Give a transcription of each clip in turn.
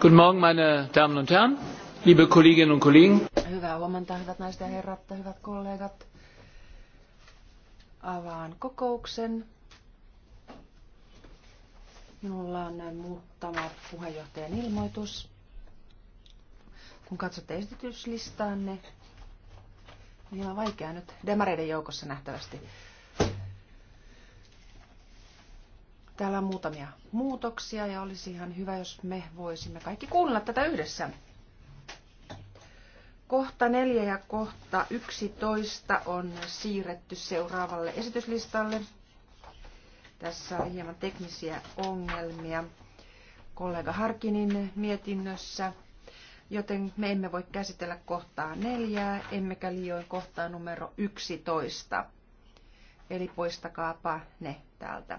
Guten Morgen, meine Damen und Herren, liebe Kolleginnen und Kollegen. Hyvää huomenta, hyvät naiset ja herrat, hyvät kollegat. Avaan kokouksen. Minulla on muutama puheenjohtajan ilmoitus. Kun katsotte esityslistaanne, niin on vaikea nyt demareiden joukossa nähtävästi Täällä on muutamia muutoksia ja olisi ihan hyvä, jos me voisimme kaikki kuunnella tätä yhdessä. Kohta 4 ja kohta 11 on siirretty seuraavalle esityslistalle. Tässä on hieman teknisiä ongelmia kollega Harkinin mietinnössä, joten me emme voi käsitellä kohtaa neljää, emmekä liioin kohtaa numero 11. Eli poistakaapa ne täältä.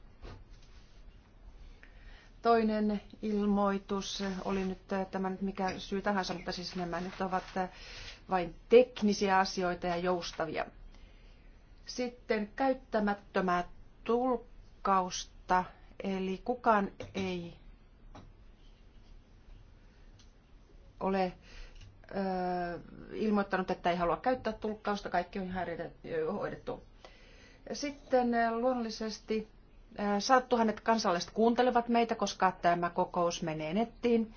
Toinen ilmoitus oli nyt tämä nyt mikä syy tahansa, mutta siis nämä nyt ovat vain teknisiä asioita ja joustavia. Sitten käyttämättömää tulkkausta, eli kukaan ei ole ö, ilmoittanut, että ei halua käyttää tulkkausta, kaikki on ihan hoidettu. Sitten luonnollisesti Äh, sadat tuhannet kansalaiset kuuntelevat meitä, koska tämä kokous menee nettiin.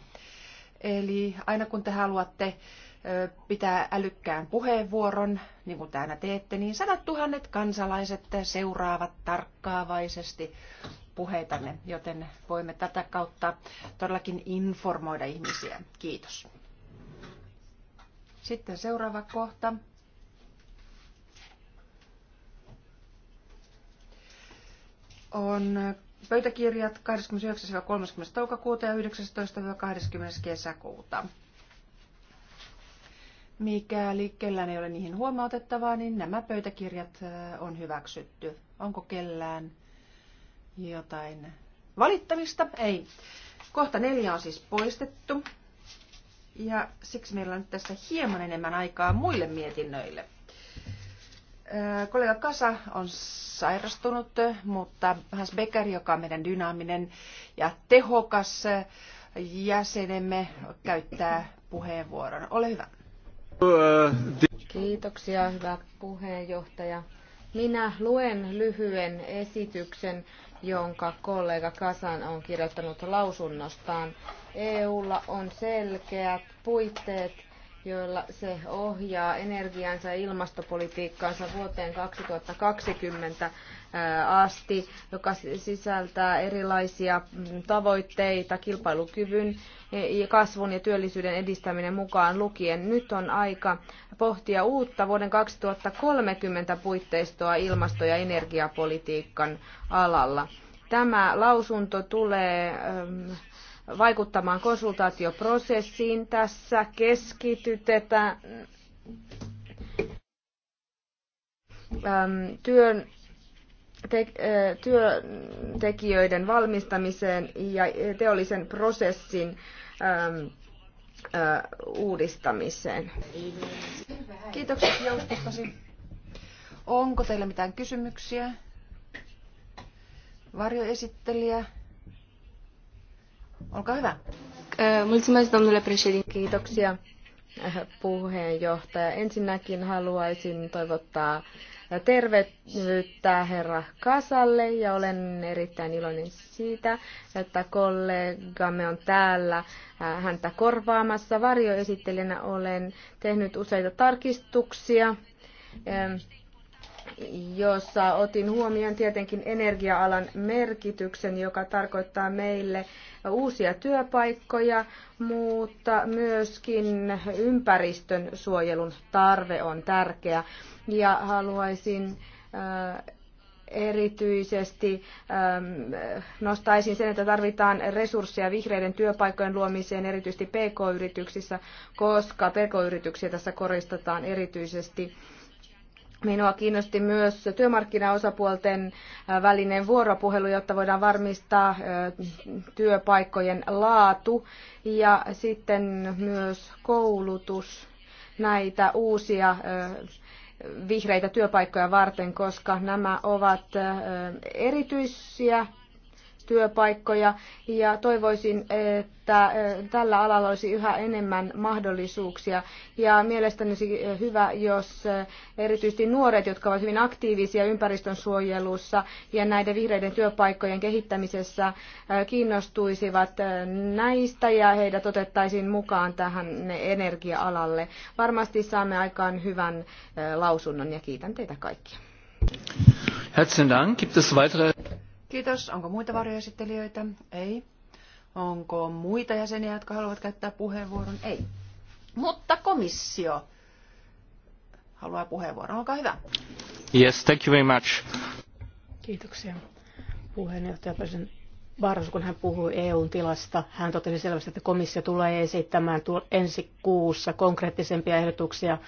Eli aina kun te haluatte äh, pitää älykkään puheenvuoron, niin kuin täällä teette, niin sadat tuhannet kansalaiset seuraavat tarkkaavaisesti puheitanne, joten voimme tätä kautta todellakin informoida ihmisiä. Kiitos. Sitten seuraava kohta. on pöytäkirjat 29-30. toukokuuta ja 19-20. kesäkuuta. Mikäli kellään ei ole niihin huomautettavaa, niin nämä pöytäkirjat on hyväksytty. Onko kellään jotain valittamista? Ei. Kohta neljä on siis poistettu. Ja siksi meillä on nyt tässä hieman enemmän aikaa muille mietinnöille. Äh, kollega Kasa on sairastunut, mutta Hans Becker, joka on meidän dynaaminen ja tehokas jäsenemme, käyttää puheenvuoron. Ole hyvä. Kiitoksia, hyvä puheenjohtaja. Minä luen lyhyen esityksen, jonka kollega Kasan on kirjoittanut lausunnostaan. EUlla on selkeät puitteet joilla se ohjaa energiansa ja ilmastopolitiikkaansa vuoteen 2020 asti, joka sisältää erilaisia mm, tavoitteita, kilpailukyvyn, e, kasvun ja työllisyyden edistäminen mukaan lukien. Nyt on aika pohtia uutta vuoden 2030 puitteistoa ilmasto- ja energiapolitiikan alalla. Tämä lausunto tulee vaikuttamaan konsultaatioprosessiin. Tässä keskitytetään työn äh, työntekijöiden valmistamiseen ja teollisen prosessin uudistamiseen. Kiitokset joustostasi. Onko teillä mitään kysymyksiä? Varjoesittelijä? Olkaa hyvä. Äh, mulțumesc, domnule președinte. Kiitoksia äh, puheenjohtaja. Ensinnäkin haluaisin toivottaa terveyttä herra Kasalle ja olen erittäin iloinen siitä, että kollegamme on täällä äh, häntä korvaamassa. Varjoesittelijänä olen tehnyt useita tarkistuksia ähm, jossa otin huomioon tietenkin energia-alan merkityksen, joka tarkoittaa meille uusia työpaikkoja, mutta myöskin ympäristön suojelun tarve on tärkeä. Ja haluaisin äh, erityisesti ähm, nostaisin sen, että tarvitaan resursseja vihreiden työpaikkojen luomiseen erityisesti PK-yrityksissä, koska PK-yrityksiä tässä koristetaan erityisesti Minua kiinnosti myös työmarkkinaosapuolten välinen vuoropuhelu, jotta voidaan varmistaa työpaikkojen laatu ja sitten myös koulutus näitä uusia vihreitä työpaikkoja varten, koska nämä ovat erityisiä työpaikkoja ja toivoisin, että eh, tällä alalla olisi yhä enemmän mahdollisuuksia. Ja mielestäni olisi eh, hyvä, jos eh, erityisesti nuoret, jotka ovat hyvin aktiivisia ympäristön suojelussa ja näiden vihreiden työpaikkojen kehittämisessä kiinnostuisivat näistä ja heidät otettaisiin mukaan tähän energia-alalle. Varmasti saamme aikaan hyvän lausunnon ja kiitän teitä kaikkia. Herzlichen Dank. Gibt es weitere? Kiitos. Onko muita varjoesittelijöitä? Ei. Onko muita jäseniä, jotka haluavat käyttää puheenvuoron? Ei. Mutta komissio haluaa puheenvuoron. Olkaa hyvä. Yes, thank you very much. Kiitoksia. Puheenjohtaja Barros, kun hän puhui EUn tilasta, hän totesi selvästi, että komissio tulee esittämään ensi kuussa konkreettisempia ehdotuksia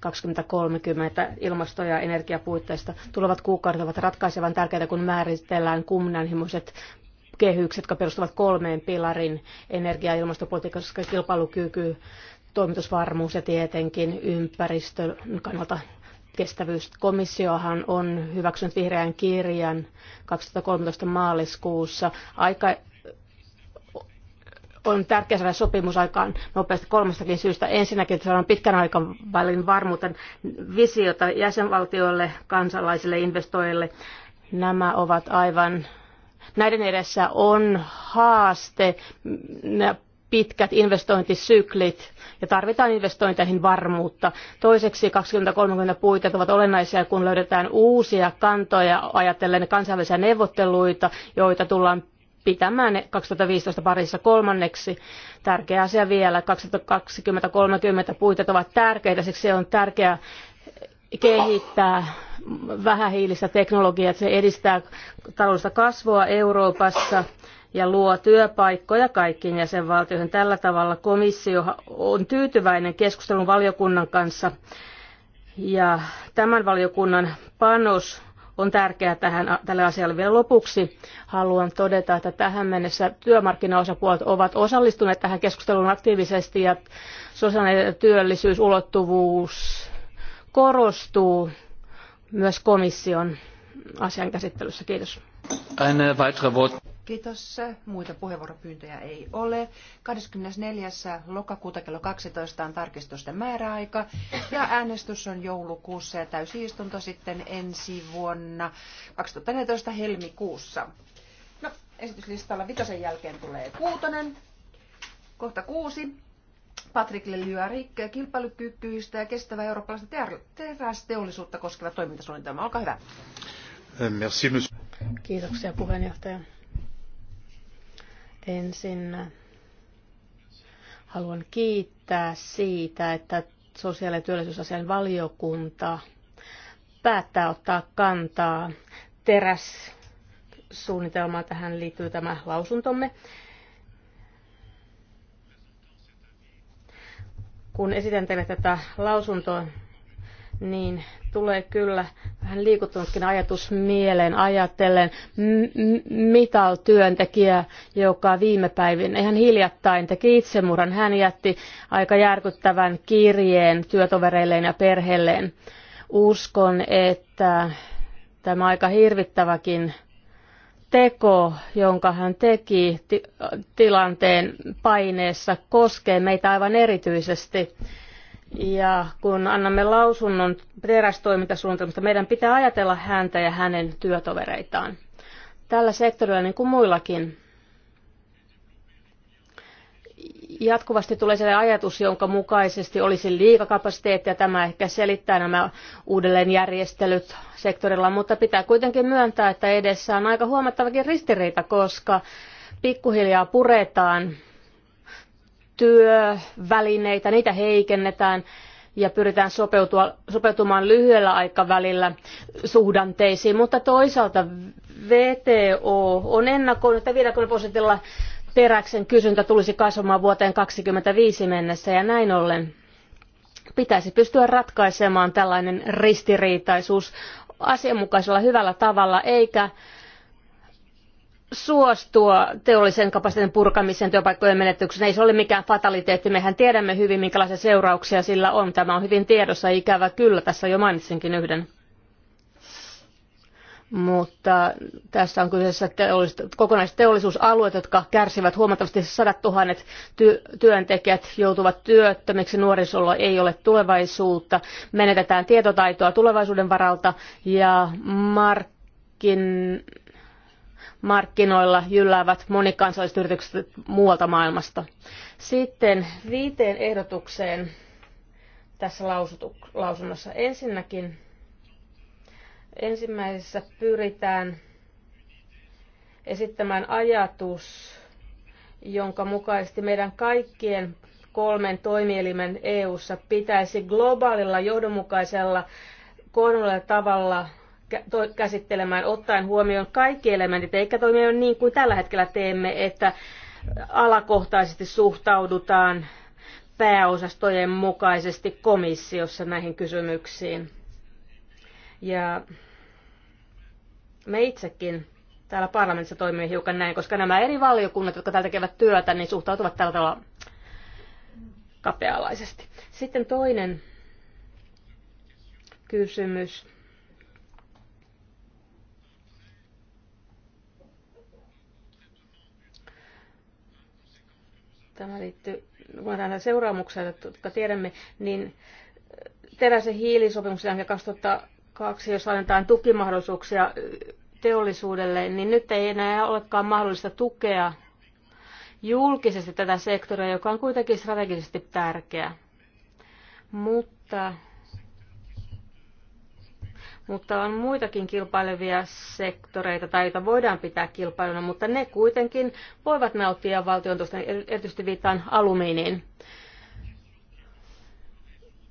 2030 ilmasto- ja energiapuitteista. Tulevat kuukaudet ovat ratkaisevan tärkeitä, kun määritellään kunnianhimoiset kehykset, jotka perustuvat kolmeen pilarin energia- ja ilmastopolitiikassa, kilpailukyky, toimitusvarmuus ja tietenkin ympäristön kannalta kestävyys. Komissiohan on hyväksynyt vihreän kirjan 2013 maaliskuussa. Aika on tärkeää saada sopimus aikaan nopeasti kolmestakin syystä. Ensinnäkin, että saadaan pitkän aikavälin varmuuden visiota jäsenvaltioille, kansalaisille, investoijille. Nämä ovat aivan, näiden edessä on haaste, pitkät investointisyklit ja tarvitaan investointeihin varmuutta. Toiseksi 2030 puitteet ovat olennaisia, kun löydetään uusia kantoja ajatellen kansainvälisiä neuvotteluita, joita tullaan pitämään 2015 parissa kolmanneksi. Tärkeä asia vielä, 2020-30 puitteet ovat tärkeitä, siksi on tärkeää kehittää vähähiilistä teknologiaa, että se edistää taloudellista kasvua Euroopassa ja luo työpaikkoja kaikkiin jäsenvaltioihin. Tällä tavalla komissio on tyytyväinen keskustelun valiokunnan kanssa ja tämän valiokunnan panos on tärkeää tähän, tälle asialle. Vielä lopuksi haluan todeta, että tähän mennessä työmarkkinaosapuolet ovat osallistuneet tähän keskusteluun aktiivisesti ja sosiaalinen ja työllisyysulottuvuus korostuu myös komission asian käsittelyssä. Kiitos. Eine weitere Wort. Kiitos. Muita puheenvuoropyyntöjä ei ole. 24. lokakuuta kello 12 on tarkistusten määräaika ja äänestys on joulukuussa ja täysistunto sitten ensi vuonna 2014 helmikuussa. No, esityslistalla vitosen jälkeen tulee kuutonen. Kohta kuusi. Patrick Lelyärik, kilpailukykyistä ja kestävää eurooppalaista terästeollisuutta koskeva toimintasuunnitelma. Olkaa hyvä. Merci, Kiitoksia puheenjohtaja. Ensin haluan kiittää siitä, että sosiaali- ja työllisyysasian valiokunta päättää ottaa kantaa terässuunnitelmaan. Tähän liittyy tämä lausuntomme. Kun esitän teille tätä lausuntoa, niin tulee kyllä vähän liikuttunutkin ajatus mieleen ajatellen Mital-työntekijä, joka viime päivin ihan hiljattain teki itsemurhan. Hän jätti aika järkyttävän kirjeen työtovereilleen ja perheelleen. Uskon, että tämä aika hirvittäväkin teko, jonka hän teki tilanteen paineessa, koskee meitä aivan erityisesti ja kun annamme lausunnon terästoimintasuunnitelmasta, meidän pitää ajatella häntä ja hänen työtovereitaan. Tällä sektorilla niin kuin muillakin jatkuvasti tulee sellainen ajatus, jonka mukaisesti olisi liikakapasiteettia. Tämä ehkä selittää nämä uudelleenjärjestelyt sektorilla, mutta pitää kuitenkin myöntää, että edessä on aika huomattavakin ristiriita, koska pikkuhiljaa puretaan työvälineitä, niitä heikennetään ja pyritään sopeutua, sopeutumaan lyhyellä aikavälillä suhdanteisiin, mutta toisaalta VTO on ennakoinut, että 50 prosentilla teräksen kysyntä tulisi kasvamaan vuoteen 2025 mennessä ja näin ollen pitäisi pystyä ratkaisemaan tällainen ristiriitaisuus asianmukaisella hyvällä tavalla eikä suostua teollisen kapasiteetin purkamiseen työpaikkojen menetyksenä. Ei se ole mikään fataliteetti. Mehän tiedämme hyvin, minkälaisia seurauksia sillä on. Tämä on hyvin tiedossa. Ikävä kyllä, tässä jo mainitsinkin yhden. Mutta tässä on kyseessä teollis- kokonaiset teollisuusalueet, jotka kärsivät huomattavasti sadat tuhannet ty- työntekijät, joutuvat työttömiksi, nuorisolla ei ole tulevaisuutta, menetetään tietotaitoa tulevaisuuden varalta ja markkin markkinoilla jylläävät monikansalliset yritykset muualta maailmasta. Sitten viiteen ehdotukseen tässä lausunnossa. Ensinnäkin ensimmäisessä pyritään esittämään ajatus, jonka mukaisesti meidän kaikkien kolmen toimielimen EU:ssa pitäisi globaalilla johdonmukaisella koordinoidulla tavalla käsittelemään ottaen huomioon kaikki elementit, eikä toimia niin kuin tällä hetkellä teemme, että alakohtaisesti suhtaudutaan pääosastojen mukaisesti komissiossa näihin kysymyksiin. Ja me itsekin täällä parlamentissa toimii hiukan näin, koska nämä eri valiokunnat, jotka täällä tekevät työtä, niin suhtautuvat tällä tavalla kapealaisesti. Sitten toinen kysymys tämä liittyy, voidaan seuraamukseen, jotka tiedämme, niin äh, teräsen hiilisopimuksen jälkeen 2002, jos annetaan tukimahdollisuuksia äh, teollisuudelle, niin nyt ei enää olekaan mahdollista tukea julkisesti tätä sektoria, joka on kuitenkin strategisesti tärkeä. Mutta mutta on muitakin kilpailevia sektoreita, tai joita voidaan pitää kilpailuna, mutta ne kuitenkin voivat nauttia valtion tuosta, erityisesti viittaan alumiiniin.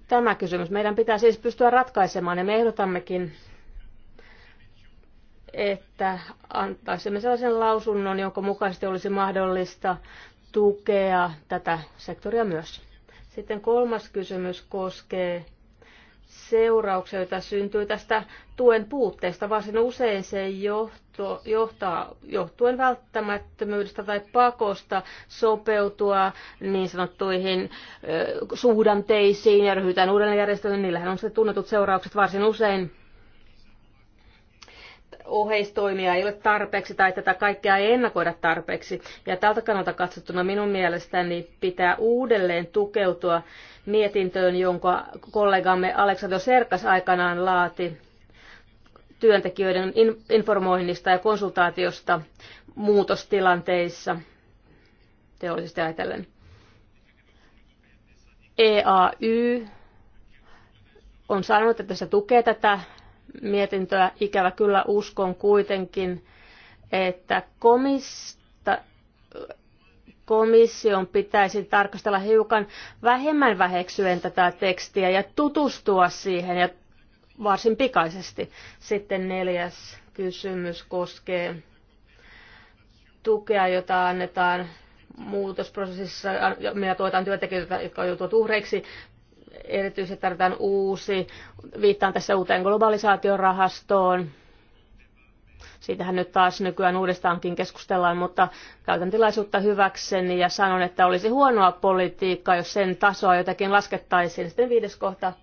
Tämä kysymys meidän pitää siis pystyä ratkaisemaan, ja me ehdotammekin että antaisimme sellaisen lausunnon, jonka mukaisesti olisi mahdollista tukea tätä sektoria myös. Sitten kolmas kysymys koskee seurauksia, joita syntyy tästä tuen puutteesta, varsin usein se johto, johtaa johtuen välttämättömyydestä tai pakosta sopeutua niin sanottuihin ö, suhdanteisiin ja ryhdytään uudelleenjärjestelyyn. Niillähän on se tunnetut seuraukset varsin usein oheistoimia ei ole tarpeeksi tai tätä kaikkea ei ennakoida tarpeeksi. Ja tältä kannalta katsottuna minun mielestäni pitää uudelleen tukeutua mietintöön, jonka kollegamme Aleksandro Serkas aikanaan laati työntekijöiden informoinnista ja konsultaatiosta muutostilanteissa teollisesti ajatellen. EAY on sanonut, että se tukee tätä mietintöä. Ikävä kyllä uskon kuitenkin, että komista, komission pitäisi tarkastella hiukan vähemmän väheksyen tätä tekstiä ja tutustua siihen ja varsin pikaisesti. Sitten neljäs kysymys koskee tukea, jota annetaan muutosprosessissa, meillä tuetaan työntekijöitä, jotka joutuvat uhreiksi erityisesti tarvitaan uusi, viittaan tässä uuteen globalisaatiorahastoon, siitähän nyt taas nykyään uudestaankin keskustellaan, mutta käytän tilaisuutta hyväkseni ja sanon, että olisi huonoa politiikkaa, jos sen tasoa jotakin laskettaisiin. Sitten viides kohta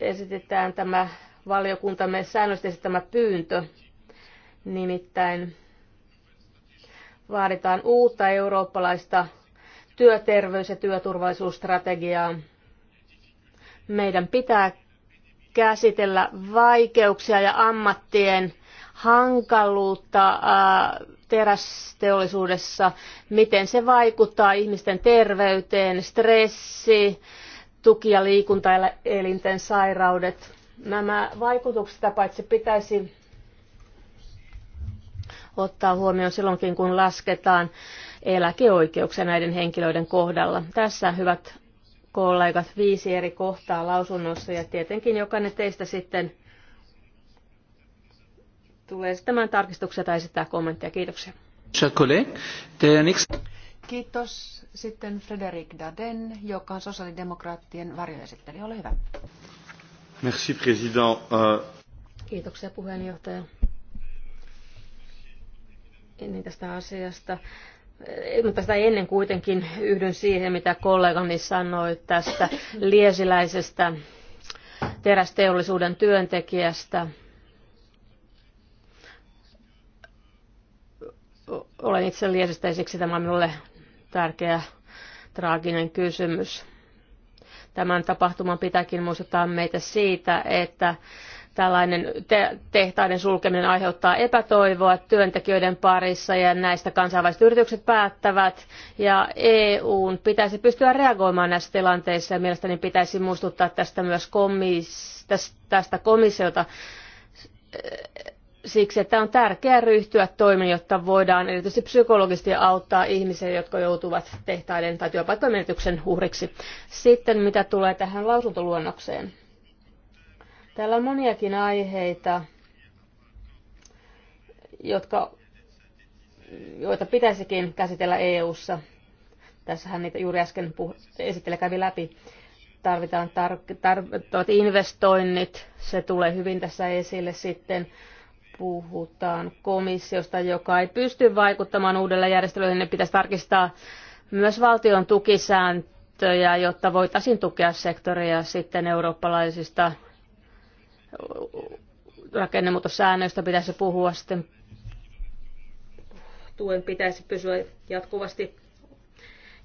esitetään tämä valiokuntamme säännöllisesti esittämä pyyntö, nimittäin vaaditaan uutta eurooppalaista työterveys- ja työturvallisuusstrategiaa. Meidän pitää käsitellä vaikeuksia ja ammattien hankaluutta äh, terästeollisuudessa, miten se vaikuttaa ihmisten terveyteen, stressi, tuki- ja liikuntaelinten sairaudet. Nämä vaikutukset paitsi pitäisi ottaa huomioon silloinkin, kun lasketaan eläkeoikeuksia näiden henkilöiden kohdalla. Tässä hyvät kollegat viisi eri kohtaa lausunnossa ja tietenkin jokainen teistä sitten tulee esittämään tarkistuksia tai esittää kommentteja. Kiitoksia. Kiitos. Sitten Frederik Daden, joka on sosiaalidemokraattien varjoesittelijä. Ole hyvä. Merci, president. Euh, Kiitoksia puheenjohtaja. Ennen tästä asiasta mutta sitä ennen kuitenkin yhdyn siihen, mitä kollegani sanoi tästä liesiläisestä terästeollisuuden työntekijästä. Olen itse liesistä ja siksi tämä on minulle tärkeä traaginen kysymys. Tämän tapahtuman pitääkin muistuttaa meitä siitä, että Tällainen te- tehtaiden sulkeminen aiheuttaa epätoivoa työntekijöiden parissa ja näistä kansainväliset yritykset päättävät. Ja EUn pitäisi pystyä reagoimaan näissä tilanteissa ja mielestäni pitäisi muistuttaa tästä myös komis- tästä komissiota siksi, että on tärkeää ryhtyä toimiin, jotta voidaan erityisesti psykologisesti auttaa ihmisiä, jotka joutuvat tehtaiden tai työpaikkojen menetyksen uhriksi. Sitten mitä tulee tähän lausuntoluonnokseen. Täällä on moniakin aiheita, jotka, joita pitäisikin käsitellä EU-ssa. Tässähän niitä juuri äsken esittele kävi läpi. Tarvitaan tar- tar- investoinnit, se tulee hyvin tässä esille sitten puhutaan komissiosta, joka ei pysty vaikuttamaan uudella järjestelyllä, niin pitäisi tarkistaa myös valtion tukisääntöjä, jotta voitaisiin tukea sektoria sitten eurooppalaisista rakennemuutossäännöistä pitäisi puhua sitten tuen pitäisi pysyä jatkuvasti.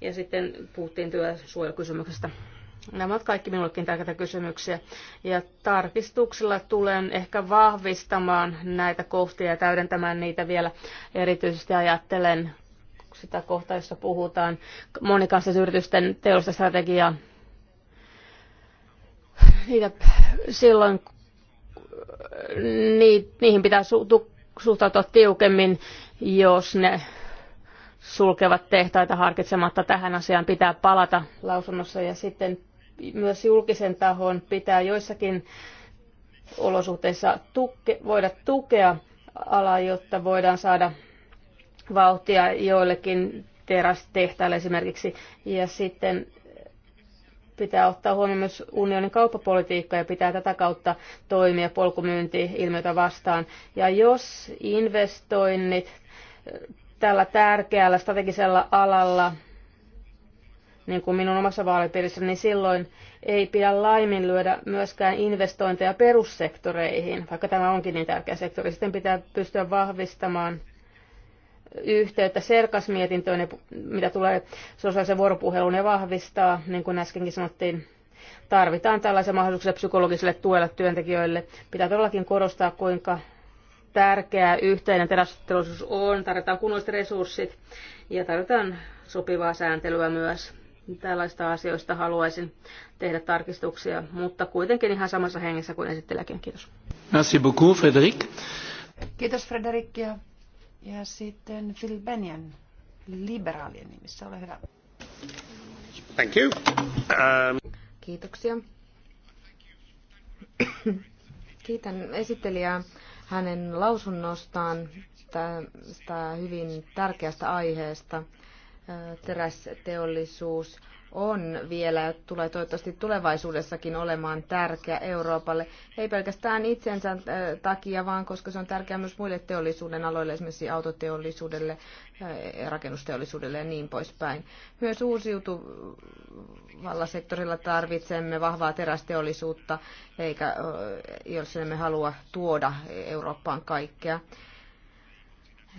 Ja sitten puhuttiin työsuojelukysymyksestä. Nämä ovat kaikki minullekin tärkeitä kysymyksiä. Ja tarkistuksella tulen ehkä vahvistamaan näitä kohtia ja täydentämään niitä vielä. Erityisesti ajattelen sitä kohtaa, jossa puhutaan monikansallisyritysten teollista strategiaa. Niitä silloin niin, niihin pitää suhtautua tiukemmin, jos ne sulkevat tehtaita harkitsematta. Tähän asiaan pitää palata lausunnossa ja sitten myös julkisen tahon pitää joissakin olosuhteissa tuke, voida tukea ala, jotta voidaan saada vauhtia joillekin terästehtaille esimerkiksi. Ja sitten Pitää ottaa huomioon myös unionin kauppapolitiikka ja pitää tätä kautta toimia polkumyynti-ilmiötä vastaan. Ja jos investoinnit eh, tällä tärkeällä strategisella alalla, niin kuin minun omassa vaalipiirissä, niin silloin ei pidä laiminlyödä myöskään investointeja perussektoreihin, vaikka tämä onkin niin tärkeä sektori. Sitten pitää pystyä vahvistamaan yhteyttä serkasmietintöön, mitä tulee sosiaalisen vuoropuheluun ja vahvistaa, niin kuin äskenkin sanottiin, tarvitaan tällaisia mahdollisuuksia psykologiselle tuelle työntekijöille. Pitää todellakin korostaa, kuinka tärkeää yhteinen terästeollisuus on. Tarvitaan kunnolliset resurssit ja tarvitaan sopivaa sääntelyä myös. Tällaista asioista haluaisin tehdä tarkistuksia, mutta kuitenkin ihan samassa hengessä kuin esittelijäkin. Kiitos. Merci beaucoup, Frederic. Kiitos, Frederic Ja ja sitten Phil Bennion liberaalien nimissä, ole hyvä. Thank you. Um... Kiitoksia. Kiitän esittelijää hänen lausunnostaan tästä hyvin tärkeästä aiheesta. Terästeollisuus on vielä ja tulee toivottavasti tulevaisuudessakin olemaan tärkeä Euroopalle. Ei pelkästään itsensä äh, takia, vaan koska se on tärkeä myös muille teollisuuden aloille, esimerkiksi autoteollisuudelle, äh, rakennusteollisuudelle ja niin poispäin. Myös uusiutuvalla sektorilla tarvitsemme vahvaa terästeollisuutta, eikä äh, jos emme halua tuoda Eurooppaan kaikkea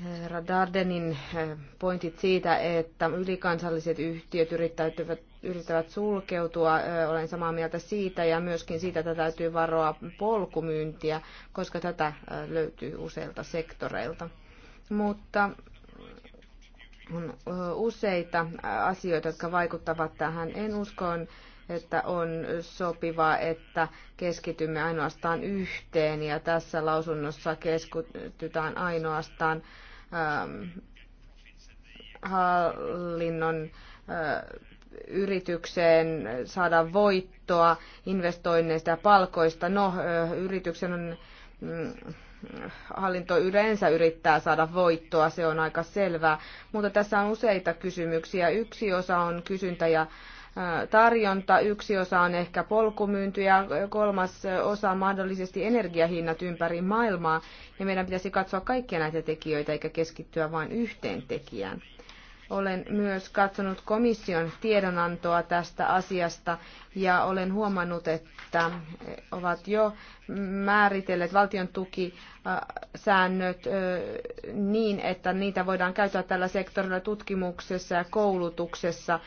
herra Dardenin eh, pointit siitä, että ylikansalliset yhtiöt yrittävät, yrittävät sulkeutua, eh, olen samaa mieltä siitä ja myöskin siitä, että täytyy varoa polkumyyntiä, koska tätä eh, löytyy useilta sektoreilta. Mutta on useita asioita, jotka vaikuttavat tähän. En usko, että on sopivaa, että keskitymme ainoastaan yhteen ja tässä lausunnossa keskitytään ainoastaan Ähm, hallinnon äh, yritykseen saada voittoa investoinneista ja palkoista. No, äh, yrityksen on, mm, hallinto yleensä yrittää saada voittoa, se on aika selvää. Mutta tässä on useita kysymyksiä. Yksi osa on kysyntä ja tarjonta, yksi osa on ehkä polkumyynti ja kolmas osa on mahdollisesti energiahinnat ympäri maailmaa. Ja meidän pitäisi katsoa kaikkia näitä tekijöitä eikä keskittyä vain yhteen tekijään. Olen myös katsonut komission tiedonantoa tästä asiasta ja olen huomannut, että ovat jo määritelleet valtion tuki säännöt niin, että niitä voidaan käyttää tällä sektorilla tutkimuksessa ja koulutuksessa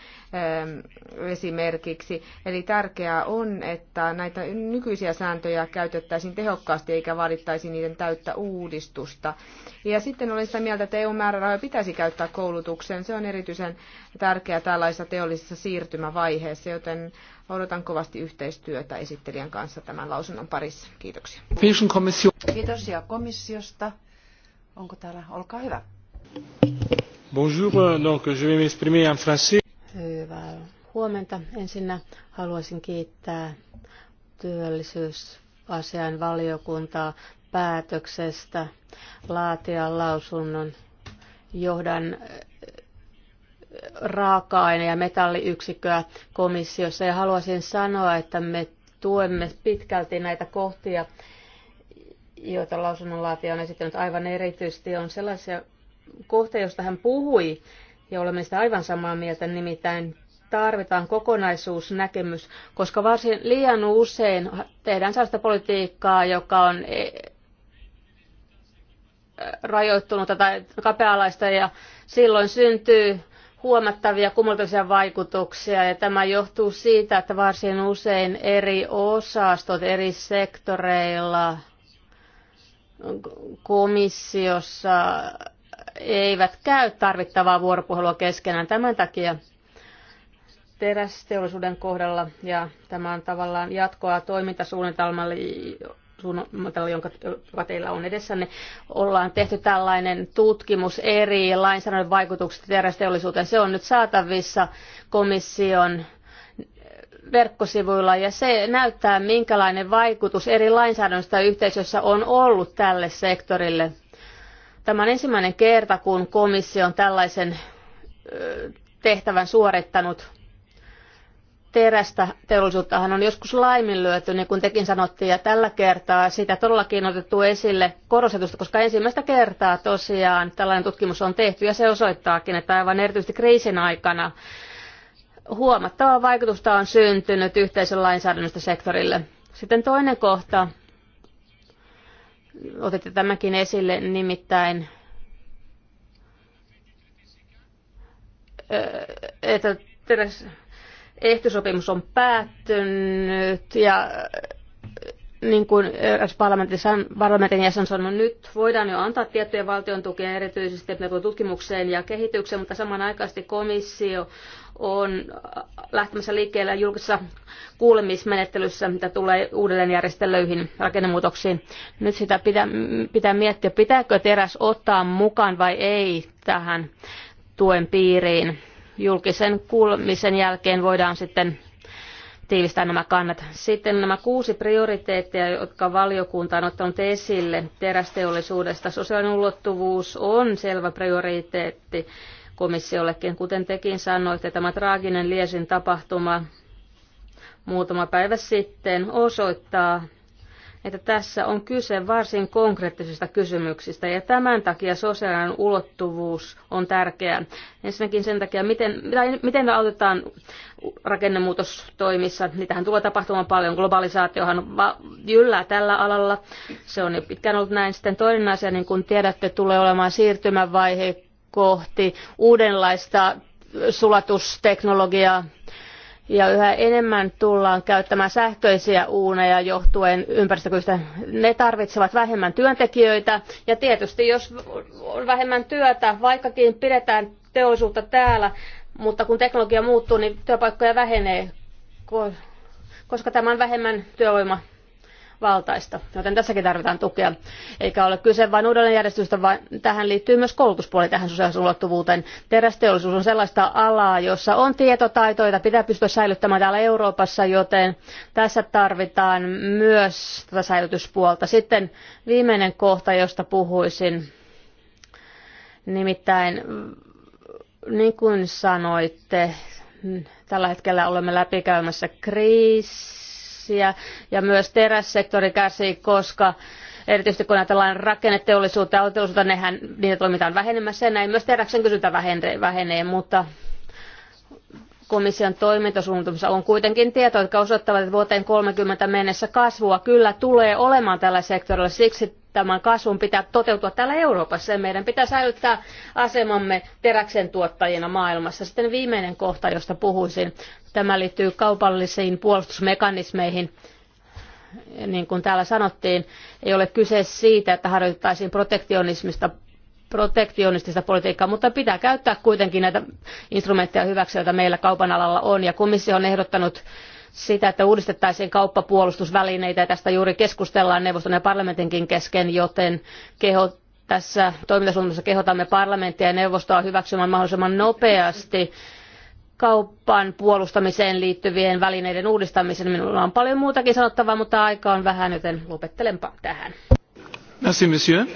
esimerkiksi. Eli tärkeää on, että näitä nykyisiä sääntöjä käytettäisiin tehokkaasti eikä vaadittaisi niiden täyttä uudistusta. Ja sitten olen sitä mieltä, että EU-määrärahoja pitäisi käyttää koulutukseen. Se on erityisen tärkeää tällaisessa teollisessa siirtymävaiheessa, joten Odotan kovasti yhteistyötä esittelijän kanssa tämän lausunnon parissa. Kiitoksia. Kiitos ja komissiosta. Onko täällä? Olkaa hyvä. Bonjour, donc je vais m'exprimer en français. Hyvää huomenta. Ensinnä haluaisin kiittää työllisyysasian valiokuntaa päätöksestä laatia lausunnon johdan raaka-aine- ja metalliyksikköä komissiossa ja haluaisin sanoa, että me tuemme pitkälti näitä kohtia, joita lausunnonlaatija on esittänyt aivan erityisesti, on sellaisia kohtia, joista hän puhui, ja olemme sitä aivan samaa mieltä, nimittäin tarvitaan kokonaisuusnäkemys, koska varsin liian usein tehdään sellaista politiikkaa, joka on e, rajoittunutta tai kapealaista ja silloin syntyy huomattavia kumulatiivisia vaikutuksia ja tämä johtuu siitä, että varsin usein eri osastot eri sektoreilla komissiossa eivät käy tarvittavaa vuoropuhelua keskenään tämän takia terästeollisuuden kohdalla ja tämä on tavallaan jatkoa toimintasuunnitelmalle, jonka, joka teillä on edessänne, ollaan tehty tällainen tutkimus eri lainsäädännön vaikutuksista terästeollisuuteen. Se on nyt saatavissa komission verkkosivuilla ja se näyttää, minkälainen vaikutus eri lainsäädännöstä yhteisössä on ollut tälle sektorille. Tämä on ensimmäinen kerta, kun komissio on tällaisen tehtävän suorittanut terästä teollisuuttahan on joskus laiminlyöty, niin kuin tekin sanottiin, ja tällä kertaa sitä todellakin otettu esille korostetusta, koska ensimmäistä kertaa tosiaan tällainen tutkimus on tehty, ja se osoittaakin, että aivan erityisesti kriisin aikana huomattavaa vaikutusta on syntynyt yhteisön lainsäädännöstä sektorille. Sitten toinen kohta, otitte tämäkin esille, nimittäin että ehtosopimus on päättynyt ja äh, niin kuin parlamentin jäsen sanoi, nyt voidaan jo antaa tiettyjä valtion tukia erityisesti tutkimukseen ja kehitykseen, mutta samanaikaisesti komissio on äh, lähtemässä liikkeelle julkisessa kuulemismenettelyssä, mitä tulee uudelleenjärjestelyihin rakennemuutoksiin. Nyt sitä pitää, pitää miettiä, pitääkö teräs ottaa mukaan vai ei tähän tuen piiriin julkisen kuulemisen jälkeen voidaan sitten tiivistää nämä kannat. Sitten nämä kuusi prioriteettia, jotka valiokunta on ottanut esille terästeollisuudesta. Sosiaalinen ulottuvuus on selvä prioriteetti komissiollekin, kuten tekin sanoitte, tämä traaginen Liesin tapahtuma muutama päivä sitten osoittaa, että tässä on kyse varsin konkreettisista kysymyksistä ja tämän takia sosiaalinen ulottuvuus on tärkeää. Ensinnäkin sen takia, miten, miten me autetaan rakennemuutostoimissa. Niitähän tulee tapahtumaan paljon. Globalisaatiohan jyllää tällä alalla. Se on jo pitkään ollut näin. Sitten toinen asia, niin kuin tiedätte, tulee olemaan siirtymävaihe kohti uudenlaista sulatusteknologiaa ja yhä enemmän tullaan käyttämään sähköisiä uuneja johtuen ympäristökyvystä. Ne tarvitsevat vähemmän työntekijöitä ja tietysti jos on vähemmän työtä, vaikkakin pidetään teollisuutta täällä, mutta kun teknologia muuttuu, niin työpaikkoja vähenee, koska tämä on vähemmän työvoimaa valtaista. Joten tässäkin tarvitaan tukea. Eikä ole kyse vain uudelleenjärjestystä, vaan tähän liittyy myös koulutuspuoli tähän sosiaalisen ulottuvuuteen. Terästeollisuus on sellaista alaa, jossa on tietotaitoja, joita pitää pystyä säilyttämään täällä Euroopassa, joten tässä tarvitaan myös tätä säilytyspuolta. Sitten viimeinen kohta, josta puhuisin, nimittäin niin kuin sanoitte, tällä hetkellä olemme läpikäymässä kriisiä kärsiä ja myös terässektori kärsii, koska erityisesti kun ajatellaan rakenneteollisuutta ja autoteollisuutta, nehän, niiden toiminta on vähenemässä ja näin myös teräksen kysyntä vähenee, vähenee mutta komission toimintasuunnitelmassa on kuitenkin tietoja, jotka osoittavat, että vuoteen 30 mennessä kasvua kyllä tulee olemaan tällä sektorilla. Siksi tämän kasvun pitää toteutua täällä Euroopassa ja meidän pitää säilyttää asemamme teräksen tuottajina maailmassa. Sitten viimeinen kohta, josta puhuisin, tämä liittyy kaupallisiin puolustusmekanismeihin. Niin kuin täällä sanottiin, ei ole kyse siitä, että harjoitettaisiin protektionismista protektionistista politiikkaa, mutta pitää käyttää kuitenkin näitä instrumentteja hyväksi, joita meillä kaupan alalla on. Ja komissio on ehdottanut sitä, että uudistettaisiin kauppapuolustusvälineitä ja tästä juuri keskustellaan neuvoston ja parlamentinkin kesken, joten keho, tässä toimintasuunnitelmassa kehotamme parlamenttia ja neuvostoa hyväksymään mahdollisimman nopeasti kaupan puolustamiseen liittyvien välineiden uudistamisen. Minulla on paljon muutakin sanottavaa, mutta aika on vähän, joten lopettelenpa tähän. Merci, monsieur.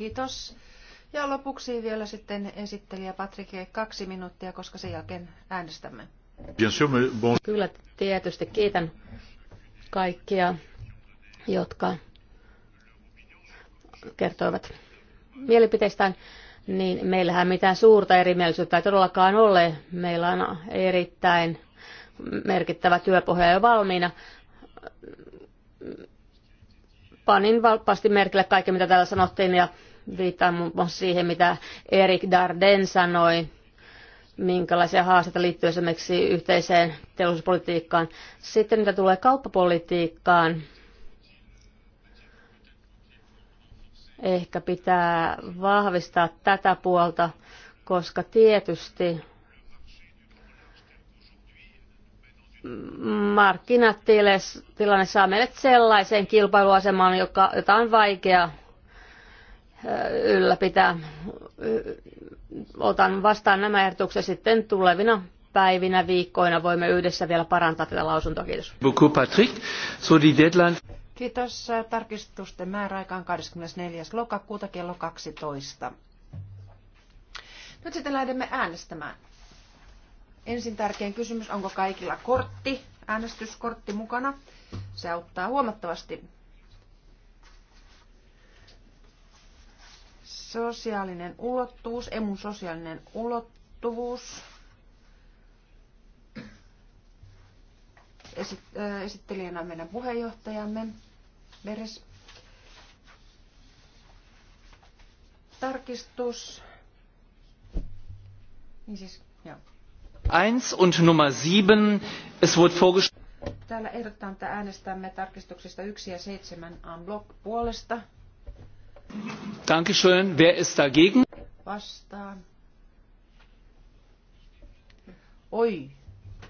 Kiitos. Ja lopuksi vielä sitten esittelijä Patrikille kaksi minuuttia, koska sen jälkeen äänestämme. Kyllä tietysti kiitän kaikkia, jotka kertoivat mielipiteistään. Niin meillähän mitään suurta erimielisyyttä ei todellakaan ole. Meillä on erittäin merkittävä työpohja jo valmiina. Panin valppaasti merkille kaiken, mitä täällä sanottiin, ja Viittaan muun muassa siihen, mitä Erik Darden sanoi, minkälaisia haasteita liittyy esimerkiksi yhteiseen teollisuuspolitiikkaan. Sitten mitä tulee kauppapolitiikkaan, ehkä pitää vahvistaa tätä puolta, koska tietysti markkinatilanne saa meille sellaiseen kilpailuasemaan, joka, jota on vaikea ylläpitää. Otan vastaan nämä ehdotukset sitten tulevina päivinä, viikkoina voimme yhdessä vielä parantaa tätä lausuntoa. Kiitos. Kiitos. Tarkistusten määräaika on 24. lokakuuta kello 12. Nyt sitten lähdemme äänestämään. Ensin tärkein kysymys, onko kaikilla kortti, äänestyskortti mukana? Se auttaa huomattavasti Sosiaalinen ulottuvuus, emun sosiaalinen ulottuvuus. Äh, esittelijänä meidän puheenjohtajamme Beres. Tarkistus. Niin siis, joo. 1 und Nummer 7. Es wurde vorgeschlagen. Täällä ehdotetaan, että äänestämme tarkistuksista 1 ja 7 on blok puolesta Dankeschön. Wer ist dagegen? Vastaan. Oi,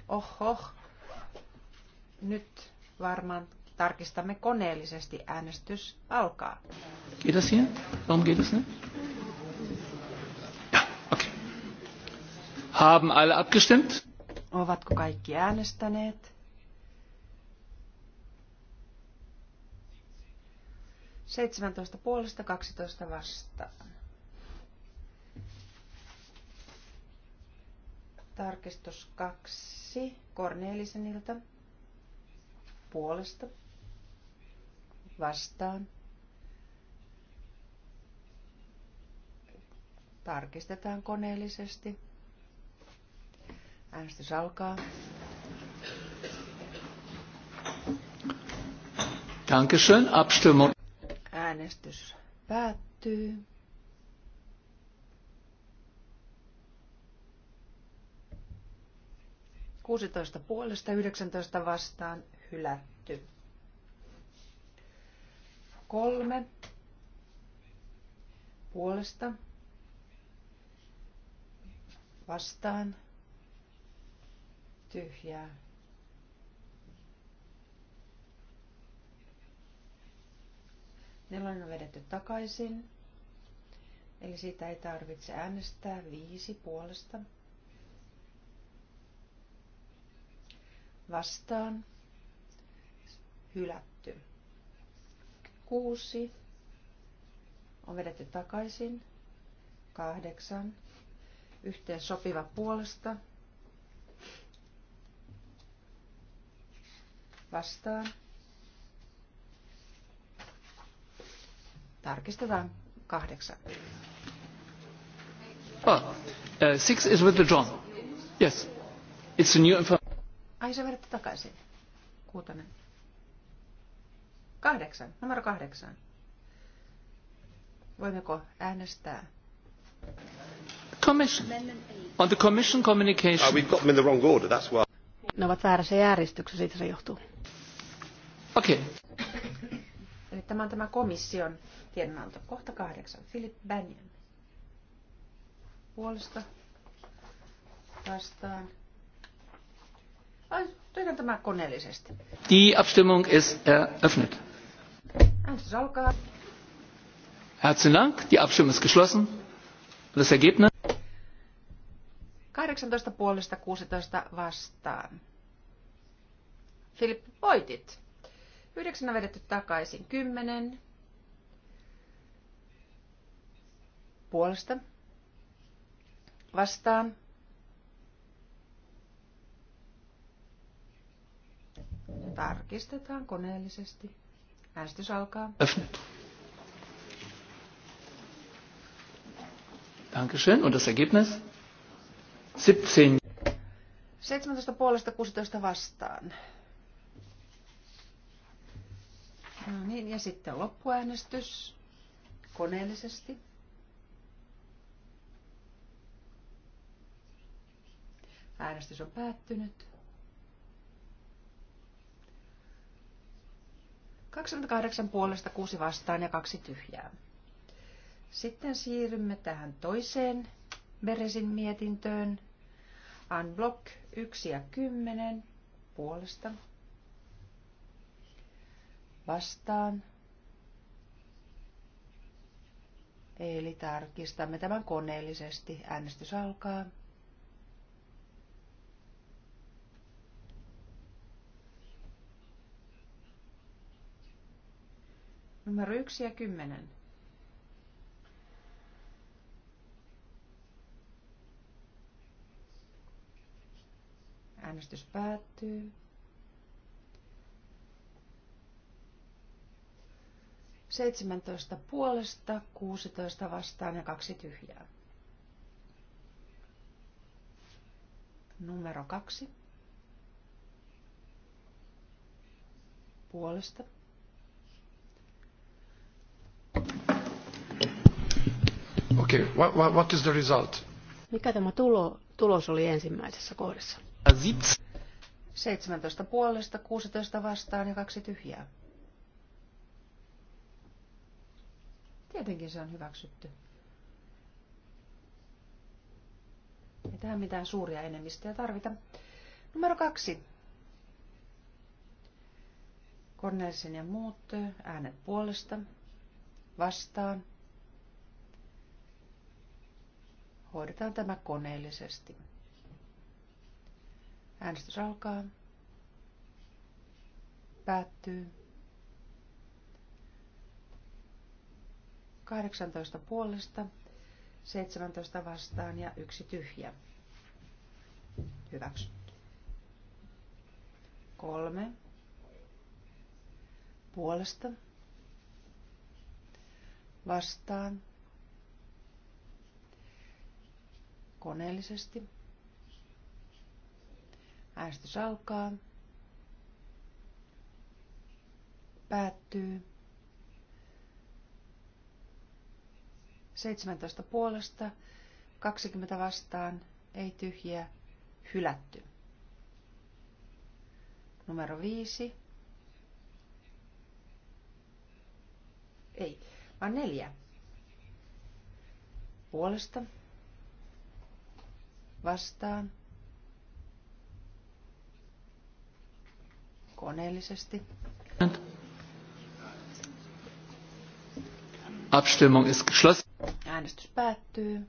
oho. Nyt varmaan tarkistamme koneellisesti. Äänestys alkaa. Geht das hier? Warum geht das nicht? Ja, okay. Haben alle abgestimmt? Ovatko kaikki äänestäneet? 17 puolesta 12 vastaan. Tarkistus 2 Kornelisenilta puolesta vastaan. Tarkistetaan koneellisesti. Äänestys alkaa. Dankeschön. Abstimmung. Äänestys päättyy. Kuusitoista puolesta, 19 vastaan, hylätty. Kolme puolesta, vastaan, tyhjää, Nelonen on vedetty takaisin. Eli siitä ei tarvitse äänestää viisi puolesta. Vastaan. Hylätty. Kuusi. On vedetty takaisin. Kahdeksan. Yhteen sopiva puolesta. Vastaan. Tarkistetaan kahdeksan. Oh, uh, six is withdrawn. Yes. It's a new information. Ai se vedätte takaisin. Kuutonen. Kahdeksan. Numero kahdeksan. Voimmeko äänestää? Commission. On the commission communication. Uh, we've got them in the wrong order, that's why. Ne ovat väärässä järjestyksessä, siitä se johtuu. Okei. Okay. Tämä on tämä komission tiedonanto. Kohta kahdeksan. Philip Bannion. Puolesta vastaan. Ai, tehdään tämä koneellisesti. Die Abstimmung ist eröffnet. Äänestys alkaa. Herzlichen Dank. Die Abstimmung ist geschlossen. Das Ergebnis? 18 puolesta 16 vastaan. Filip, voitit. Yhdeksän on vedetty takaisin. Kymmenen. Puolesta. Vastaan. Tarkistetaan koneellisesti. Äänestys alkaa. Öffnet. Dankeschön. Und das Ergebnis? 17. 17 puolesta 16 vastaan. No niin, ja sitten loppuäänestys koneellisesti. Äänestys on päättynyt. 28 puolesta, 6 vastaan ja 2 tyhjää. Sitten siirrymme tähän toiseen Beresin mietintöön. Unblock 1 ja 10 puolesta vastaan. Eli tarkistamme tämän koneellisesti. Äänestys alkaa. Numero yksi ja kymmenen. Äänestys päättyy. 17 puolesta, 16 vastaan ja kaksi tyhjää. Numero 2. Puolesta. okay, what, what, what is the result? Mikä tämä tulo, tulos oli ensimmäisessä kohdassa? 17 puolesta, 16 vastaan ja kaksi tyhjää. Tietenkin se on hyväksytty. Ei tähän mitään suuria enemmistöjä tarvita. Numero kaksi. Cornelsen ja muut äänet puolesta, vastaan. Hoidetaan tämä koneellisesti. Äänestys alkaa. Päättyy. 18 puolesta, 17 vastaan ja yksi tyhjä. Hyväksy. Kolme puolesta vastaan koneellisesti. Äänestys alkaa. Päättyy. 17 puolesta, 20 vastaan, ei tyhjiä, hylätty. Numero 5. Ei, vaan neljä. Puolesta, vastaan, koneellisesti. Abstimmung ist geschlossen. Äänestys päättyy.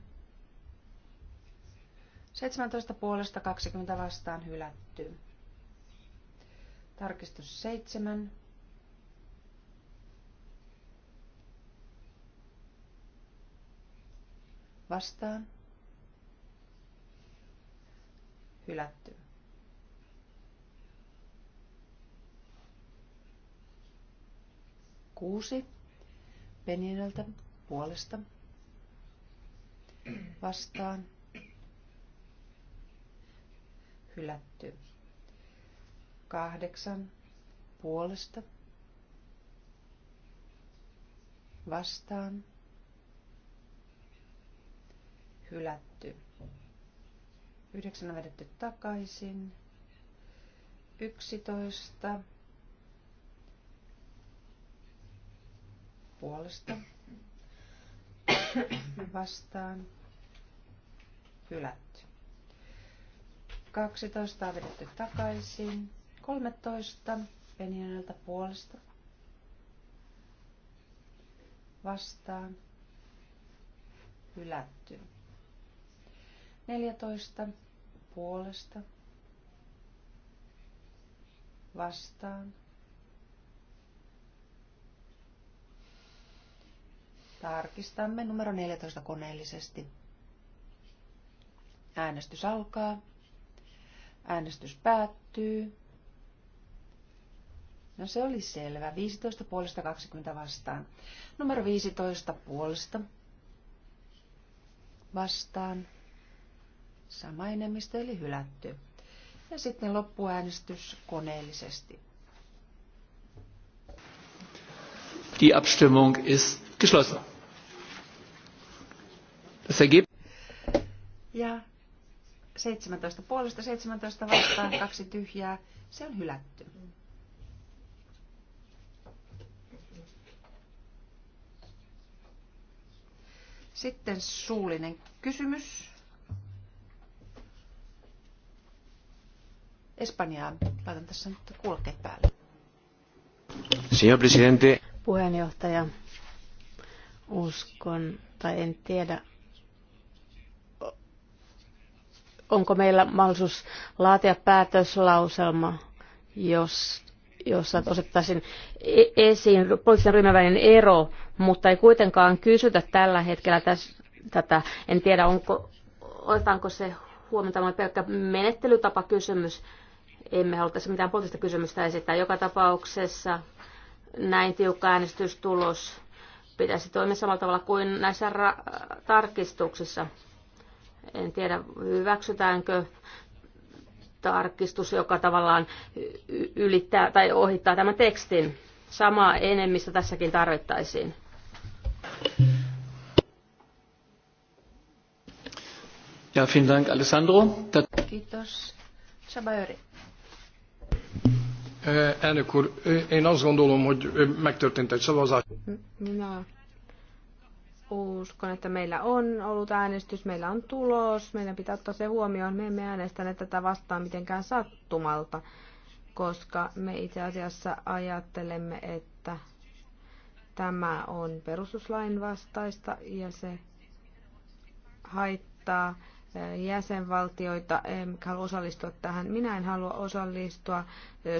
17 puolesta 20 vastaan hylätty. Tarkistus 7. Vastaan. Hylätty. Kuusi. Penineltä puolesta vastaan hylätty. Kahdeksan puolesta vastaan hylätty. Yhdeksän on vedetty takaisin. Yksitoista puolesta vastaan hylätty. 12 on vedetty takaisin. 13 Penianelta puolesta vastaan hylätty. 14 puolesta vastaan Tarkistamme numero 14 koneellisesti. Äänestys alkaa. Äänestys päättyy. No se oli selvä. 15 puolesta 20 vastaan. Numero 15 puolesta vastaan. Sama enemmistö eli hylätty. Ja sitten loppuäänestys koneellisesti. Die Abstimmung ist geschlossen. Se Ja 17 puolesta, 17 vastaan, kaksi tyhjää. Se on hylätty. Sitten suullinen kysymys. Espanjaa. Laitan tässä nyt kuulokkeet päälle. Señor presidente. Puheenjohtaja, uskon tai en tiedä, onko meillä mahdollisuus laatia päätöslauselma, jos, jossa osettaisiin e-, esiin poliittisen ryhmän välinen ero, mutta ei kuitenkaan kysytä tällä hetkellä täs, tätä. En tiedä, onko, otetaanko se huomioon tämä pelkkä kysymys. Emme halua tässä mitään poliittista kysymystä esittää. Joka tapauksessa näin tiukka äänestystulos pitäisi toimia samalla tavalla kuin näissä tarkistuksissa. En tiedä, hyväksytäänkö tarkistus, joka tavallaan ylittää tai ohittaa tämän tekstin. Samaa enemmistö tässäkin tarvittaisiin. Ja, vielen Dank, Alessandro. Kiitos. sabayori. Äänekur, en én azt gondolom, hogy megtörtént egy szavazás. Minä uskon, että meillä on ollut äänestys, meillä on tulos, meidän pitää ottaa se huomioon. Me emme äänestäneet tätä vastaan mitenkään sattumalta, koska me itse asiassa ajattelemme, että tämä on perustuslain vastaista ja se haittaa jäsenvaltioita, mikä haluaa osallistua tähän. Minä en halua osallistua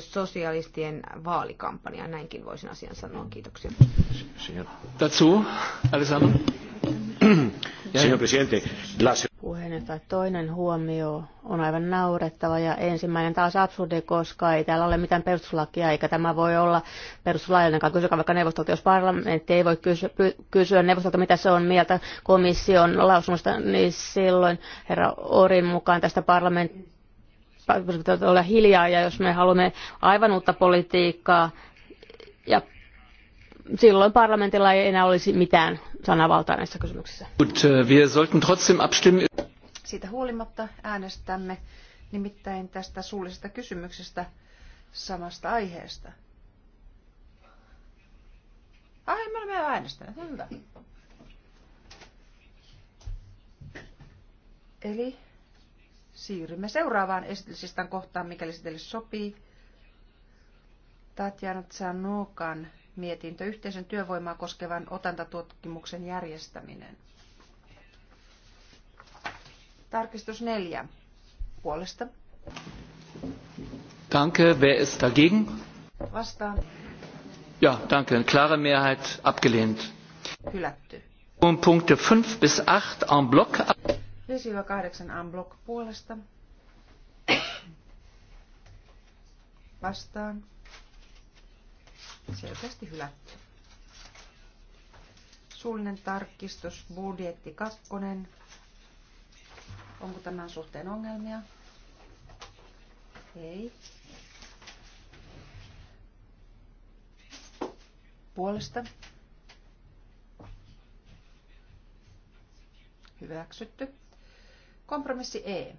sosialistien vaalikampanjaan, näinkin voisin asian sanoa. Kiitoksia. Tatsu, Alessandro. Señor presidente, la puheenjohtaja. Toinen huomio on aivan naurettava ja ensimmäinen taas absurdi, koska ei täällä ole mitään perustuslakia, eikä tämä voi olla perustuslaillinenkaan. Kysykää vaikka neuvostolta, jos parlamentti ei voi kysyä, kysyä neuvostolta, mitä se on mieltä komission lausumasta, niin silloin herra Orin mukaan tästä parlamentti olla hiljaa ja jos me haluamme aivan uutta politiikkaa ja silloin parlamentilla ei enää olisi mitään sanavaltaa näissä kysymyksissä. Äh, Siitä huolimatta äänestämme nimittäin tästä suullisesta kysymyksestä samasta aiheesta. Ai, ah, me olemme jo äänestäneet. No hyvä. Eli siirrymme seuraavaan esityslistan kohtaan, mikäli sitelle sopii. Tatjana Tsanokan mietintö yhteisen työvoimaa koskevan otantatutkimuksen järjestäminen. Tarkistus neljä. Puolesta. Danke, wer ist dagegen? Vastaan. Ja, danke. klare Mehrheit abgelehnt. Hylätty. Und Punkte 5 bis 8 en bloc. 5-8 en bloc puolesta. Vastaan selkeästi hylätty. Suullinen tarkistus, budjetti kakkonen. Onko tämän suhteen ongelmia? Ei. Puolesta. Hyväksytty. Kompromissi E.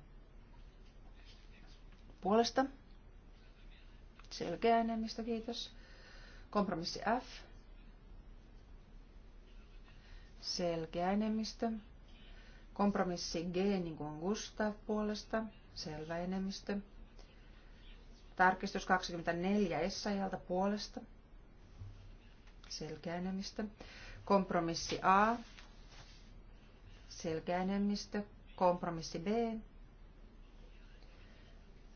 Puolesta. Selkeä enemmistö, kiitos. Kompromissi F. Selkeä enemmistö. Kompromissi G, niin kuin Gustav puolesta. Selvä enemmistö. Tarkistus 24 Essajalta puolesta. Selkeä enemmistö. Kompromissi A. Selkeä enemmistö. Kompromissi B.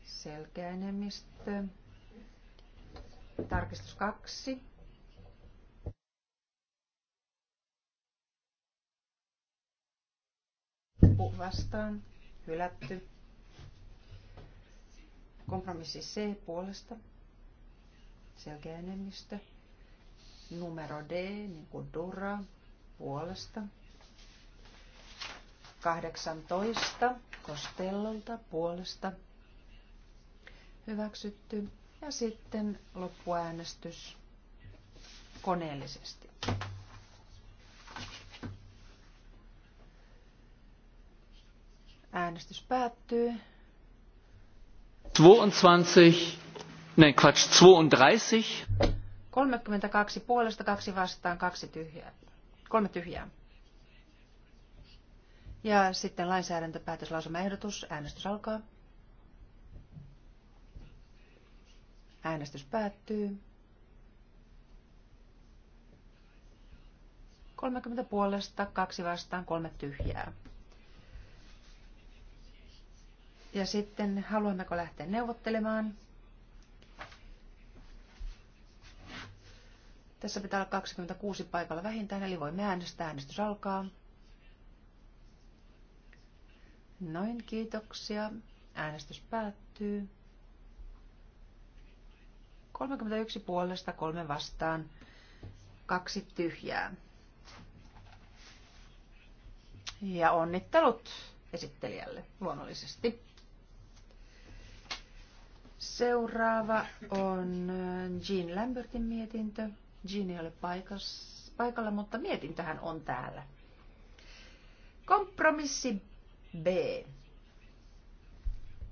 Selkeä enemmistö. Tarkistus kaksi. Vastaan. Hylätty. Kompromissi C puolesta. Selkeä enemmistö. Numero D, niin kuin Dura, puolesta. 18 Kostellolta puolesta. Hyväksytty. Ja sitten loppuäänestys koneellisesti. Äänestys päättyy. 22, nein Quatsch, 32. 32 puolesta, kaksi vastaan, kaksi tyhjää. Kolme tyhjää. Ja sitten lainsäädäntöpäätöslausumaehdotus. Äänestys alkaa. Äänestys päättyy. 30 puolesta, kaksi vastaan, kolme tyhjää. Ja sitten haluammeko lähteä neuvottelemaan? Tässä pitää olla 26 paikalla vähintään, eli voimme äänestää. Äänestys alkaa. Noin, kiitoksia. Äänestys päättyy. 31 puolesta, kolme vastaan, kaksi tyhjää. Ja onnittelut esittelijälle luonnollisesti. Seuraava on Jean Lambertin mietintö. Jean ei ole paikas, paikalla, mutta mietintöhän on täällä. Kompromissi B.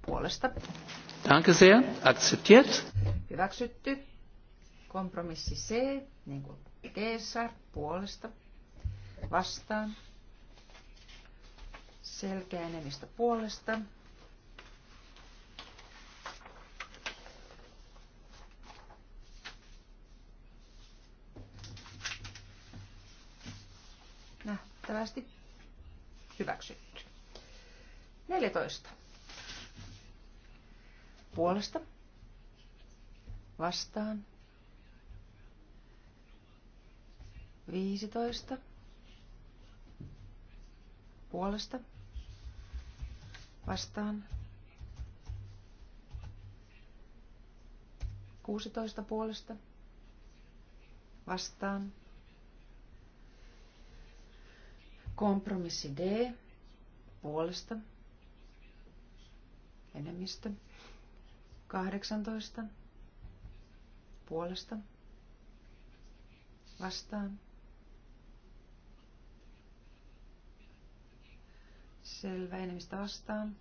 Puolesta Danke sehr. Akzeptiert. Hyväksytty. Kompromissi C, niin kuin Kesar, puolesta, vastaan. Selkeä enemmistö puolesta. Nähtävästi hyväksytty. 14 puolesta vastaan 15 puolesta vastaan 16 puolesta vastaan kompromissi D puolesta enemmistö 18 puolesta vastaan. Selvä enemmistö vastaan.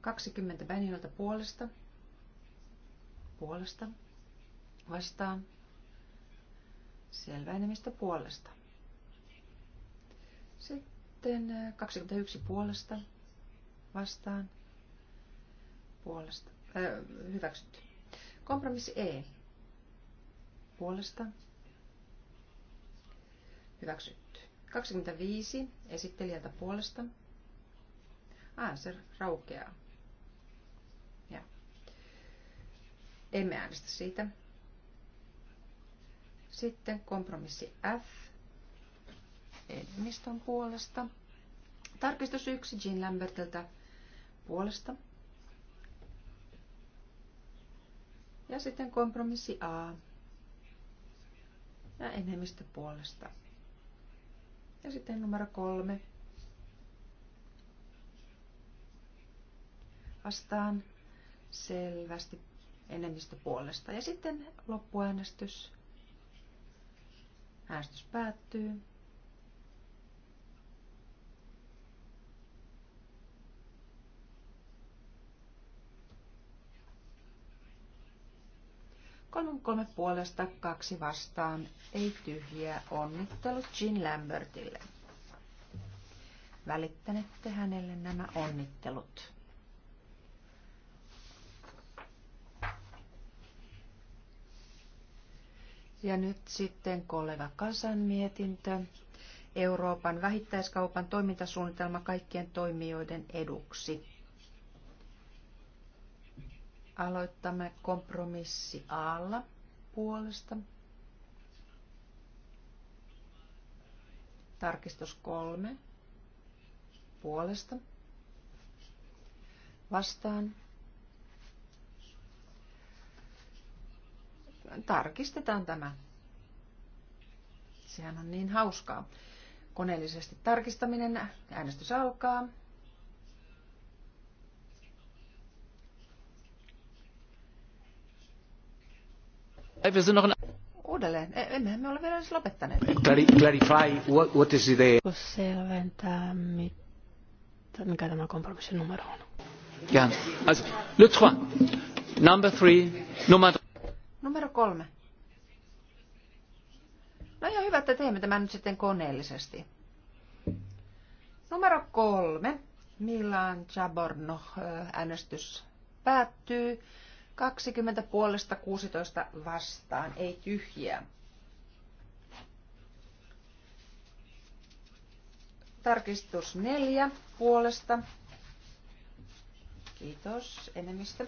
20 Bänilöltä puolesta. Puolesta. Vastaan. Selvä enemmistö puolesta. Sitten 21 äh, puolesta. Vastaan puolesta, äh, hyväksytty. Kompromissi E puolesta, hyväksytty. 25 esittelijältä puolesta. Ah, se raukeaa. Ja. Emme äänestä siitä. Sitten kompromissi F enemmistön puolesta. Tarkistus 1 Jean Lambertilta puolesta Ja sitten kompromissi A. Ja enemmistö puolesta. Ja sitten numero kolme. Vastaan selvästi enemmistö puolesta. Ja sitten loppuäänestys. Äänestys päättyy. kolme puolesta, kaksi vastaan, ei tyhjiä. Onnittelut Jean Lambertille. Välittänette hänelle nämä onnittelut. Ja nyt sitten kollega Kasan mietintö. Euroopan vähittäiskaupan toimintasuunnitelma kaikkien toimijoiden eduksi. Aloittamme kompromissi aalla puolesta. Tarkistus kolme puolesta. Vastaan. Tarkistetaan tämä. Sehän on niin hauskaa. Koneellisesti tarkistaminen. Äänestys alkaa. Uudelleen. E, emme me ole vielä edes lopettaneet. clarify what, what is the... Selventää, mit, mikä tämä kompromissin numero on. Ja, Also, le trois. Number three Numero... numero kolme. No ihan hyvä, että teemme tämän nyt sitten koneellisesti. Numero kolme. Milan Chaborno äänestys päättyy. 20 puolesta 16 vastaan, ei tyhjiä. Tarkistus 4 puolesta. Kiitos, enemmistö.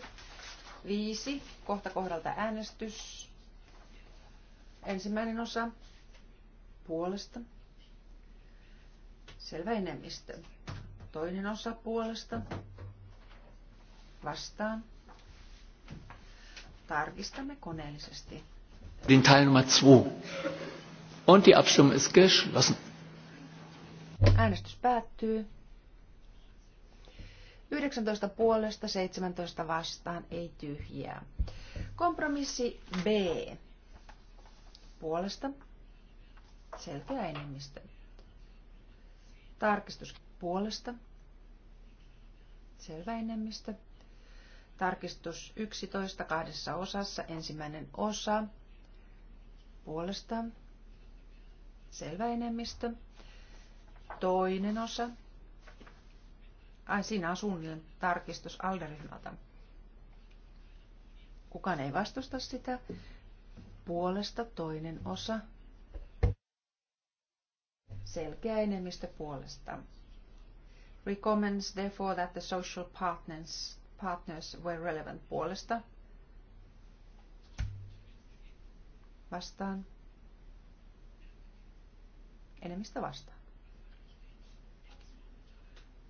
5. Kohta kohdalta äänestys. Ensimmäinen osa puolesta. Selvä enemmistö. Toinen osa puolesta. Vastaan Tarkistamme koneellisesti. Den Teil Nummer 2. Und die Abstimmung ist geschlossen. Äänestys päättyy. 19 puolesta, 17 vastaan, ei tyhjää. Kompromissi B. Puolesta. Selkeä enemmistö. Tarkistus puolesta. Selvä enemmistö. Tarkistus 11 kahdessa osassa. Ensimmäinen osa puolesta. Selvä enemmistö. Toinen osa. Ai, siinä on suunnilleen tarkistus alderyhmältä. Kukaan ei vastusta sitä. Puolesta toinen osa. Selkeä enemmistö puolesta. Recommends therefore that the social partners partners where relevant puolesta. Vastaan. Enemmistö vastaan.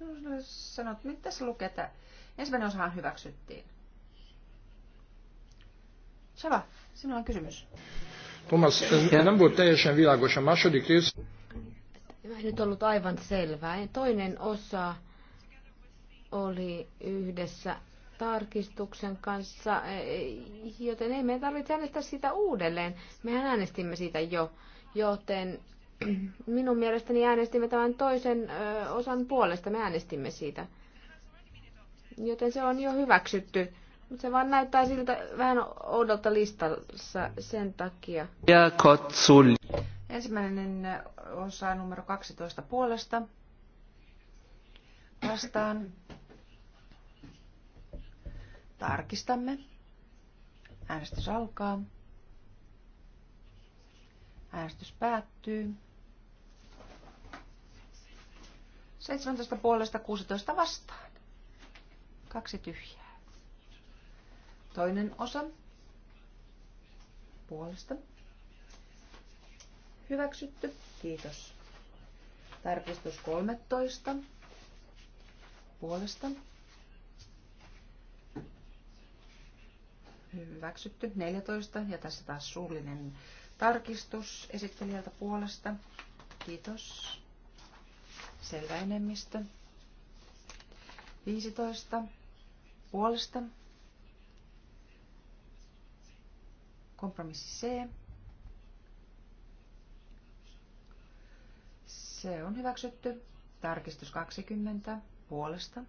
No, no sanot, mitä se lukee, että ensimmäinen osahan hyväksyttiin. Sava, sinulla on kysymys. Thomas, enää voi teljesen világos a második rész. Ei nyt ollut aivan selvää. Toinen osa oli yhdessä tarkistuksen kanssa, e, joten ei meidän tarvitse äänestää sitä uudelleen. Mehän äänestimme siitä jo, joten minun mielestäni äänestimme tämän toisen osan puolesta, me äänestimme siitä. Joten se on jo hyväksytty. Mutta se vaan näyttää siltä vähän oudolta listassa sen takia. Ja Ensimmäinen osa numero 12 puolesta vastaan. Tarkistamme. Äänestys alkaa. Äänestys päättyy. 17 puolesta 16 vastaan. Kaksi tyhjää. Toinen osa puolesta. Hyväksytty. Kiitos. Tarkistus 13 puolesta. Hyväksytty 14 ja tässä taas suullinen tarkistus esittelijältä puolesta. Kiitos. Selvä enemmistö. 15 puolesta. Kompromissi C. Se on hyväksytty. Tarkistus 20 puolesta.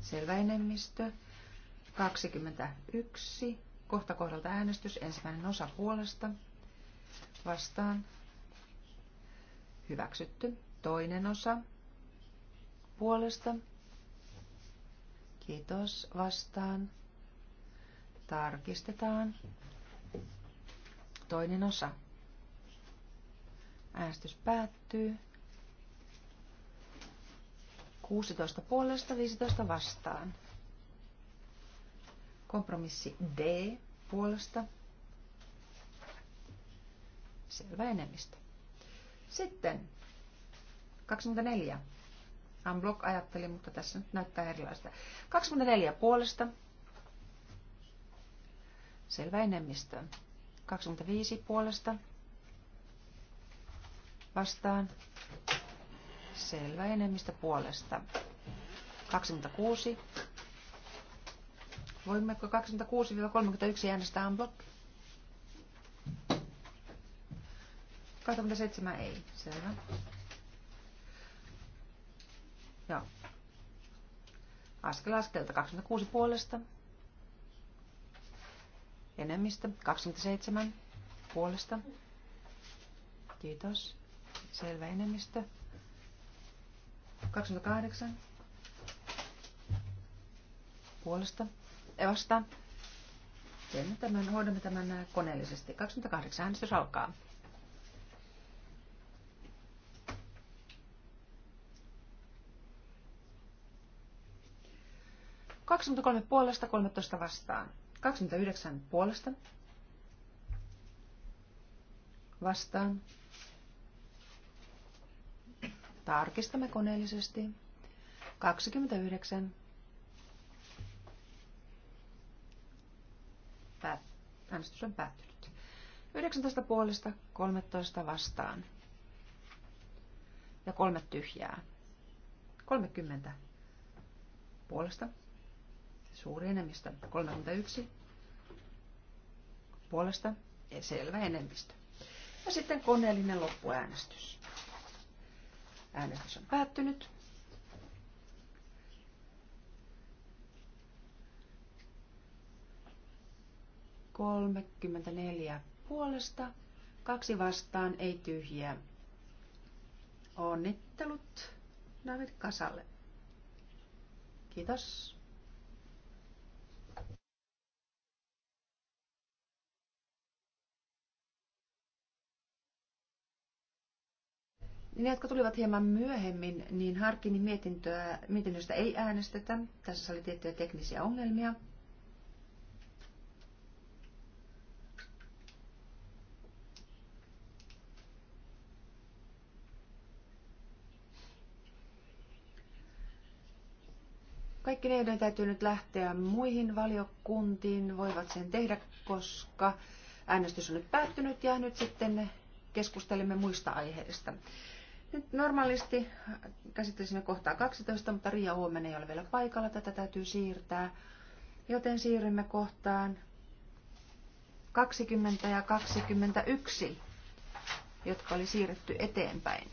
Selvä enemmistö. 21. Kohta kohdalta äänestys. Ensimmäinen osa puolesta. Vastaan. Hyväksytty. Toinen osa puolesta. Kiitos. Vastaan. Tarkistetaan. Toinen osa. Äänestys päättyy. 16 puolesta, 15 vastaan. Kompromissi D puolesta. Selvä enemmistö. Sitten 24. Unblock ajatteli, mutta tässä nyt näyttää erilaista. 24 puolesta. Selvä enemmistö. 25 puolesta. Vastaan. Selvä enemmistö puolesta. 26. Voimmeko 26-31 äänestää unblock? 27 ei. Selvä. Joo. Askel askelta 26 puolesta. Enemmistö 27 puolesta. Kiitos. Selvä enemmistö. 28 puolesta. Ei vastaan. Teemme tämän, hoidamme tämän koneellisesti. 28 äänestys alkaa. Kaksikymmentäkolme puolesta, 13 vastaan. 29 puolesta. Vastaan. Tarkistamme koneellisesti. 29. Päät- äänestys on päättynyt. 19 puolesta, 13 vastaan. Ja kolme tyhjää. 30 puolesta. Suuri enemmistö. 31 puolesta. Selvä enemmistö. Ja sitten koneellinen loppuäänestys. Äänestys on päättynyt. Kolmekymmentäneljä puolesta, kaksi vastaan, ei tyhjiä. Onnittelut David Kasalle. Kiitos. Ne, jotka tulivat hieman myöhemmin, niin Harkinin mietintöä, mietinnöstä ei äänestetä. Tässä oli tiettyjä teknisiä ongelmia. Kaikki ne, joiden täytyy nyt lähteä muihin valiokuntiin, voivat sen tehdä, koska äänestys on nyt päättynyt ja nyt sitten keskustelemme muista aiheista. Nyt normaalisti käsittelisimme kohtaa 12, mutta Ria huomenna ei ole vielä paikalla. Tätä täytyy siirtää. Joten siirrymme kohtaan 20 ja 21, jotka oli siirretty eteenpäin.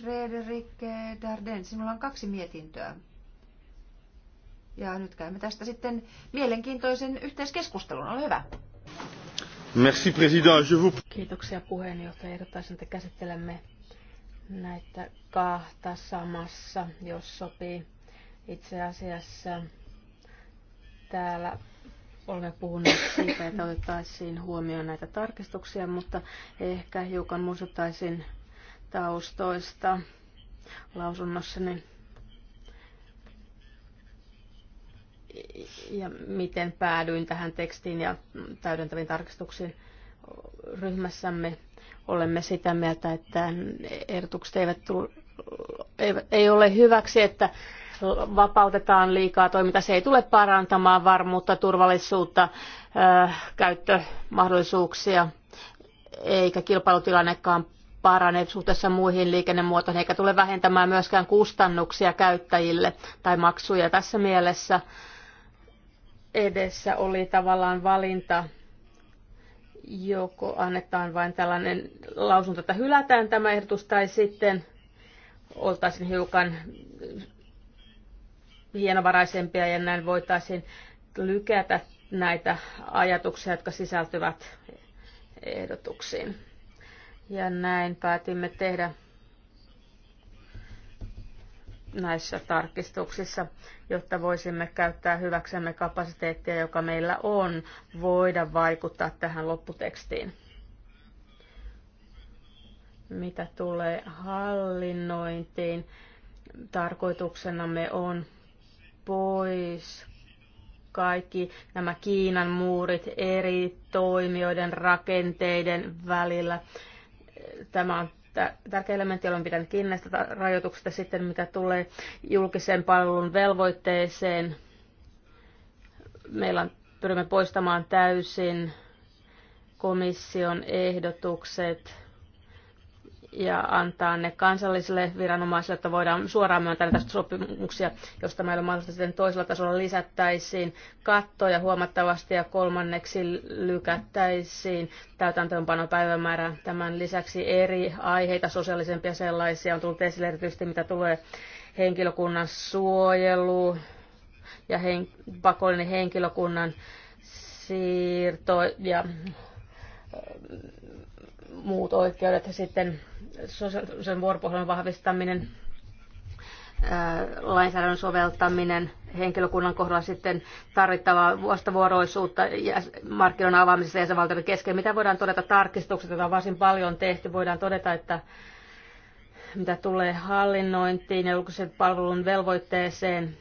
Frederik Darden, sinulla on kaksi mietintöä. Ja nyt käymme tästä sitten mielenkiintoisen yhteiskeskustelun. Ole hyvä. Merci, president. Je vous... Kiitoksia puheenjohtaja. Ehdottaisin, että käsittelemme näitä kahta samassa, jos sopii. Itse asiassa täällä olemme puhuneet siitä, että otettaisiin huomioon näitä tarkistuksia, mutta ehkä hiukan muistuttaisin taustoista lausunnossani. ja miten päädyin tähän tekstiin ja täydentäviin tarkistuksiin ryhmässämme. Olemme sitä mieltä, että ehdotukset eivät tule, ei, ei ole hyväksi, että vapautetaan liikaa toimintaa. Se ei tule parantamaan varmuutta, turvallisuutta, äh, käyttömahdollisuuksia eikä kilpailutilannekaan parane suhteessa muihin liikennemuotoihin, eikä tule vähentämään myöskään kustannuksia käyttäjille tai maksuja tässä mielessä edessä oli tavallaan valinta, joko annetaan vain tällainen lausunto, että hylätään tämä ehdotus, tai sitten oltaisiin hiukan hienovaraisempia ja näin voitaisiin lykätä näitä ajatuksia, jotka sisältyvät ehdotuksiin. Ja näin päätimme tehdä näissä tarkistuksissa, jotta voisimme käyttää hyväksemme kapasiteettia, joka meillä on, voida vaikuttaa tähän lopputekstiin. Mitä tulee hallinnointiin, tarkoituksenamme on pois kaikki nämä Kiinan muurit eri toimijoiden rakenteiden välillä. Tämä on tärkeä elementti, on pitänyt kiinni näistä rajoituksista sitten, mitä tulee julkisen palvelun velvoitteeseen. Meillä on, pyrimme poistamaan täysin komission ehdotukset ja antaa ne kansallisille viranomaisille, että voidaan suoraan myöntää näitä sopimuksia, josta meillä mahdollista sitten toisella tasolla lisättäisiin kattoja huomattavasti ja kolmanneksi lykättäisiin täytäntöönpanopäivämäärää. Tämän lisäksi eri aiheita, sosiaalisempia sellaisia, on tullut esille erityisesti mitä tulee henkilökunnan suojelu ja hen- pakollinen henkilökunnan siirto ja muut oikeudet ja sitten sosiaalisen vuoropuhelun vahvistaminen, lainsäädännön soveltaminen, henkilökunnan kohdalla sitten tarvittavaa vastavuoroisuutta ja markkinoiden avaamisessa jäsenvaltioiden kesken. Mitä voidaan todeta tarkistukset, joita on varsin paljon tehty, voidaan todeta, että mitä tulee hallinnointiin ja julkisen palvelun velvoitteeseen,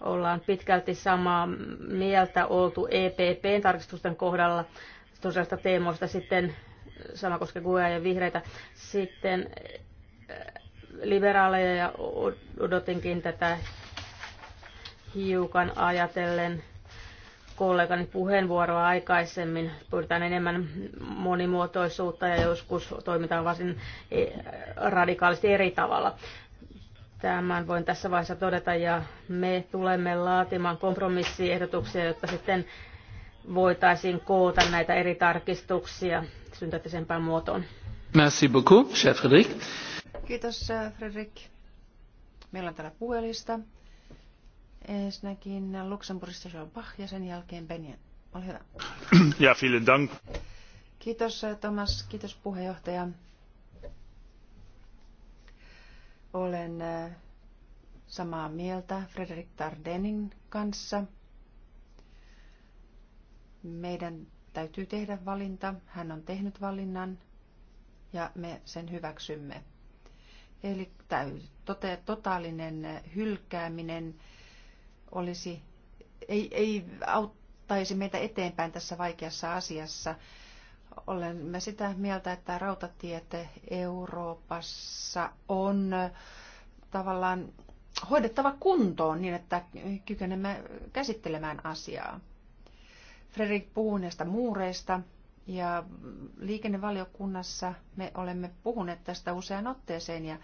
ollaan pitkälti samaa mieltä oltu EPPn tarkistusten kohdalla tuosta teemoista sitten, sama koske GUEA ja vihreitä, sitten eh, liberaaleja ja odotinkin tätä hiukan ajatellen kollegani puheenvuoroa aikaisemmin. Pyritään enemmän monimuotoisuutta ja joskus toimitaan varsin eh, radikaalisti eri tavalla. Tämän voin tässä vaiheessa todeta ja me tulemme laatimaan kompromissiehdotuksia, jotta sitten voitaisiin koota näitä eri tarkistuksia synteettisempään muotoon. Merci beaucoup, cher Frédéric. Kiitos, Frederik. Meillä on täällä puhelista. Ensinnäkin Luxemburgista Jean Bach ja sen jälkeen Benjen. Ole hyvä. Ja, vielen dank. Kiitos Thomas, kiitos puheenjohtaja. Olen samaa mieltä Frederik Tardenin kanssa – meidän täytyy tehdä valinta. Hän on tehnyt valinnan ja me sen hyväksymme. Eli tote, totaalinen hylkääminen olisi, ei, ei auttaisi meitä eteenpäin tässä vaikeassa asiassa. Olen me sitä mieltä, että rautatiet Euroopassa on tavallaan hoidettava kuntoon niin, että kykenemme käsittelemään asiaa. Fredrik puhuu näistä muureista ja liikennevaliokunnassa me olemme puhuneet tästä usean otteeseen ja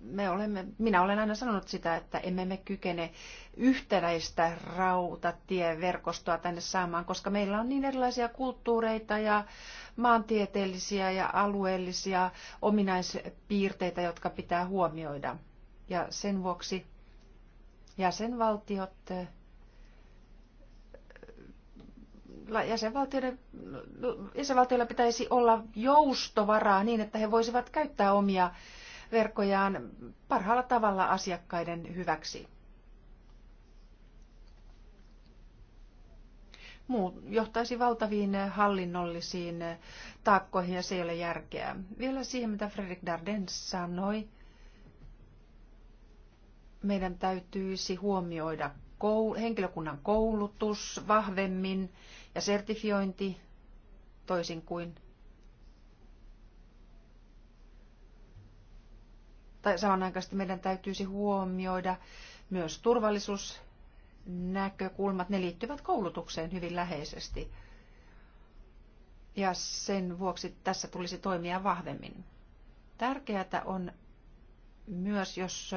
me olemme, minä olen aina sanonut sitä, että emme me kykene yhtäläistä rautatieverkostoa tänne saamaan, koska meillä on niin erilaisia kulttuureita ja maantieteellisiä ja alueellisia ominaispiirteitä, jotka pitää huomioida. Ja sen vuoksi jäsenvaltiot jäsenvaltioiden, no, jäsenvaltioilla pitäisi olla joustovaraa niin, että he voisivat käyttää omia verkkojaan parhaalla tavalla asiakkaiden hyväksi. Muu johtaisi valtaviin hallinnollisiin taakkoihin ja se ei ole järkeä. Vielä siihen, mitä Fredrik Darden sanoi, meidän täytyisi huomioida henkilökunnan koulutus vahvemmin ja sertifiointi toisin kuin tai samanaikaisesti meidän täytyisi huomioida myös turvallisuusnäkökulmat. Ne liittyvät koulutukseen hyvin läheisesti. Ja sen vuoksi tässä tulisi toimia vahvemmin. Tärkeää on myös, jos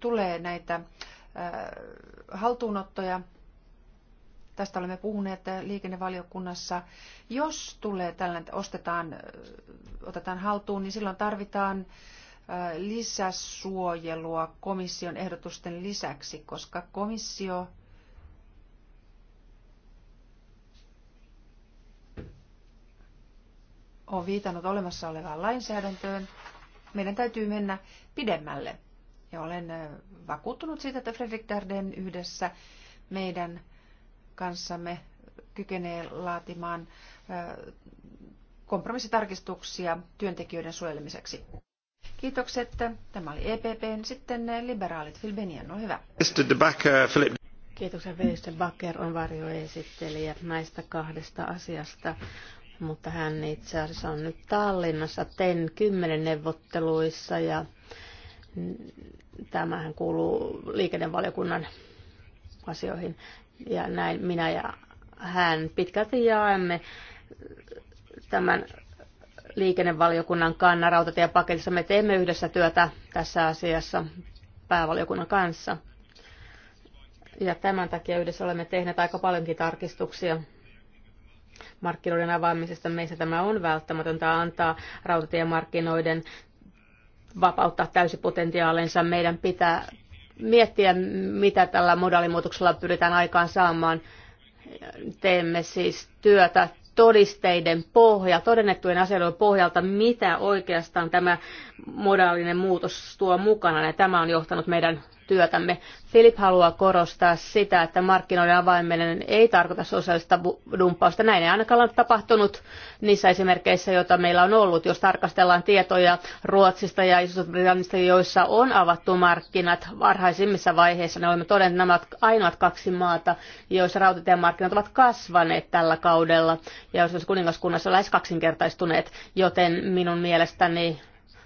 tulee näitä haltuunottoja, Tästä olemme puhuneet liikennevaliokunnassa. Jos tulee tällainen, ostetaan, otetaan haltuun, niin silloin tarvitaan lisäsuojelua komission ehdotusten lisäksi, koska komissio on viitannut olemassa olevaan lainsäädäntöön. Meidän täytyy mennä pidemmälle. Ja olen vakuuttunut siitä, että Fredrik Darden yhdessä meidän kanssamme kykenee laatimaan kompromissitarkistuksia työntekijöiden suojelemiseksi. Kiitokset. Tämä oli EPP. Sitten liberaalit. Phil Benian, on hyvä. Kiitoksia. Felix Bakker on varjoesittelijä näistä kahdesta asiasta, mutta hän itse asiassa on nyt Tallinnassa TEN 10 neuvotteluissa ja tämähän kuuluu liikennevaliokunnan asioihin. Ja näin minä ja hän pitkälti jaamme tämän liikennevaliokunnan kannan rautatiepaketissa. Me teemme yhdessä työtä tässä asiassa päävaliokunnan kanssa. Ja tämän takia yhdessä olemme tehneet aika paljonkin tarkistuksia markkinoiden avaamisesta. Meissä tämä on välttämätöntä antaa rautatiemarkkinoiden vapauttaa täysi potentiaalinsa. Meidän pitää miettiä, mitä tällä modaalimuutoksella pyritään aikaan saamaan. Teemme siis työtä todisteiden pohja, todennettujen asioiden pohjalta, mitä oikeastaan tämä modaalinen muutos tuo mukana. Ja tämä on johtanut meidän työtämme. Filip haluaa korostaa sitä, että markkinoiden avaiminen ei tarkoita sosiaalista dumppausta. Näin ei ainakaan ole tapahtunut niissä esimerkkeissä, joita meillä on ollut. Jos tarkastellaan tietoja Ruotsista ja Iso-Britannista, joissa on avattu markkinat varhaisimmissa vaiheissa, ne niin olemme todenneet, nämä ainoat kaksi maata, joissa markkinat ovat kasvaneet tällä kaudella ja jos kuningaskunnassa lähes kaksinkertaistuneet, joten minun mielestäni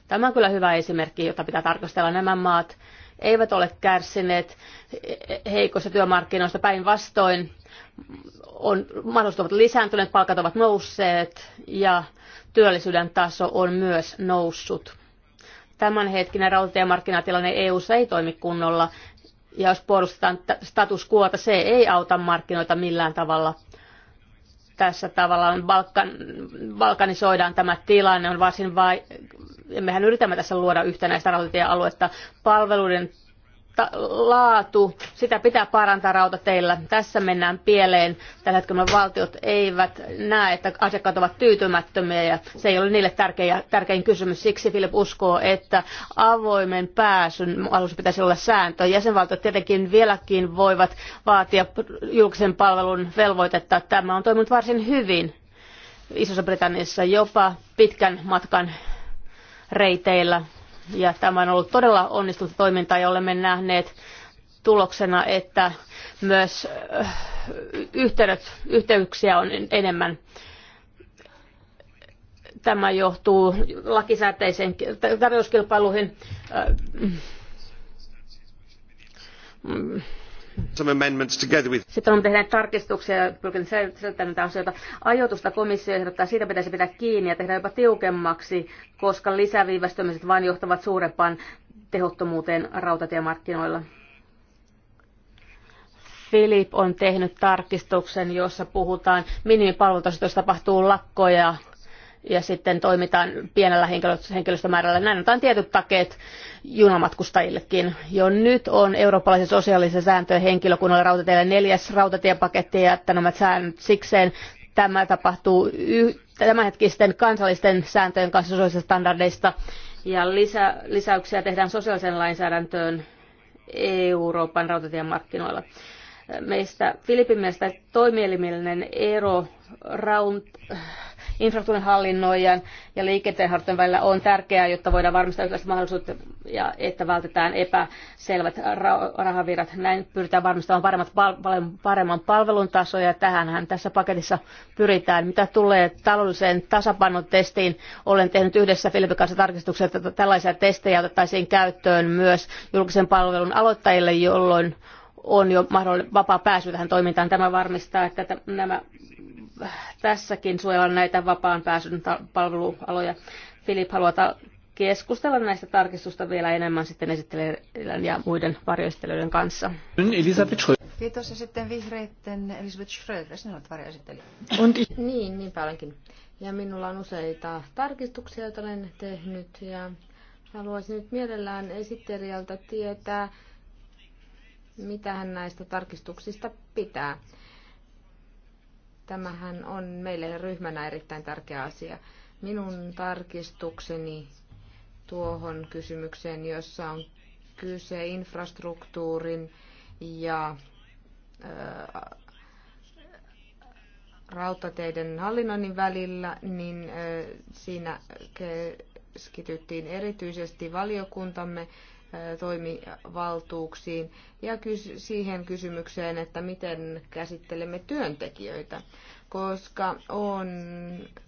Tämä on kyllä hyvä esimerkki, jota pitää tarkastella. Nämä maat eivät ole kärsineet heikoista työmarkkinoista päinvastoin. On, mahdollisuudet ovat lisääntyneet, palkat ovat nousseet ja työllisyyden taso on myös noussut. Tämänhetkinen rautatiemarkkinatilanne EU-ssa ei toimi kunnolla ja jos puolustetaan status quota, se ei auta markkinoita millään tavalla tässä tavallaan Balkan, balkanisoidaan tämä tilanne, on varsin vai, mehän yritämme tässä luoda yhtenäistä rautatiealuetta. Palveluiden laatu, sitä pitää parantaa rautateillä. Tässä mennään pieleen. Tällä hetkellä valtiot eivät näe, että asiakkaat ovat tyytymättömiä ja se ei ole niille tärkein, tärkein kysymys. Siksi Filip uskoo, että avoimen pääsyn alussa pitäisi olla sääntö. Jäsenvaltiot tietenkin vieläkin voivat vaatia julkisen palvelun velvoitetta. Tämä on toiminut varsin hyvin Isossa Britanniassa jopa pitkän matkan reiteillä ja tämä on ollut todella onnistunut toimintaa ja olemme nähneet tuloksena, että myös eh, yhteydet, yhteyksiä on enemmän. Tämä johtuu lakisääteisen tarjouskilpailuihin eh, mm, sitten on tehnyt tarkistuksia ja pyrkinyt selvittämään näitä asioita. Ajoitusta komissio ehdottaa, siitä pitäisi pitää kiinni ja tehdä jopa tiukemmaksi, koska lisäviivästymiset vain johtavat suurempaan tehottomuuteen rautatiemarkkinoilla. Filip on tehnyt tarkistuksen, jossa puhutaan minimipalvelutasosta, jos tapahtuu lakkoja ja sitten toimitaan pienellä henkilöstömäärällä. Näin otetaan tietyt takeet junamatkustajillekin. Jo nyt on eurooppalaisen sosiaalisen sääntöjen henkilökunnalle rautateille neljäs rautatiepaketti ja nämä säännöt sikseen. Tämä tapahtuu y- tämänhetkisten kansallisten sääntöjen kanssa sosiaalisista standardeista ja lisä- lisäyksiä tehdään sosiaaliseen lainsäädäntöön Euroopan rautatiemarkkinoilla meistä Filippin mielestä toimielimellinen ero round, infrastruktuurin hallinnoijan ja liikenteenharjoittajan välillä on tärkeää, jotta voidaan varmistaa yhtäläiset mahdollisuudet ja että vältetään epäselvät rahavirrat. Näin pyritään varmistamaan paremmat, paremman palvelun tasoja ja tähänhän tässä paketissa pyritään. Mitä tulee taloudelliseen tasapainotestiin, olen tehnyt yhdessä Filipin kanssa tarkistuksen, että tällaisia testejä otettaisiin käyttöön myös julkisen palvelun aloittajille, jolloin on jo mahdollinen vapaa pääsy tähän toimintaan. Tämä varmistaa, että nämä tässäkin suojella näitä vapaan pääsyn palvelualoja. Filip haluaa keskustella näistä tarkistusta vielä enemmän sitten esittelijän ja muiden varjoistelijoiden kanssa. Elisabeth Schröder. Kiitos ja sitten vihreitten Elisabeth Schröder, sinä olet varjoistelijä. Niin, niin paljonkin. Ja minulla on useita tarkistuksia, joita olen tehnyt ja haluaisin nyt mielellään esittelijältä tietää, mitä hän näistä tarkistuksista pitää. Tämähän on meille ryhmänä erittäin tärkeä asia. Minun tarkistukseni tuohon kysymykseen, jossa on kyse infrastruktuurin ja rautateiden hallinnoinnin välillä, niin siinä keskityttiin erityisesti valiokuntamme toimivaltuuksiin ja siihen kysymykseen, että miten käsittelemme työntekijöitä, koska on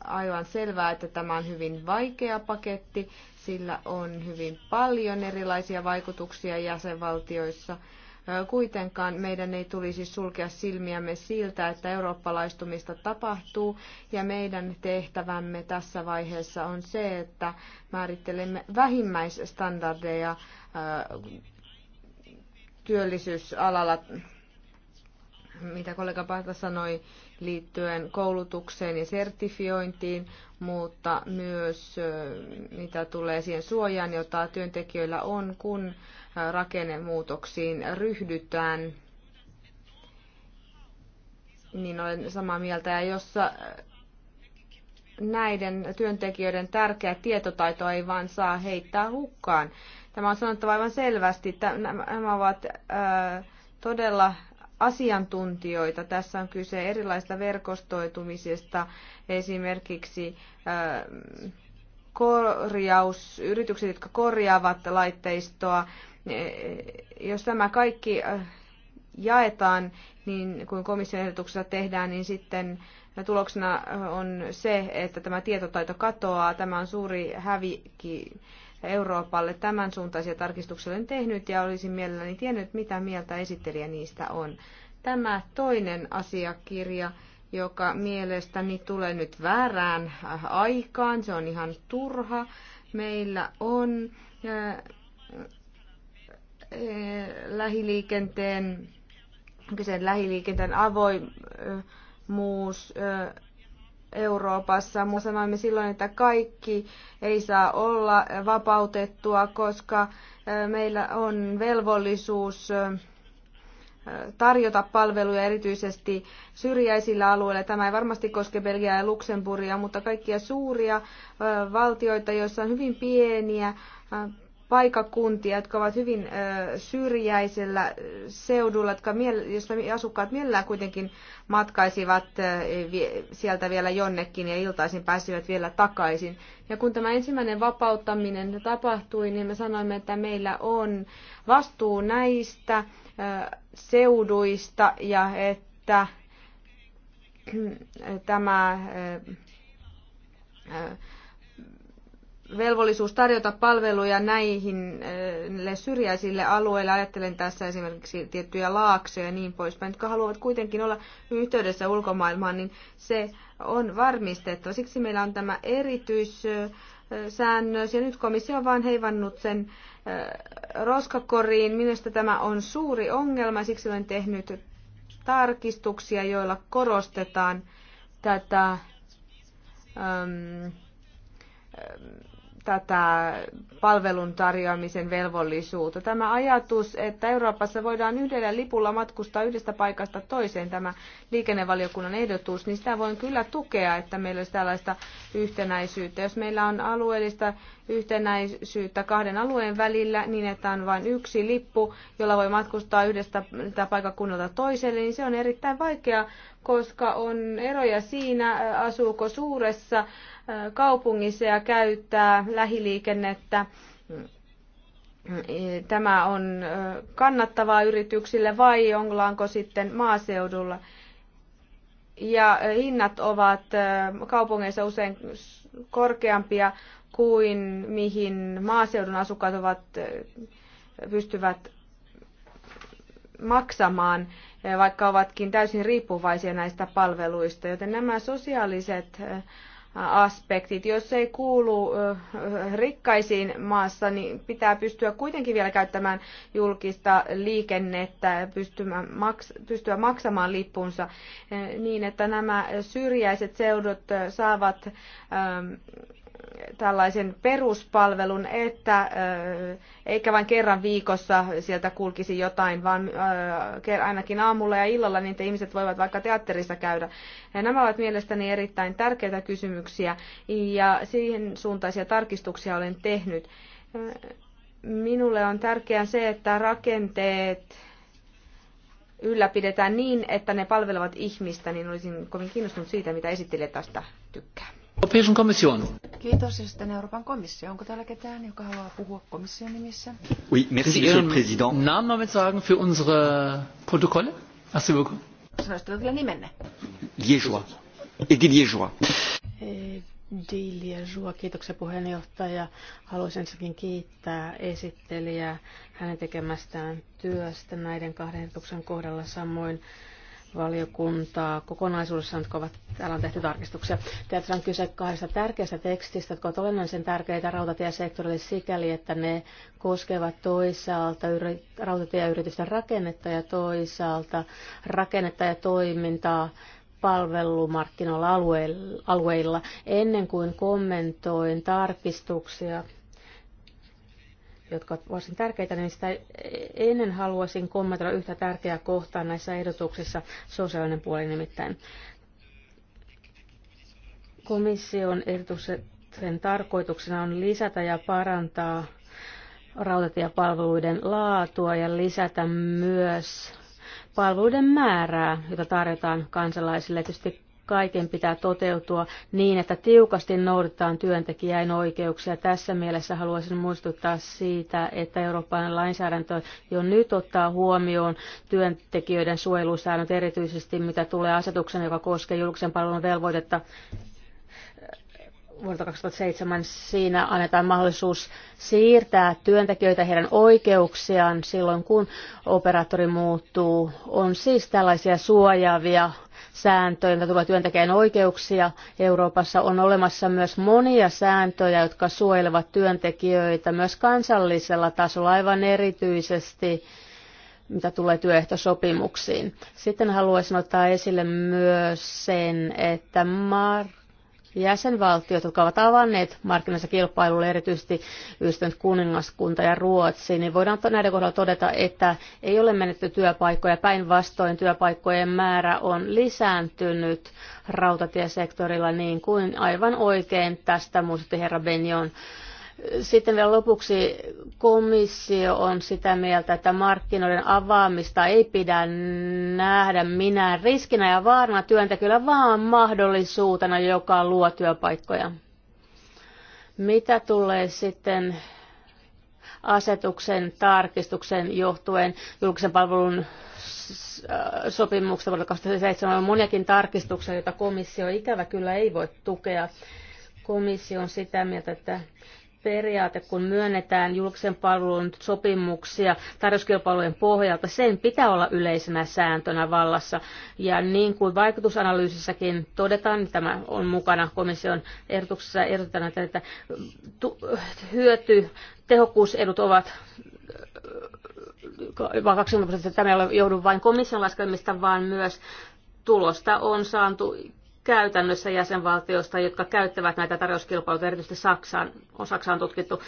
aivan selvää, että tämä on hyvin vaikea paketti, sillä on hyvin paljon erilaisia vaikutuksia jäsenvaltioissa. Kuitenkaan meidän ei tulisi sulkea silmiämme siltä, että eurooppalaistumista tapahtuu ja meidän tehtävämme tässä vaiheessa on se, että määrittelemme vähimmäisstandardeja työllisyysalalla, mitä kollega Pahta sanoi liittyen koulutukseen ja sertifiointiin, mutta myös mitä tulee siihen suojaan, jota työntekijöillä on, kun rakennemuutoksiin ryhdytään, niin olen samaa mieltä. Ja jossa näiden työntekijöiden tärkeä tietotaito ei vaan saa heittää hukkaan. Tämä on sanottava aivan selvästi. Nämä ovat todella asiantuntijoita. Tässä on kyse erilaista verkostoitumisesta, esimerkiksi korjaus, yritykset, jotka korjaavat laitteistoa. E, jos tämä kaikki jaetaan, niin kuin komission ehdotuksessa tehdään, niin sitten tuloksena on se, että tämä tietotaito katoaa. Tämä on suuri hävikki Euroopalle. Tämän suuntaisia tarkistuksia olen tehnyt ja olisin mielelläni tiennyt, mitä mieltä esittelijä niistä on. Tämä toinen asiakirja, joka mielestäni tulee nyt väärään äh, aikaan, se on ihan turha. Meillä on äh, äh, lähiliikenteen, lähiliikenteen avoimuus, Euroopassa. Mu sanoimme silloin, että kaikki ei saa olla vapautettua, koska meillä on velvollisuus tarjota palveluja erityisesti syrjäisillä alueilla. Tämä ei varmasti koske Belgiaa ja Luxemburgia, mutta kaikkia suuria valtioita, joissa on hyvin pieniä paikakuntia, jotka ovat hyvin syrjäisellä seudulla, jotka josta asukkaat mielellään kuitenkin matkaisivat sieltä vielä jonnekin ja iltaisin pääsivät vielä takaisin. Ja kun tämä ensimmäinen vapauttaminen tapahtui, niin me sanoimme, että meillä on vastuu näistä seuduista ja että tämä velvollisuus tarjota palveluja näihin äh, syrjäisille alueille. Ajattelen tässä esimerkiksi tiettyjä laaksoja ja niin poispäin, jotka haluavat kuitenkin olla yhteydessä ulkomaailmaan, niin se on varmistettava. Siksi meillä on tämä erityissäännös ja nyt komissio on vain heivannut sen äh, roskakoriin. Minusta tämä on suuri ongelma, siksi olen tehnyt tarkistuksia, joilla korostetaan tätä ähm, tätä palvelun tarjoamisen velvollisuutta. Tämä ajatus, että Euroopassa voidaan yhdellä lipulla matkustaa yhdestä paikasta toiseen, tämä liikennevaliokunnan ehdotus, niin sitä voin kyllä tukea, että meillä olisi tällaista yhtenäisyyttä. Jos meillä on alueellista yhtenäisyyttä kahden alueen välillä niin, että on vain yksi lippu, jolla voi matkustaa yhdestä paikakunnalta toiselle, niin se on erittäin vaikea, koska on eroja siinä, asuuko suuressa kaupungissa ja käyttää lähiliikennettä. Mm, mm, tämä on kannattavaa yrityksille vai onko sitten maaseudulla? Ja hinnat ovat kaupungeissa usein korkeampia kuin mihin maaseudun asukkaat ovat, pystyvät maksamaan, vaikka ovatkin täysin riippuvaisia näistä palveluista. Joten nämä sosiaaliset aspektit. Jos ei kuulu rikkaisiin maassa, niin pitää pystyä kuitenkin vielä käyttämään julkista liikennettä, pystyä maksamaan lippunsa niin, että nämä syrjäiset seudut saavat tällaisen peruspalvelun, että eikä vain kerran viikossa sieltä kulkisi jotain, vaan ainakin aamulla ja illalla niin te ihmiset voivat vaikka teatterissa käydä. Ja nämä ovat mielestäni erittäin tärkeitä kysymyksiä ja siihen suuntaisia tarkistuksia olen tehnyt. Minulle on tärkeää se, että rakenteet ylläpidetään niin, että ne palvelevat ihmistä, niin olisin kovin kiinnostunut siitä, mitä esittelijä tästä tykkää. European Commission. Kiitos. Ja sitten Euroopan komissio. Onko täällä ketään, joka haluaa puhua komission nimissä? Oui, merci, monsieur le président. Namen damit sagen für unsere Protokolle? Merci beaucoup. Sanoisitteko kyllä nimenne? Liégeois. Edi Liégeois. Diilia Sua, kiitoksia puheenjohtaja. Haluaisin ensinnäkin kiittää esittelijää hänen tekemästään työstä näiden kahden ehdotuksen kohdalla samoin valiokuntaa kokonaisuudessaan, jotka ovat, täällä on tehty tarkistuksia. Tässä on kyse kahdesta tärkeästä tekstistä, jotka ovat olennaisen tärkeitä rautatiesektorille sikäli, että ne koskevat toisaalta rautatieyritysten rakennetta ja toisaalta rakennetta ja toimintaa palvelumarkkinoilla alueilla. Ennen kuin kommentoin tarkistuksia, jotka ovat varsin tärkeitä, niin sitä ennen haluaisin kommentoida yhtä tärkeää kohtaa näissä ehdotuksissa, sosiaalinen puoli nimittäin. Komission ehdotuksen tarkoituksena on lisätä ja parantaa rautatiepalveluiden laatua ja lisätä myös palveluiden määrää, jota tarjotaan kansalaisille. Tietysti kaiken pitää toteutua niin, että tiukasti noudatetaan työntekijän oikeuksia. Tässä mielessä haluaisin muistuttaa siitä, että Euroopan lainsäädäntö jo nyt ottaa huomioon työntekijöiden suojelusäännöt, erityisesti mitä tulee asetuksen, joka koskee julkisen palvelun velvoitetta vuodelta 2007 siinä annetaan mahdollisuus siirtää työntekijöitä heidän oikeuksiaan silloin, kun operaattori muuttuu. On siis tällaisia suojaavia sääntöjä, tulee tulevat työntekijän oikeuksia. Euroopassa on olemassa myös monia sääntöjä, jotka suojelevat työntekijöitä myös kansallisella tasolla aivan erityisesti mitä tulee työehtosopimuksiin. Sitten haluaisin ottaa esille myös sen, että jäsenvaltiot, jotka ovat avanneet markkinansa kilpailulle, erityisesti yhdistynyt kuningaskunta ja Ruotsi, niin voidaan näiden kohdalla todeta, että ei ole menetty työpaikkoja. Päinvastoin työpaikkojen määrä on lisääntynyt rautatiesektorilla niin kuin aivan oikein tästä muistutti herra Benjon sitten vielä lopuksi komissio on sitä mieltä, että markkinoiden avaamista ei pidä nähdä minään riskinä ja vaarana työntekijöillä, vaan mahdollisuutena, joka luo työpaikkoja. Mitä tulee sitten asetuksen tarkistuksen johtuen julkisen palvelun sopimuksesta vuodelta 2007 on moniakin tarkistuksia, joita komissio ikävä kyllä ei voi tukea. Komissio on sitä mieltä, että periaate, kun myönnetään julkisen palvelun sopimuksia tarjouskilpailujen pohjalta, sen pitää olla yleisenä sääntönä vallassa. Ja niin kuin vaikutusanalyysissäkin todetaan, niin tämä on mukana komission ehdotuksessa, ehdotetaan, että hyöty, tehokkuusedut ovat 20 äh, prosenttia. Tämä ei ole johdu vain komission laskelmista, vaan myös tulosta on saatu käytännössä jäsenvaltioista, jotka käyttävät näitä tarjouskilpailuja, erityisesti Saksaan, on Saksaan tutkittu.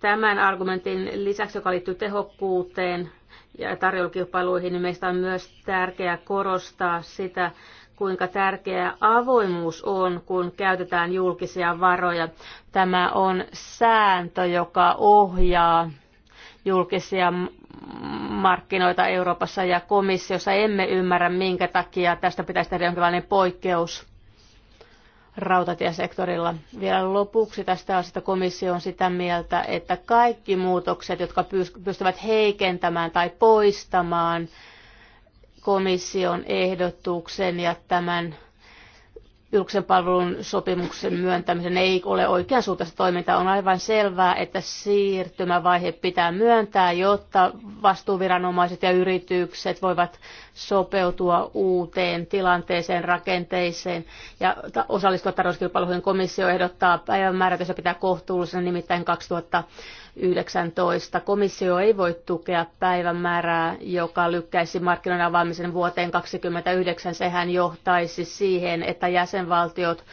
Tämän argumentin lisäksi, joka liittyy tehokkuuteen ja tarjouskilpailuihin. niin meistä on myös tärkeää korostaa sitä, kuinka tärkeää avoimuus on, kun käytetään julkisia varoja. Tämä on sääntö, joka ohjaa julkisia markkinoita Euroopassa ja komissiossa emme ymmärrä, minkä takia tästä pitäisi tehdä jonkinlainen poikkeus rautatiesektorilla. Vielä lopuksi tästä asiasta komissio on sitä mieltä, että kaikki muutokset, jotka pystyvät heikentämään tai poistamaan komission ehdotuksen ja tämän julkisen palvelun sopimuksen myöntämisen ei ole oikeansuuntaista toimintaa. On aivan selvää, että siirtymävaihe pitää myöntää, jotta vastuuviranomaiset ja yritykset voivat sopeutua uuteen tilanteeseen, rakenteeseen ja osallistua tarjouskilpailuihin. Komissio ehdottaa päivämäärät, jossa pitää kohtuullisena nimittäin 2000 19. Komissio ei voi tukea päivämäärää, joka lykkäisi markkinoiden avaamisen vuoteen 2029. Sehän johtaisi siihen, että jäsenvaltiot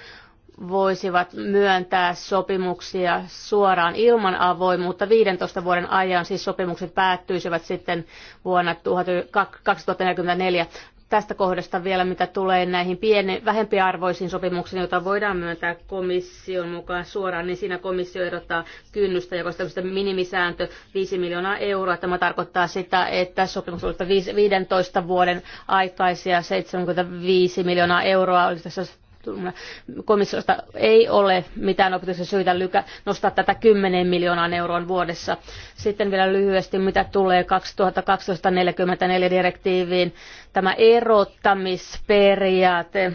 voisivat myöntää sopimuksia suoraan ilman avoimuutta 15 vuoden ajan, siis sopimukset päättyisivät sitten vuonna 2044 tästä kohdasta vielä, mitä tulee näihin pieni, vähempiarvoisiin sopimuksiin, joita voidaan myöntää komission mukaan suoraan, niin siinä komissio ehdottaa kynnystä, joka on tämmöistä minimisääntö 5 miljoonaa euroa. Tämä tarkoittaa sitä, että sopimus on 15 vuoden aikaisia 75 miljoonaa euroa olisi tässä komissiosta ei ole mitään opetuksen syytä lykä, nostaa tätä 10 miljoonaan euroon vuodessa. Sitten vielä lyhyesti, mitä tulee 2012-44 direktiiviin. Tämä erottamisperiaate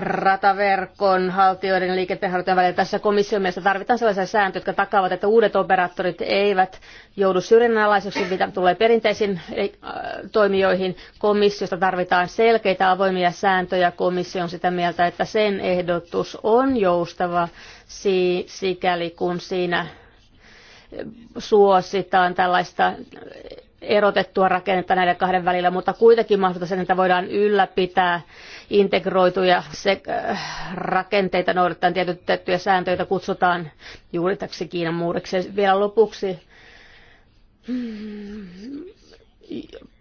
rataverkon haltijoiden ja liikenteenharjoittajien välillä. Tässä komission mielestä tarvitaan sellaisia sääntöjä, jotka takaavat, että uudet operaattorit eivät joudu syrjinnän alaiseksi, mitä tulee perinteisiin äh, toimijoihin. Komissiosta tarvitaan selkeitä avoimia sääntöjä. Komissio on sitä mieltä, että sen ehdotus on joustava sikäli kun siinä suositaan tällaista erotettua rakennetta näiden kahden välillä, mutta kuitenkin mahdollista sen, että voidaan ylläpitää integroituja äh, rakenteita noudattaen tiettyjä sääntöjä, joita kutsutaan juuri täksi Kiinan muuriksi. Vielä lopuksi mm,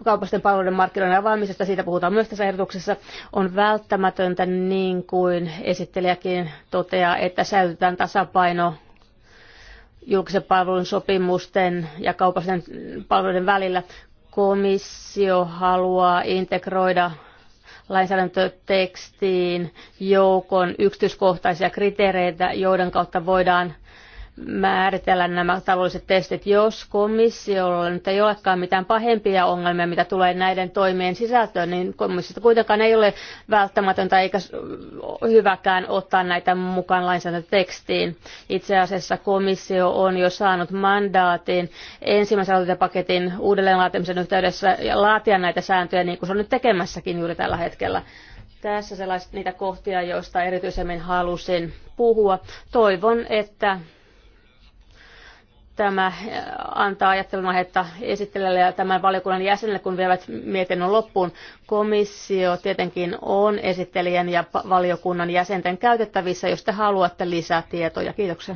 kaupallisten palveluiden markkinoiden avaamisesta, siitä puhutaan myös tässä ehdotuksessa, on välttämätöntä niin kuin esittelijäkin toteaa, että säilytetään tasapaino julkisen palvelun sopimusten ja kaupallisten palveluiden välillä. Komissio haluaa integroida lainsäädäntötekstiin joukon yksityiskohtaisia kriteereitä, joiden kautta voidaan määritellä nämä taloudelliset testit, jos komissiolla nyt ei olekaan mitään pahempia ongelmia, mitä tulee näiden toimien sisältöön, niin komissiosta kuitenkaan ei ole välttämätöntä eikä hyväkään ottaa näitä mukaan lainsäädäntötekstiin. Itse asiassa komissio on jo saanut mandaatin ensimmäisen paketin uudelleenlaatimisen yhteydessä ja laatia näitä sääntöjä niin kuin se on nyt tekemässäkin juuri tällä hetkellä tässä sellaiset niitä kohtia, joista erityisemmin halusin puhua. Toivon, että Tämä äh, antaa ajattelun aihetta esittelijälle ja tämän valiokunnan jäsenelle, kun vievät mietinnön loppuun. Komissio tietenkin on esittelijän ja valiokunnan jäsenten käytettävissä, jos te haluatte lisää tietoja. Kiitoksia.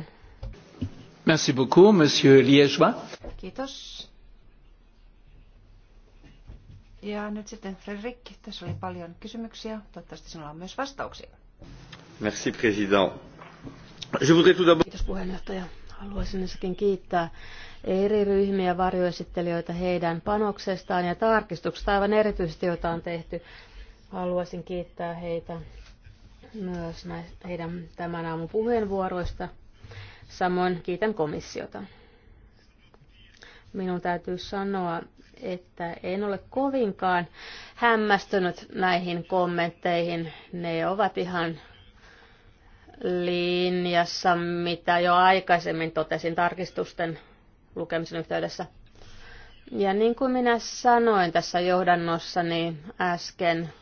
Merci beaucoup, monsieur Liégeois. Kiitos. Ja nyt sitten Frederik, tässä oli paljon kysymyksiä. Toivottavasti sinulla on myös vastauksia. Merci, président. Je voudrais tout d'abord... Kiitos puheenjohtaja Haluaisin ensinnäkin kiittää eri ryhmiä varjoesittelijöitä heidän panoksestaan ja tarkistuksesta aivan erityisesti, joita on tehty. Haluaisin kiittää heitä myös näistä, heidän tämän aamun puheenvuoroista. Samoin kiitän komissiota. Minun täytyy sanoa, että en ole kovinkaan hämmästynyt näihin kommentteihin. Ne ovat ihan linjassa, mitä jo aikaisemmin totesin tarkistusten lukemisen yhteydessä. Ja niin kuin minä sanoin tässä johdannossani niin äsken,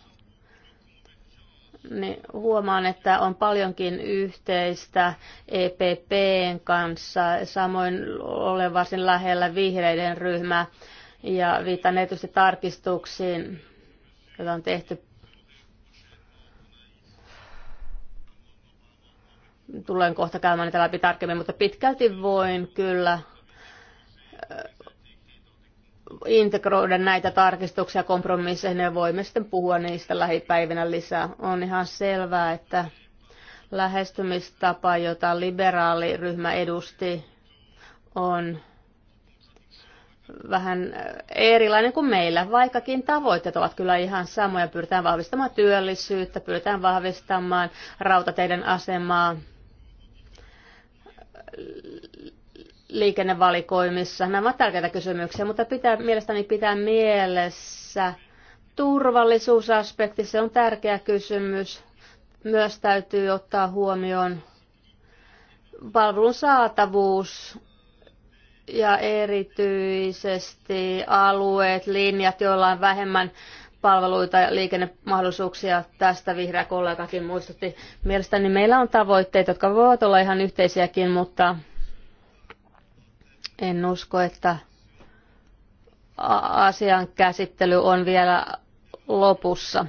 niin huomaan, että on paljonkin yhteistä EPPn kanssa, samoin olen varsin lähellä vihreiden ryhmää ja viitan erityisesti tarkistuksiin, joita on tehty Tulen kohta käymään niitä läpi tarkemmin, mutta pitkälti voin kyllä integroida näitä tarkistuksia kompromisseihin ja voimme sitten puhua niistä lähipäivinä lisää. On ihan selvää, että lähestymistapa, jota liberaaliryhmä edusti, on vähän erilainen kuin meillä, vaikkakin tavoitteet ovat kyllä ihan samoja. Pyritään vahvistamaan työllisyyttä, pyritään vahvistamaan rautateiden asemaa, liikennevalikoimissa. Nämä ovat tärkeitä kysymyksiä, mutta pitää, mielestäni pitää mielessä turvallisuusaspekti. Se on tärkeä kysymys. Myös täytyy ottaa huomioon palvelun saatavuus ja erityisesti alueet, linjat, joilla on vähemmän palveluita ja liikennemahdollisuuksia. Tästä vihreä kollegakin muistutti. Mielestäni meillä on tavoitteet, jotka voivat olla ihan yhteisiäkin, mutta en usko, että asian käsittely on vielä lopussa.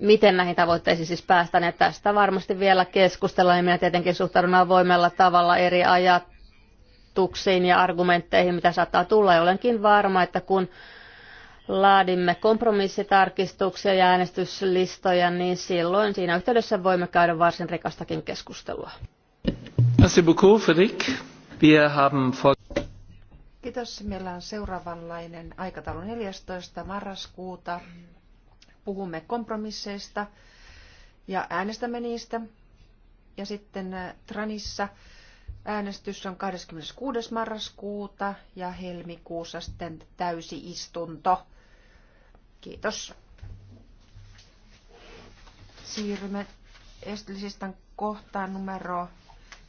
Miten näihin tavoitteisiin siis päästään, ja tästä varmasti vielä keskustellaan, ja niin minä tietenkin suhtaudun avoimella tavalla eri ajatuksiin ja argumentteihin, mitä saattaa tulla. Ja olenkin varma, että kun laadimme kompromissitarkistuksia ja äänestyslistoja, niin silloin siinä yhteydessä voimme käydä varsin rikastakin keskustelua. Merci beaucoup, Wir haben vor... Kiitos. Meillä on seuraavanlainen aikataulu 14. marraskuuta. Puhumme kompromisseista ja äänestämme niistä. Ja sitten äh, Tranissa äänestys on 26. marraskuuta ja helmikuussa sitten täysi istunto. Kiitos. Siirrymme Estlisistan kohtaan numero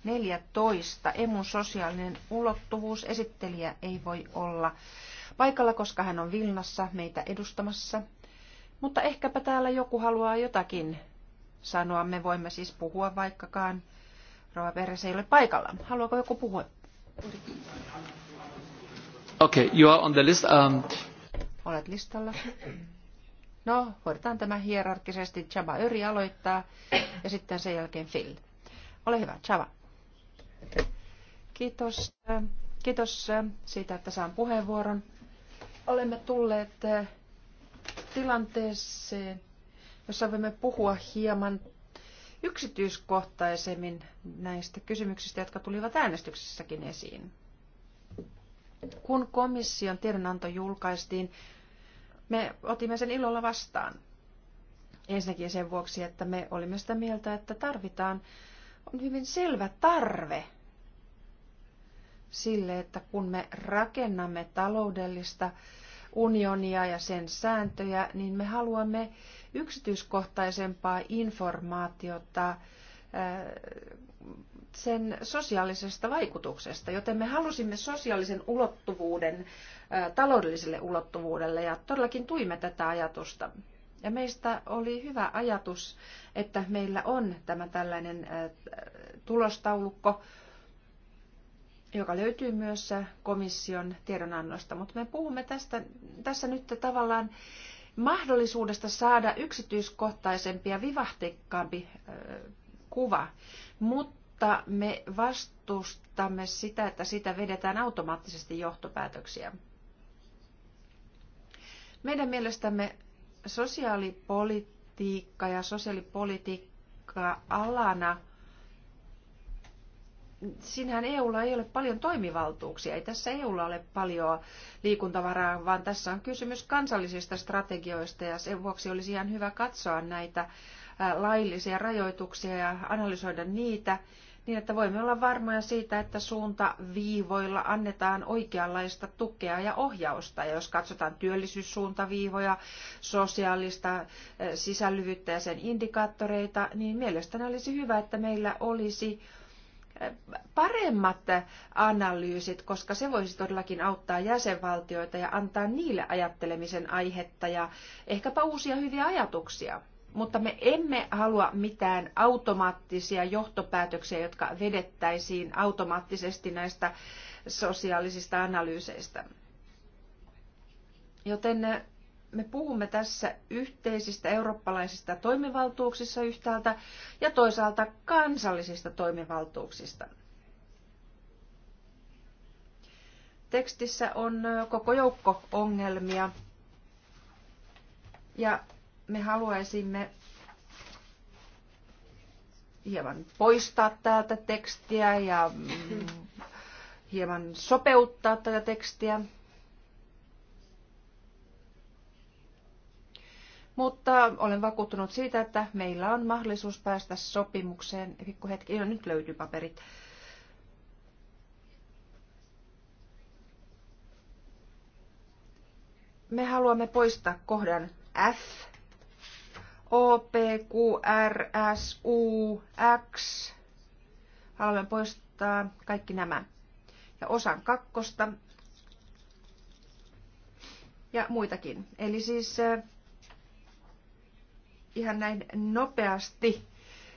14. Emun sosiaalinen ulottuvuus. Esittelijä ei voi olla paikalla, koska hän on Vilnassa meitä edustamassa. Mutta ehkäpä täällä joku haluaa jotakin sanoa. Me voimme siis puhua vaikkakaan. Rova Peres ei ole paikalla. Haluaako joku puhua? Okay, you are on the list. Um, Olet listalla. No, hoidetaan tämä hierarkisesti. Chaba Öri aloittaa ja sitten sen jälkeen Phil. Ole hyvä, Chaba. Kiitos, kiitos siitä, että saan puheenvuoron. Olemme tulleet tilanteeseen, jossa voimme puhua hieman yksityiskohtaisemmin näistä kysymyksistä, jotka tulivat äänestyksessäkin esiin. Kun komission tiedonanto julkaistiin, me otimme sen ilolla vastaan. Ensinnäkin sen vuoksi, että me olimme sitä mieltä, että tarvitaan, on hyvin selvä tarve sille, että kun me rakennamme taloudellista unionia ja sen sääntöjä, niin me haluamme yksityiskohtaisempaa informaatiota sen sosiaalisesta vaikutuksesta, joten me halusimme sosiaalisen ulottuvuuden taloudelliselle ulottuvuudelle ja todellakin tuimme tätä ajatusta. Ja meistä oli hyvä ajatus, että meillä on tämä tällainen tulostaulukko, joka löytyy myös komission tiedonannosta, mutta me puhumme tästä, tässä nyt tavallaan mahdollisuudesta saada yksityiskohtaisempi ja vivahtekkaampi kuva, mutta mutta me vastustamme sitä, että sitä vedetään automaattisesti johtopäätöksiä. Meidän mielestämme sosiaalipolitiikka ja sosiaalipolitiikka alana, sinähän EUlla ei ole paljon toimivaltuuksia, ei tässä EUlla ole paljon liikuntavaraa, vaan tässä on kysymys kansallisista strategioista ja sen vuoksi olisi ihan hyvä katsoa näitä laillisia rajoituksia ja analysoida niitä niin että voimme olla varmoja siitä, että suunta viivoilla annetaan oikeanlaista tukea ja ohjausta. Ja jos katsotaan työllisyyssuuntaviivoja, sosiaalista eh, sisällyvyyttä ja sen indikaattoreita, niin mielestäni olisi hyvä, että meillä olisi eh, paremmat analyysit, koska se voisi todellakin auttaa jäsenvaltioita ja antaa niille ajattelemisen aihetta ja ehkäpä uusia hyviä ajatuksia mutta me emme halua mitään automaattisia johtopäätöksiä, jotka vedettäisiin automaattisesti näistä sosiaalisista analyyseistä. Joten eh, me puhumme tässä yhteisistä eurooppalaisista toimivaltuuksissa yhtäältä ja toisaalta kansallisista toimivaltuuksista. Tekstissä on eh, koko joukko ongelmia ja me haluaisimme hieman poistaa täältä tekstiä ja mm, hieman sopeuttaa tätä tekstiä. Mutta olen vakuuttunut siitä, että meillä on mahdollisuus päästä sopimukseen. Pikku hetki, jo no nyt löytyy paperit. Me haluamme poistaa kohdan F O, P, Q, R, S, U, X. Haluamme poistaa kaikki nämä. Ja osan kakkosta. Ja muitakin. Eli siis äh, ihan näin nopeasti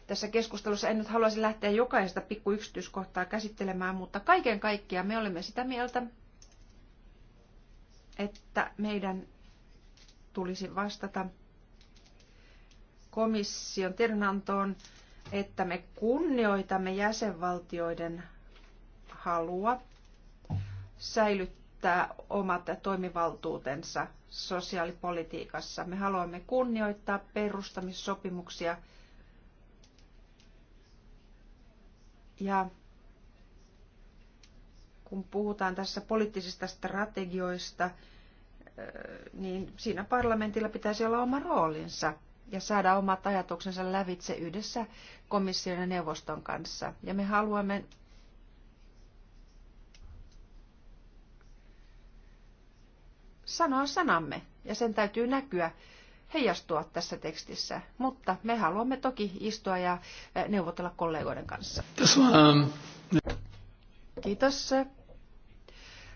tässä keskustelussa. En nyt haluaisi lähteä jokaista pikku yksityiskohtaa käsittelemään, mutta kaiken kaikkiaan me olemme sitä mieltä, että meidän tulisi vastata komission tiedonantoon, että me kunnioitamme jäsenvaltioiden halua säilyttää omat toimivaltuutensa sosiaalipolitiikassa. Me haluamme kunnioittaa perustamissopimuksia ja kun puhutaan tässä poliittisista strategioista, niin siinä parlamentilla pitäisi olla oma roolinsa – ja saada omat ajatuksensa lävitse yhdessä komission ja neuvoston kanssa. Ja me haluamme sanoa sanamme, ja sen täytyy näkyä, heijastua tässä tekstissä. Mutta me haluamme toki istua ja neuvotella kollegoiden kanssa. Um, Kiitos.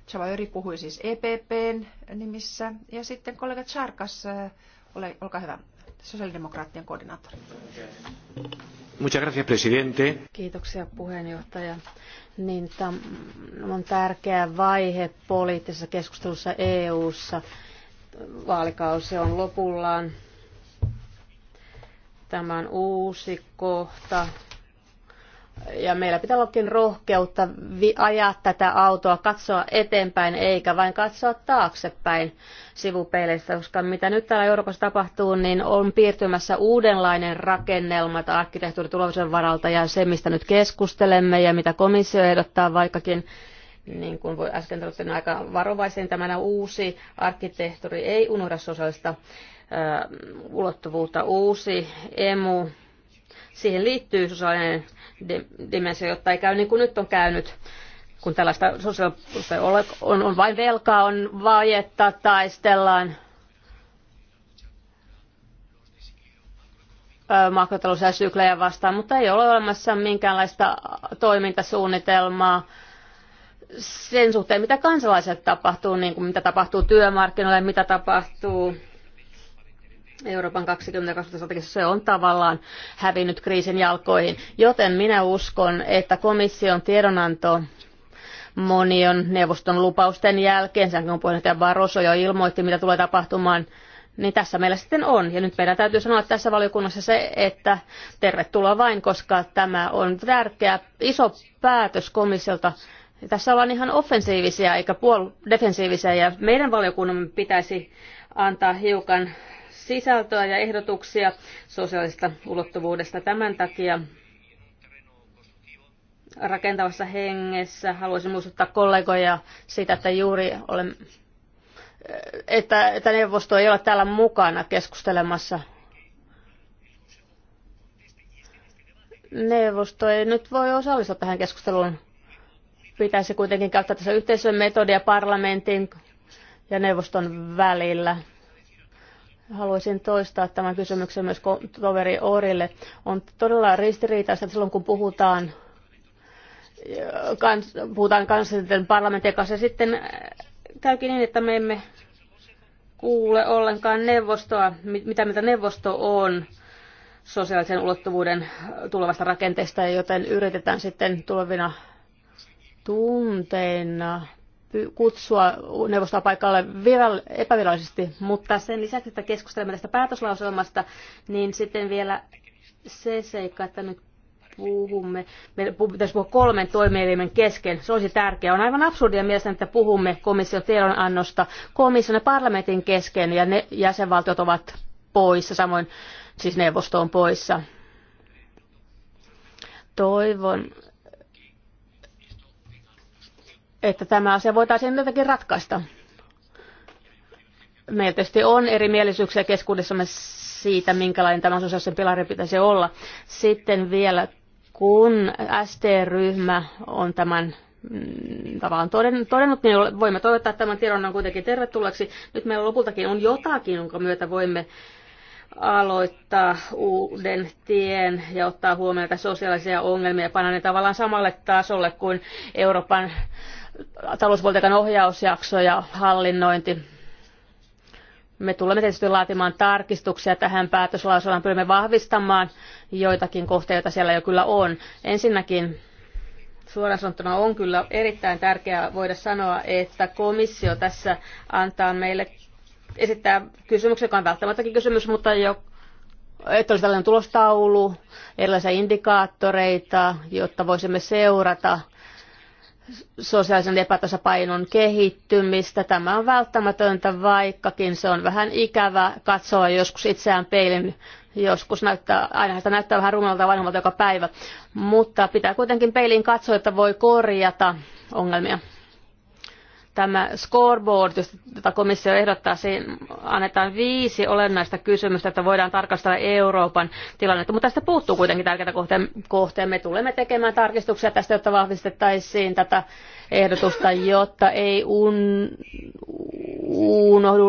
Chavayori puhui siis EPPn nimissä. Ja sitten kollega Charkas, ole, olkaa hyvä sosiaalidemokraattien koordinaattori. Kiitoksia puheenjohtaja. Niin, tämä on tärkeä vaihe poliittisessa keskustelussa EU-ssa. Vaalikausi on lopullaan. Tämä on uusi kohta ja meillä pitää ollakin rohkeutta ajaa tätä autoa, katsoa eteenpäin eikä vain katsoa taaksepäin sivupeileistä, koska mitä nyt täällä Euroopassa tapahtuu, niin on piirtymässä uudenlainen rakennelma tai arkkitehtuuri tulevaisuuden varalta ja se, mistä nyt keskustelemme ja mitä komissio ehdottaa vaikkakin niin kuin voi äsken todettiin aika varovaisin, tämä uusi arkkitehtuuri ei unohda sosiaalista ulottuvuutta. Uusi emu siihen liittyy sosiaalinen dimensio, jotta ei käy niin kuin nyt on käynyt kun tällaista sosiaalista on, on vain velkaa, on vajetta, taistellaan ja syklejä vastaan, mutta ei ole olemassa minkäänlaista toimintasuunnitelmaa sen suhteen, mitä kansalaiset tapahtuu, niin kuin mitä tapahtuu työmarkkinoille, mitä tapahtuu Euroopan 2020 strategiassa se on tavallaan hävinnyt kriisin jalkoihin, joten minä uskon, että komission tiedonanto monion neuvoston lupausten jälkeen, sen kun puheenjohtaja Barroso jo ilmoitti, mitä tulee tapahtumaan, niin tässä meillä sitten on. Ja nyt meidän täytyy sanoa tässä valiokunnassa se, että tervetuloa vain, koska tämä on tärkeä iso päätös komissiolta. Tässä ollaan ihan offensiivisia eikä puol- ja meidän valiokunnan pitäisi antaa hiukan sisältöä ja ehdotuksia sosiaalista ulottuvuudesta. Tämän takia rakentavassa hengessä haluaisin muistuttaa kollegoja siitä, että juuri olen, että, että neuvosto ei ole täällä mukana keskustelemassa neuvosto ei nyt voi osallistua tähän keskusteluun. Pitäisi kuitenkin käyttää tässä yhteisön metodia parlamentin ja neuvoston välillä haluaisin toistaa tämän kysymyksen myös toveri Orille. On todella ristiriitaista, että silloin kun puhutaan, äh, kans, puhutaan kansallisten parlamentin kanssa, sitten äh, käykin niin, että me emme kuule ollenkaan neuvostoa, mitä mitä neuvosto on sosiaalisen ulottuvuuden äh, tulevasta rakenteesta, joten yritetään sitten tulevina tunteina kutsua neuvostoa paikalle viral- epävirallisesti, mutta sen lisäksi, että keskustelemme tästä päätöslauselmasta, niin sitten vielä se seikka, että nyt puhumme, meidän pitäisi puhua kolmen toimielimen kesken, se olisi tärkeää. On aivan absurdia mielestäni, että puhumme komission tiedonannosta komission ja parlamentin kesken ja ne jäsenvaltiot ovat poissa, samoin siis neuvosto on poissa. Toivon, että tämä asia voitaisiin jotenkin ratkaista. Meillä tietysti on erimielisyyksiä keskuudessamme siitä, minkälainen tämä sosiaalisen pilari pitäisi olla. Sitten vielä, kun ST-ryhmä on tämän mm, tavallaan todennut, niin voimme toivottaa tämän tiedonnan kuitenkin tervetulleeksi. Nyt meillä lopultakin on jotakin, jonka myötä voimme aloittaa uuden tien ja ottaa huomioon sosiaalisia ongelmia ja panna ne tavallaan samalle tasolle kuin Euroopan talouspolitiikan ohjausjakso ja hallinnointi. Me tulemme tietysti laatimaan tarkistuksia tähän päätöslauselmaan, pyrimme vahvistamaan joitakin kohteita, joita siellä jo kyllä on. Ensinnäkin suoraan sanottuna on kyllä erittäin tärkeää voida sanoa, että komissio tässä antaa meille esittää kysymyksen, joka on välttämättäkin kysymys, mutta jo, että olisi tällainen tulostaulu, erilaisia indikaattoreita, jotta voisimme seurata sosiaalisen epätasapainon kehittymistä. Tämä on välttämätöntä, vaikkakin se on vähän ikävä katsoa joskus itseään peilin. Joskus näyttää, aina sitä näyttää vähän rumalta vanhemmalta joka päivä. Mutta pitää kuitenkin peiliin katsoa, että voi korjata ongelmia. Tämä scoreboard, jota komissio ehdottaa, siinä annetaan viisi olennaista kysymystä, että voidaan tarkastella Euroopan tilannetta. Mutta tästä puuttuu kuitenkin tärkeitä kohteita. Me tulemme tekemään tarkistuksia tästä, jotta vahvistettaisiin tätä ehdotusta, jotta ei un... unohdu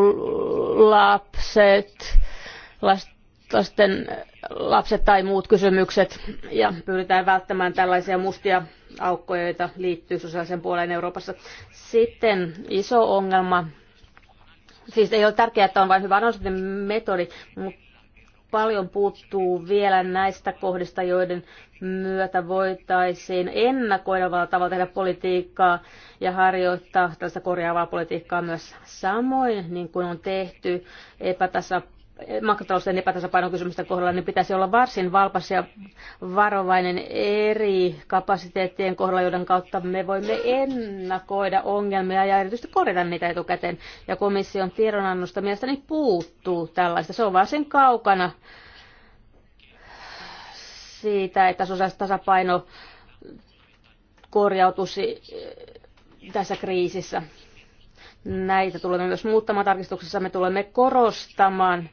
lapset, lasten lasten lapset tai muut kysymykset ja pyritään välttämään tällaisia mustia aukkoja, joita liittyy sosiaalisen puoleen Euroopassa. Sitten iso ongelma, siis ei ole tärkeää, että on vain hyvä analyyttinen metodi, mutta paljon puuttuu vielä näistä kohdista, joiden myötä voitaisiin ennakoidavalla tavalla tehdä politiikkaa ja harjoittaa tällaista korjaavaa politiikkaa myös samoin, niin kuin on tehty epätasa makrotalousten epätasapainokysymysten kohdalla, niin pitäisi olla varsin valpas ja varovainen eri kapasiteettien kohdalla, joiden kautta me voimme ennakoida ongelmia ja erityisesti korjata niitä etukäteen. Ja komission tiedonannosta mielestäni puuttuu tällaista. Se on varsin kaukana siitä, että sosiaalista tasapaino korjautuisi tässä kriisissä. Näitä tulemme myös muuttamaan tarkistuksessa. Me tulemme korostamaan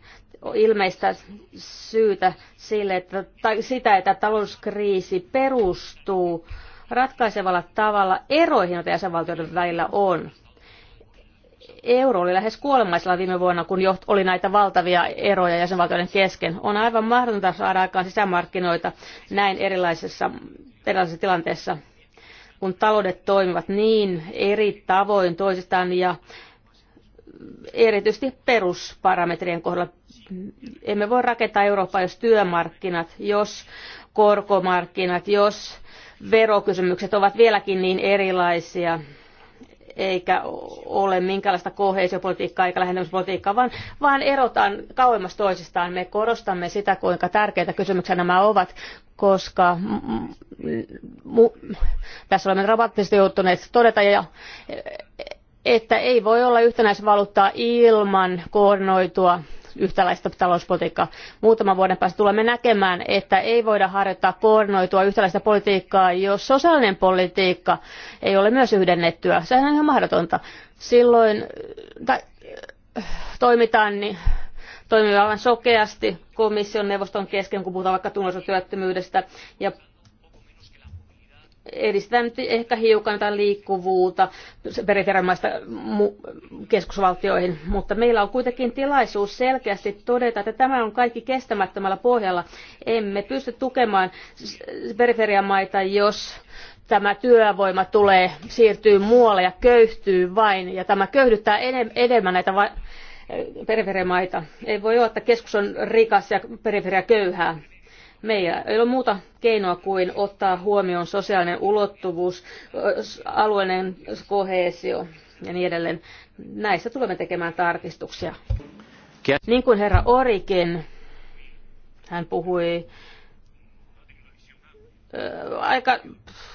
ilmeistä syytä sille, että, tai sitä, että talouskriisi perustuu ratkaisevalla tavalla eroihin, joita jäsenvaltioiden välillä on. Euro oli lähes kuolemaisella viime vuonna, kun oli näitä valtavia eroja jäsenvaltioiden kesken. On aivan mahdotonta saada aikaan sisämarkkinoita näin erilaisessa, erilaisessa tilanteessa kun taloudet toimivat niin eri tavoin toisistaan ja erityisesti perusparametrien kohdalla. Emme voi rakentaa Eurooppaa, jos työmarkkinat, jos korkomarkkinat, jos verokysymykset ovat vieläkin niin erilaisia eikä ole minkäänlaista koheesiopolitiikkaa eikä lähentämispolitiikkaa, vaan, vaan erotaan kauemmas toisistaan. Me korostamme sitä, kuinka tärkeitä kysymyksiä nämä ovat, koska tässä olemme dramaattisesti joutuneet todeta, ja, että ei voi olla yhtenäisvaluuttaa ilman koordinoitua yhtäläistä talouspolitiikkaa. Muutaman vuoden päästä tulemme näkemään, että ei voida harjoittaa koordinoitua yhtäläistä politiikkaa, jos sosiaalinen politiikka ei ole myös yhdennettyä. Sehän on ihan mahdotonta. Silloin toimitaan niin toimii aivan sokeasti komission neuvoston kesken, kun puhutaan vaikka nuorisotyöttömyydestä ja edistetään nyt ehkä hiukan jotain liikkuvuutta periferimaista keskusvaltioihin, mutta meillä on kuitenkin tilaisuus selkeästi todeta, että tämä on kaikki kestämättömällä pohjalla. Emme pysty tukemaan periferiamaita, jos tämä työvoima tulee, siirtyy muualle ja köyhtyy vain, ja tämä köyhdyttää enemmän näitä va- periferiamaita. Ei voi olla, että keskus on rikas ja periferia köyhää Meillä ei ole muuta keinoa kuin ottaa huomioon sosiaalinen ulottuvuus, alueellinen kohesio ja niin edelleen. Näissä tulemme tekemään tarkistuksia. Niin kuin herra Orikin, hän puhui aika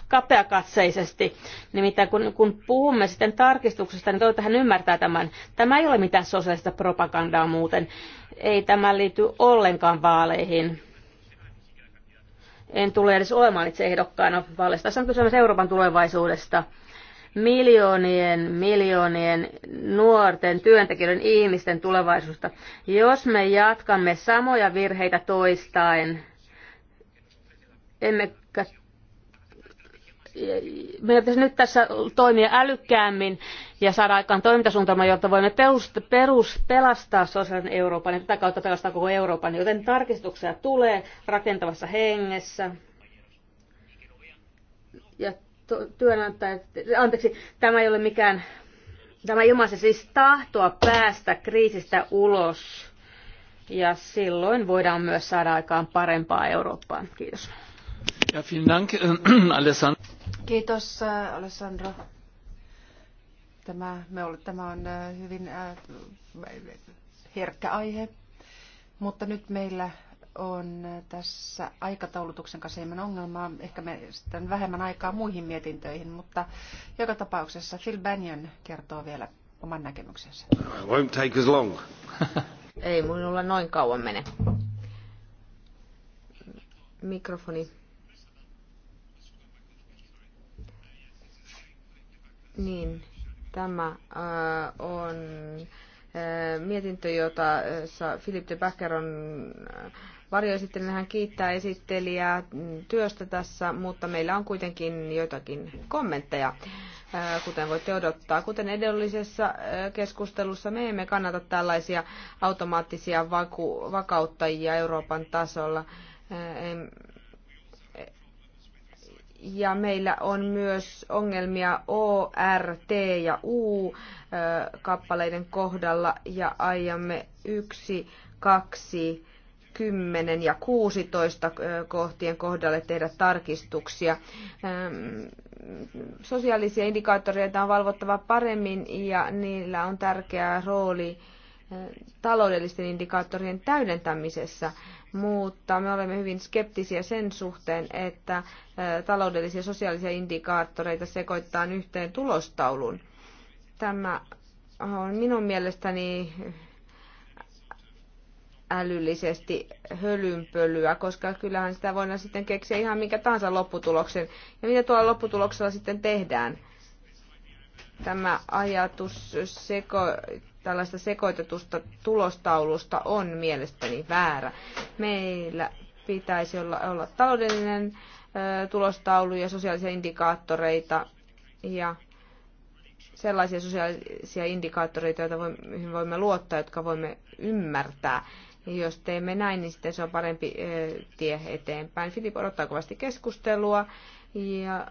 kapeakatseisesti. Nimittäin kun, kun puhumme sitten tarkistuksesta, niin toivottavasti hän ymmärtää tämän. Tämä ei ole mitään sosiaalista propagandaa muuten. Ei tämä liity ollenkaan vaaleihin en tule edes olemaan itse ehdokkaana vaaleissa. Tässä on kysymys Euroopan tulevaisuudesta. Miljoonien, miljoonien nuorten, työntekijöiden, ihmisten tulevaisuudesta. Jos me jatkamme samoja virheitä toistaen, emme meidän pitäisi nyt tässä toimia älykkäämmin ja saada aikaan toimintasuunnitelma, jotta voimme perust, perus pelastaa sosiaalisen Euroopan ja tätä kautta pelastaa koko Euroopan. Joten tarkistuksia tulee rakentavassa hengessä. Ja työnantajat, anteeksi, tämä ei ole mikään, tämä ilmaisi siis tahtoa päästä kriisistä ulos. Ja silloin voidaan myös saada aikaan parempaa Eurooppaa. Kiitos. Ja, vielen Dank, äh, Alessandro. Kiitos äh, Alessandro. Tämä, me ole, tämä on äh, hyvin äh, herkkä aihe, mutta nyt meillä on tässä aikataulutuksen kanssa hieman ongelmaa. Ehkä me sitten vähemmän aikaa muihin mietintöihin, mutta joka tapauksessa Phil Bannion kertoo vielä oman näkemyksensä. won't take as long. Ei minulla noin kauan mene. Mikrofoni. Niin, tämä äh, on äh, mietintö, jota äh, Philip de Becker on varjoesittelijä. Hän kiittää esittelijää mm, työstä tässä, mutta meillä on kuitenkin joitakin kommentteja, kuten voitte odottaa. Kuten edellisessä keskustelussa, me emme kannata tällaisia automaattisia vaku- vakauttajia Euroopan tasolla ja meillä on myös ongelmia O, R, T ja U kappaleiden kohdalla ja aiomme 1, 2, 10 ja 16 kohtien kohdalle tehdä tarkistuksia. Sosiaalisia indikaattoreita on valvottava paremmin ja niillä on tärkeä rooli taloudellisten indikaattorien täydentämisessä mutta me olemme hyvin skeptisiä sen suhteen, että taloudellisia ja sosiaalisia indikaattoreita sekoittaa yhteen tulostaulun. Tämä on minun mielestäni älyllisesti hölynpölyä, koska kyllähän sitä voidaan sitten keksiä ihan minkä tahansa lopputuloksen. Ja mitä tuolla lopputuloksella sitten tehdään? Tämä ajatus seko tällaista sekoitetusta tulostaulusta on mielestäni väärä. Meillä pitäisi olla, olla taloudellinen ö, tulostaulu ja sosiaalisia indikaattoreita ja sellaisia sosiaalisia indikaattoreita, joita voimme, voimme luottaa, jotka voimme ymmärtää. Ja jos teemme näin, niin sitten se on parempi ö, tie eteenpäin. Filip odottaa kovasti keskustelua ja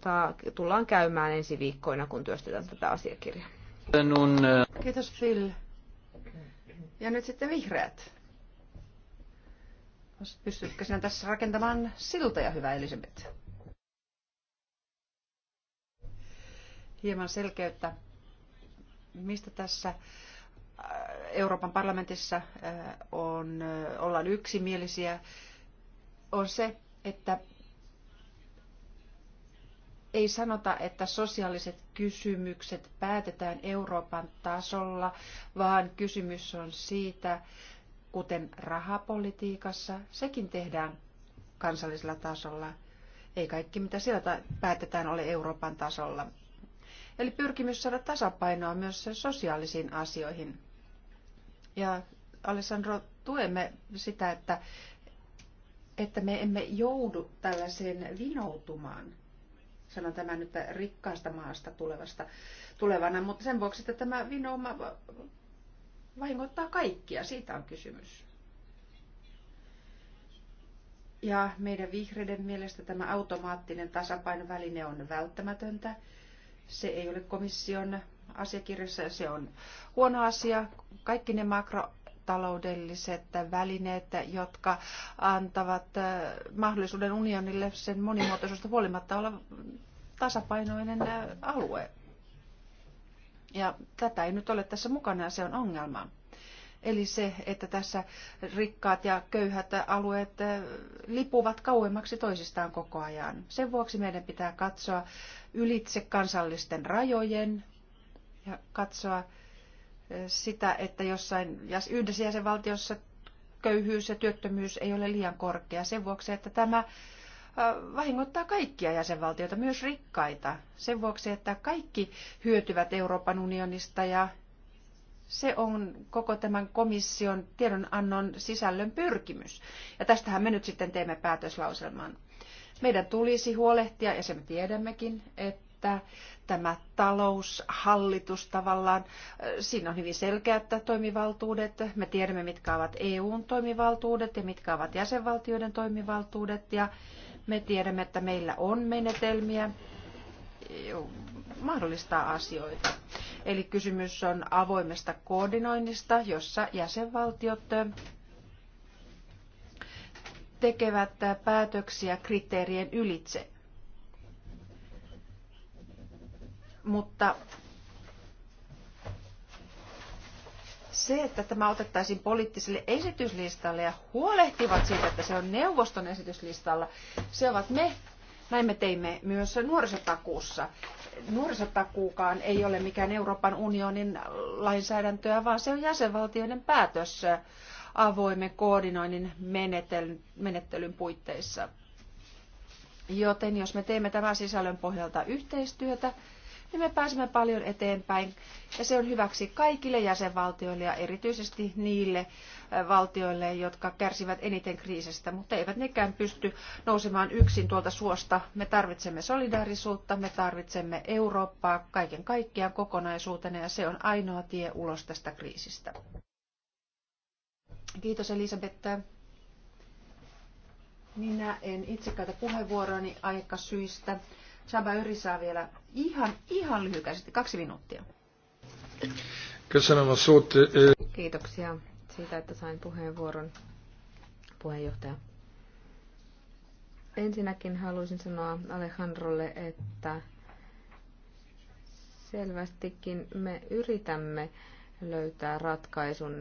ta, tullaan käymään ensi viikkoina, kun työstetään tätä asiakirjaa. Eh, Kiitos Phil. Ja nyt sitten vihreät. Pystytkö sinä tässä rakentamaan siltoja, hyvä Elisabeth? Hieman selkeyttä, mistä tässä äh, Euroopan parlamentissa äh, on, äh, ollaan yksimielisiä, on se, että ei sanota, että sosiaaliset kysymykset päätetään Euroopan tasolla, vaan kysymys on siitä, kuten rahapolitiikassa, sekin tehdään kansallisella tasolla. Ei kaikki, mitä siellä päätetään, ole Euroopan tasolla. Eli pyrkimys saada tasapainoa myös sosiaalisiin asioihin. Ja Alessandro, tuemme sitä, että, että me emme joudu tällaiseen vinoutumaan – sanon tämän nyt rikkaasta maasta tulevasta, tulevana, mutta sen vuoksi, että tämä vinouma vahingoittaa kaikkia, siitä on kysymys. Ja meidän vihreiden mielestä tämä automaattinen tasapainoväline on välttämätöntä. Se ei ole komission asiakirjassa ja se on huono asia. Kaikki ne makro taloudelliset välineet, jotka antavat äh, mahdollisuuden unionille sen monimuotoisuudesta huolimatta olla tasapainoinen äh, alue. Ja tätä ei nyt ole tässä mukana ja se on ongelma. Eli se, että tässä rikkaat ja köyhät alueet äh, lipuvat kauemmaksi toisistaan koko ajan. Sen vuoksi meidän pitää katsoa ylitse kansallisten rajojen ja katsoa sitä, että jossain yhdessä jäsenvaltiossa köyhyys ja työttömyys ei ole liian korkea sen vuoksi, että tämä äh, vahingoittaa kaikkia jäsenvaltioita, myös rikkaita, sen vuoksi, että kaikki hyötyvät Euroopan unionista ja se on koko tämän komission tiedonannon sisällön pyrkimys. Ja tästähän me nyt sitten teemme päätöslauselman. Meidän tulisi huolehtia, ja sen tiedämmekin, että että tämä taloushallitus tavallaan, siinä on hyvin selkeät toimivaltuudet. Me tiedämme, mitkä ovat EUn toimivaltuudet ja mitkä ovat jäsenvaltioiden toimivaltuudet. Ja me tiedämme, että meillä on menetelmiä mahdollistaa asioita. Eli kysymys on avoimesta koordinoinnista, jossa jäsenvaltiot tekevät päätöksiä kriteerien ylitse. Mutta se, että tämä otettaisiin poliittiselle esityslistalle ja huolehtivat siitä, että se on neuvoston esityslistalla, se ovat me. Näin me teimme myös nuorisotakuussa. Nuorisotakuukaan ei ole mikään Euroopan unionin lainsäädäntöä, vaan se on jäsenvaltioiden päätös avoimen koordinoinnin menettelyn puitteissa. Joten jos me teemme tämän sisällön pohjalta yhteistyötä, niin me pääsemme paljon eteenpäin. Ja se on hyväksi kaikille jäsenvaltioille ja erityisesti niille valtioille, jotka kärsivät eniten kriisistä, mutta eivät nekään pysty nousemaan yksin tuolta suosta. Me tarvitsemme solidaarisuutta, me tarvitsemme Eurooppaa kaiken kaikkiaan kokonaisuutena ja se on ainoa tie ulos tästä kriisistä. Kiitos Elisabetta. Minä en itse käytä puheenvuoroni aikasyistä. syistä Shaba Yri saa vielä ihan, ihan lyhykäisesti, kaksi minuuttia. Kiitoksia siitä, että sain puheenvuoron, puheenjohtaja. Ensinnäkin haluaisin sanoa Alejandrolle, että selvästikin me yritämme löytää ratkaisun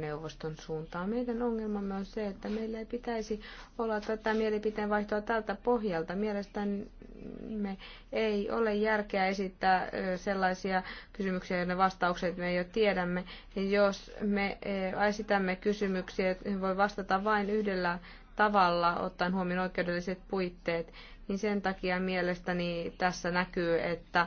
neuvoston suuntaan. Meidän ongelmamme on se, että meillä ei pitäisi olla tätä mielipiteen vaihtoa tältä pohjalta. Mielestäni me ei ole järkeä esittää sellaisia kysymyksiä, joiden vastaukset me jo tiedämme. Jos me esitämme kysymyksiä, voi vastata vain yhdellä tavalla, ottaen huomioon oikeudelliset puitteet, niin sen takia mielestäni tässä näkyy, että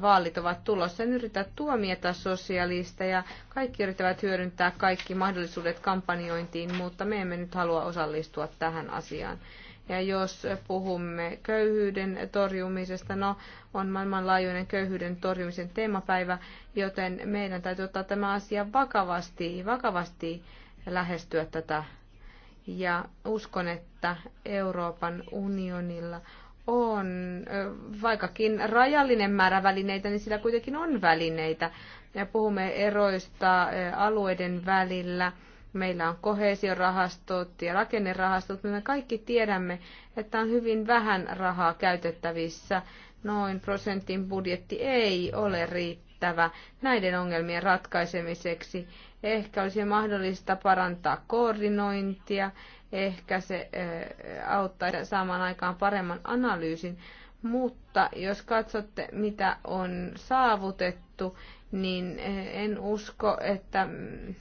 vaalit ovat tulossa. En yritä tuomieta sosialisteja. Kaikki yrittävät hyödyntää kaikki mahdollisuudet kampanjointiin, mutta me emme nyt halua osallistua tähän asiaan. Ja jos puhumme köyhyyden torjumisesta, no on maailmanlaajuinen köyhyyden torjumisen teemapäivä, joten meidän täytyy ottaa tämä asia vakavasti, vakavasti lähestyä tätä. Ja uskon, että Euroopan unionilla on, vaikkakin rajallinen määrä välineitä, niin sillä kuitenkin on välineitä. Ja puhumme eroista alueiden välillä meillä on kohesiorahastot ja rakennerahastot, me kaikki tiedämme, että on hyvin vähän rahaa käytettävissä. Noin prosentin budjetti ei ole riittävä näiden ongelmien ratkaisemiseksi. Ehkä olisi mahdollista parantaa koordinointia, ehkä se eh, auttaa saamaan aikaan paremman analyysin. Mutta jos katsotte, mitä on saavutettu, niin eh, en usko, että mm,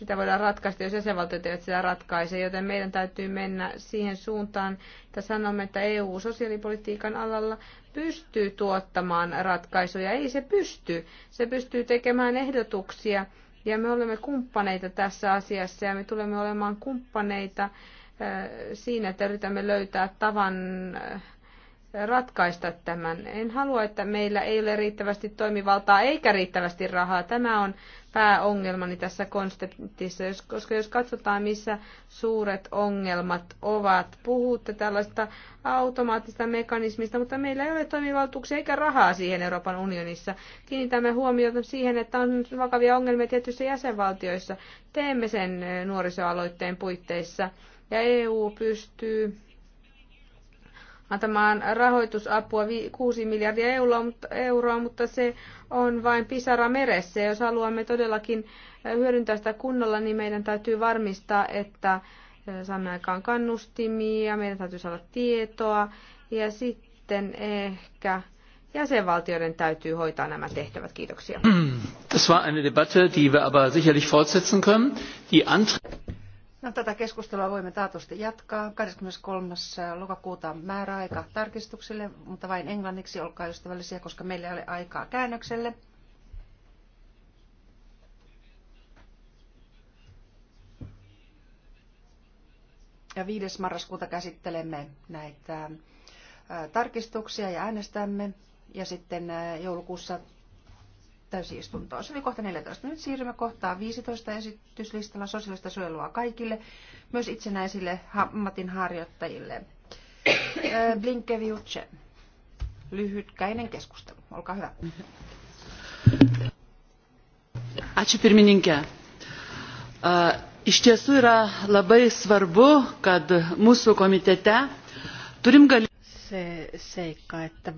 sitä voidaan ratkaista, jos jäsenvaltiot eivät sitä ratkaise, joten meidän täytyy mennä siihen suuntaan, että sanomme, että EU sosiaalipolitiikan alalla pystyy tuottamaan ratkaisuja. Ei se pysty. Se pystyy tekemään ehdotuksia ja me olemme kumppaneita tässä asiassa ja me tulemme olemaan kumppaneita äh, siinä, että yritämme löytää tavan äh, ratkaista tämän. En halua, että meillä ei ole riittävästi toimivaltaa eikä riittävästi rahaa. Tämä on pääongelmani tässä konseptissa, koska jos katsotaan, missä suuret ongelmat ovat. Puhutte tällaista automaattista mekanismista, mutta meillä ei ole toimivaltuuksia eikä rahaa siihen Euroopan unionissa. Kiinnitämme huomiota siihen, että on vakavia ongelmia tietyissä jäsenvaltioissa. Teemme sen eh, nuorisoaloitteen puitteissa ja EU pystyy antamaan rahoitusapua 6 miljardia euroa, mutta se on vain pisara meressä. Jos haluamme todellakin hyödyntää sitä kunnolla, niin meidän täytyy varmistaa, että saamme aikaan kannustimia, meidän täytyy saada tietoa ja sitten ehkä jäsenvaltioiden täytyy hoitaa nämä tehtävät. Kiitoksia. Das war eine Debatte, die wir aber sicherlich fortsetzen können. Die No, tätä keskustelua voimme taatusti jatkaa. 23. lokakuuta on määräaika tarkistuksille, mutta vain englanniksi olkaa ystävällisiä, koska meillä ei ole aikaa käännökselle. Ja 5. marraskuuta käsittelemme näitä tarkistuksia ja äänestämme. Ja sitten joulukuussa täysistuntoon. Se oli kohta 14. Nyt siirrymme kohtaan 15 esityslistalla sosiaalista suojelua kaikille, myös itsenäisille ammatin harjoittajille. Blinkeviutse. Lyhytkäinen keskustelu. Olkaa hyvä. Ačiū pirmininkė. Iš tiesų yra labai svarbu, kad mūsų komitete turim galimybę se seikka, että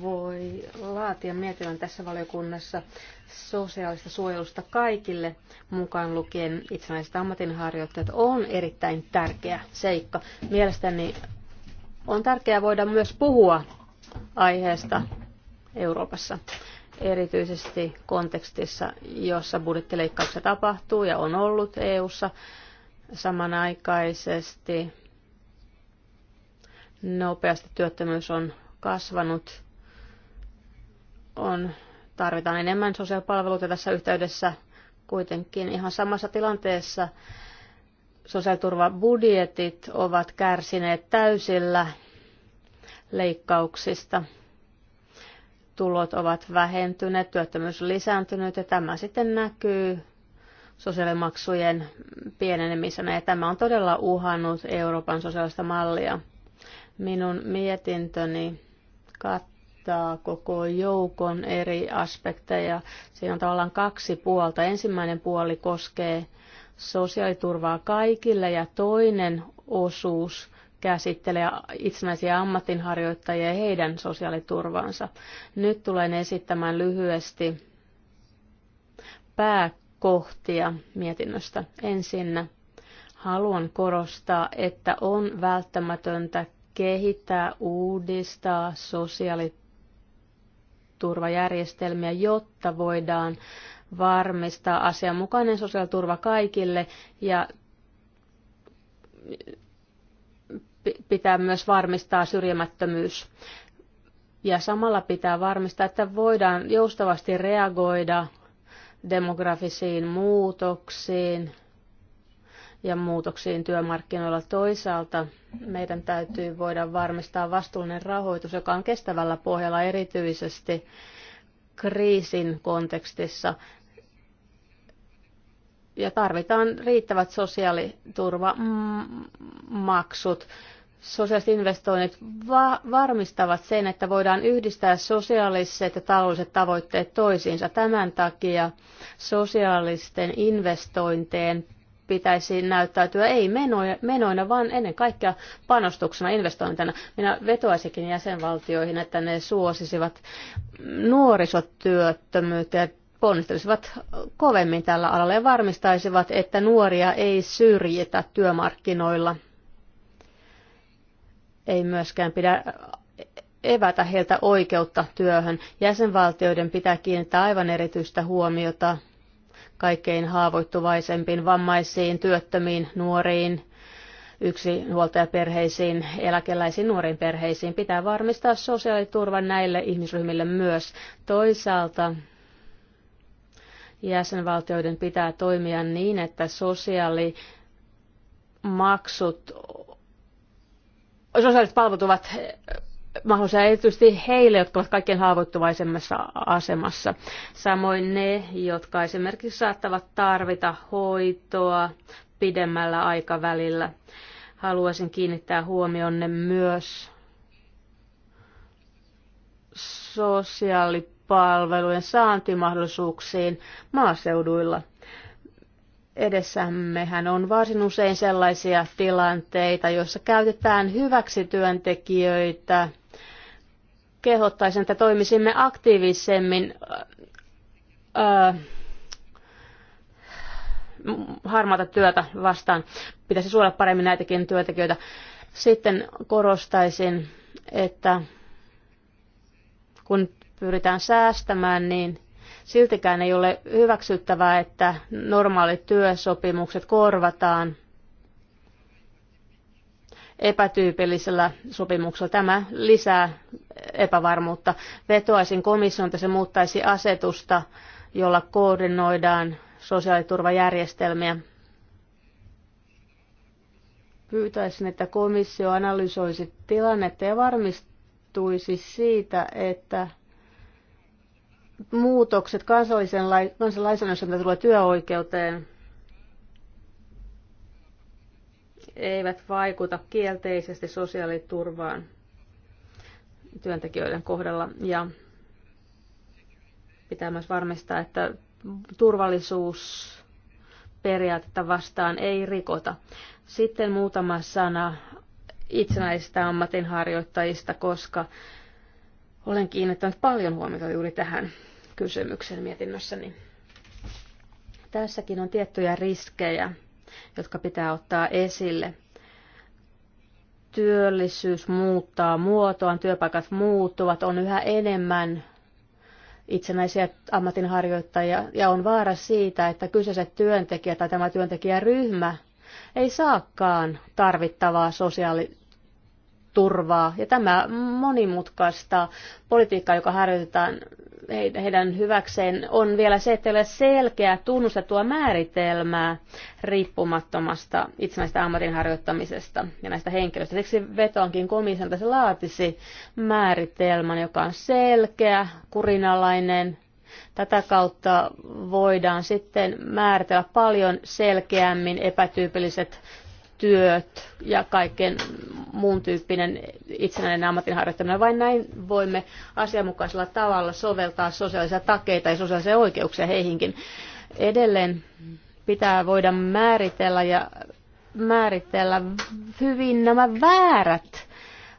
voi laatia mietinnön tässä valiokunnassa sosiaalista suojelusta kaikille mukaan lukien itsenäiset ammatinharjoittajat on erittäin tärkeä seikka. Mielestäni on tärkeää voida myös puhua aiheesta Euroopassa erityisesti kontekstissa, jossa budjettileikkauksia tapahtuu ja on ollut EU:ssa samanaikaisesti nopeasti työttömyys on kasvanut. On, tarvitaan enemmän sosiaalipalveluita tässä yhteydessä kuitenkin ihan samassa tilanteessa. Sosiaaliturvabudjetit ovat kärsineet täysillä leikkauksista. Tulot ovat vähentyneet, työttömyys on lisääntynyt ja tämä sitten näkyy sosiaalimaksujen pienenemisenä ja tämä on todella uhannut Euroopan sosiaalista mallia. Minun mietintöni kattaa koko joukon eri aspekteja. Siinä on tavallaan kaksi puolta. Ensimmäinen puoli koskee sosiaaliturvaa kaikille ja toinen osuus käsittelee itsenäisiä ammatinharjoittajia ja heidän sosiaaliturvaansa. Nyt tulen esittämään lyhyesti pääkohtia mietinnöstä. Ensinnä haluan korostaa, että on välttämätöntä kehittää, uudistaa sosiaaliturvajärjestelmiä, jotta voidaan varmistaa asianmukainen sosiaaliturva kaikille ja pitää myös varmistaa syrjimättömyys. Ja samalla pitää varmistaa, että voidaan joustavasti reagoida demografisiin muutoksiin, ja muutoksiin työmarkkinoilla. Toisaalta meidän täytyy voida varmistaa vastuullinen rahoitus, joka on kestävällä pohjalla erityisesti kriisin kontekstissa. Ja tarvitaan riittävät sosiaaliturvamaksut. Sosiaaliset investoinnit va- varmistavat sen, että voidaan yhdistää sosiaaliset ja taloudelliset tavoitteet toisiinsa. Tämän takia sosiaalisten investointeen pitäisi näyttäytyä ei menoina, vaan ennen kaikkea panostuksena, investointina. Minä vetoaisinkin jäsenvaltioihin, että ne suosisivat nuorisotyöttömyyttä ja ponnistelisivat kovemmin tällä alalla ja varmistaisivat, että nuoria ei syrjitä työmarkkinoilla. Ei myöskään pidä evätä heiltä oikeutta työhön. Jäsenvaltioiden pitää kiinnittää aivan erityistä huomiota kaikkein haavoittuvaisempiin vammaisiin, työttömiin, nuoriin, yksinhuoltajaperheisiin, eläkeläisiin, nuoriin perheisiin. Pitää varmistaa sosiaaliturva näille ihmisryhmille myös. Toisaalta jäsenvaltioiden pitää toimia niin, että sosiaalimaksut, sosiaaliset palvelut ovat mahdollisia erityisesti heille, jotka ovat kaikkein haavoittuvaisemmassa asemassa. Samoin ne, jotka esimerkiksi saattavat tarvita hoitoa pidemmällä aikavälillä. Haluaisin kiinnittää huomionne myös sosiaalipalvelujen saantimahdollisuuksiin maaseuduilla. Edessämmehän on varsin usein sellaisia tilanteita, joissa käytetään hyväksi työntekijöitä – kehottaisin, että toimisimme aktiivisemmin äh, harmaata työtä vastaan. Pitäisi suojella paremmin näitäkin työntekijöitä. Sitten korostaisin, että kun pyritään säästämään, niin siltikään ei ole hyväksyttävää, että normaalit työsopimukset korvataan epätyypillisellä sopimuksella. Tämä lisää epävarmuutta. Vetoaisin komission, että se muuttaisi asetusta, jolla koordinoidaan sosiaaliturvajärjestelmiä. Pyytäisin, että komissio analysoisi tilannetta ja varmistuisi siitä, että muutokset kansallisen lainsäädännössä, mitä tulee työoikeuteen, eivät vaikuta kielteisesti sosiaaliturvaan työntekijöiden kohdalla. Ja pitää myös varmistaa, että turvallisuusperiaatetta vastaan ei rikota. Sitten muutama sana itsenäisistä ammatinharjoittajista, koska olen kiinnittänyt paljon huomiota juuri tähän kysymykseen mietinnössäni. Tässäkin on tiettyjä riskejä jotka pitää ottaa esille. Työllisyys muuttaa muotoaan, työpaikat muuttuvat, on yhä enemmän itsenäisiä ammatinharjoittajia ja on vaara siitä, että kyseiset työntekijät tai tämä työntekijäryhmä ei saakaan tarvittavaa sosiaali- turvaa. Ja tämä monimutkaista politiikkaa, joka harjoitetaan heidän hyväkseen, on vielä se, että ei ole selkeää tunnustettua määritelmää riippumattomasta itsenäistä ammatin harjoittamisesta ja näistä henkilöistä. Siksi vetoankin komission, että se laatisi määritelmän, joka on selkeä, kurinalainen, tätä kautta voidaan sitten määritellä paljon selkeämmin epätyypilliset työt ja kaiken muun tyyppinen itsenäinen ammatinharjoittaminen. Vain näin voimme asianmukaisella tavalla soveltaa sosiaalisia takeita ja sosiaalisia oikeuksia heihinkin. Edelleen pitää voida määritellä ja määritellä hyvin nämä väärät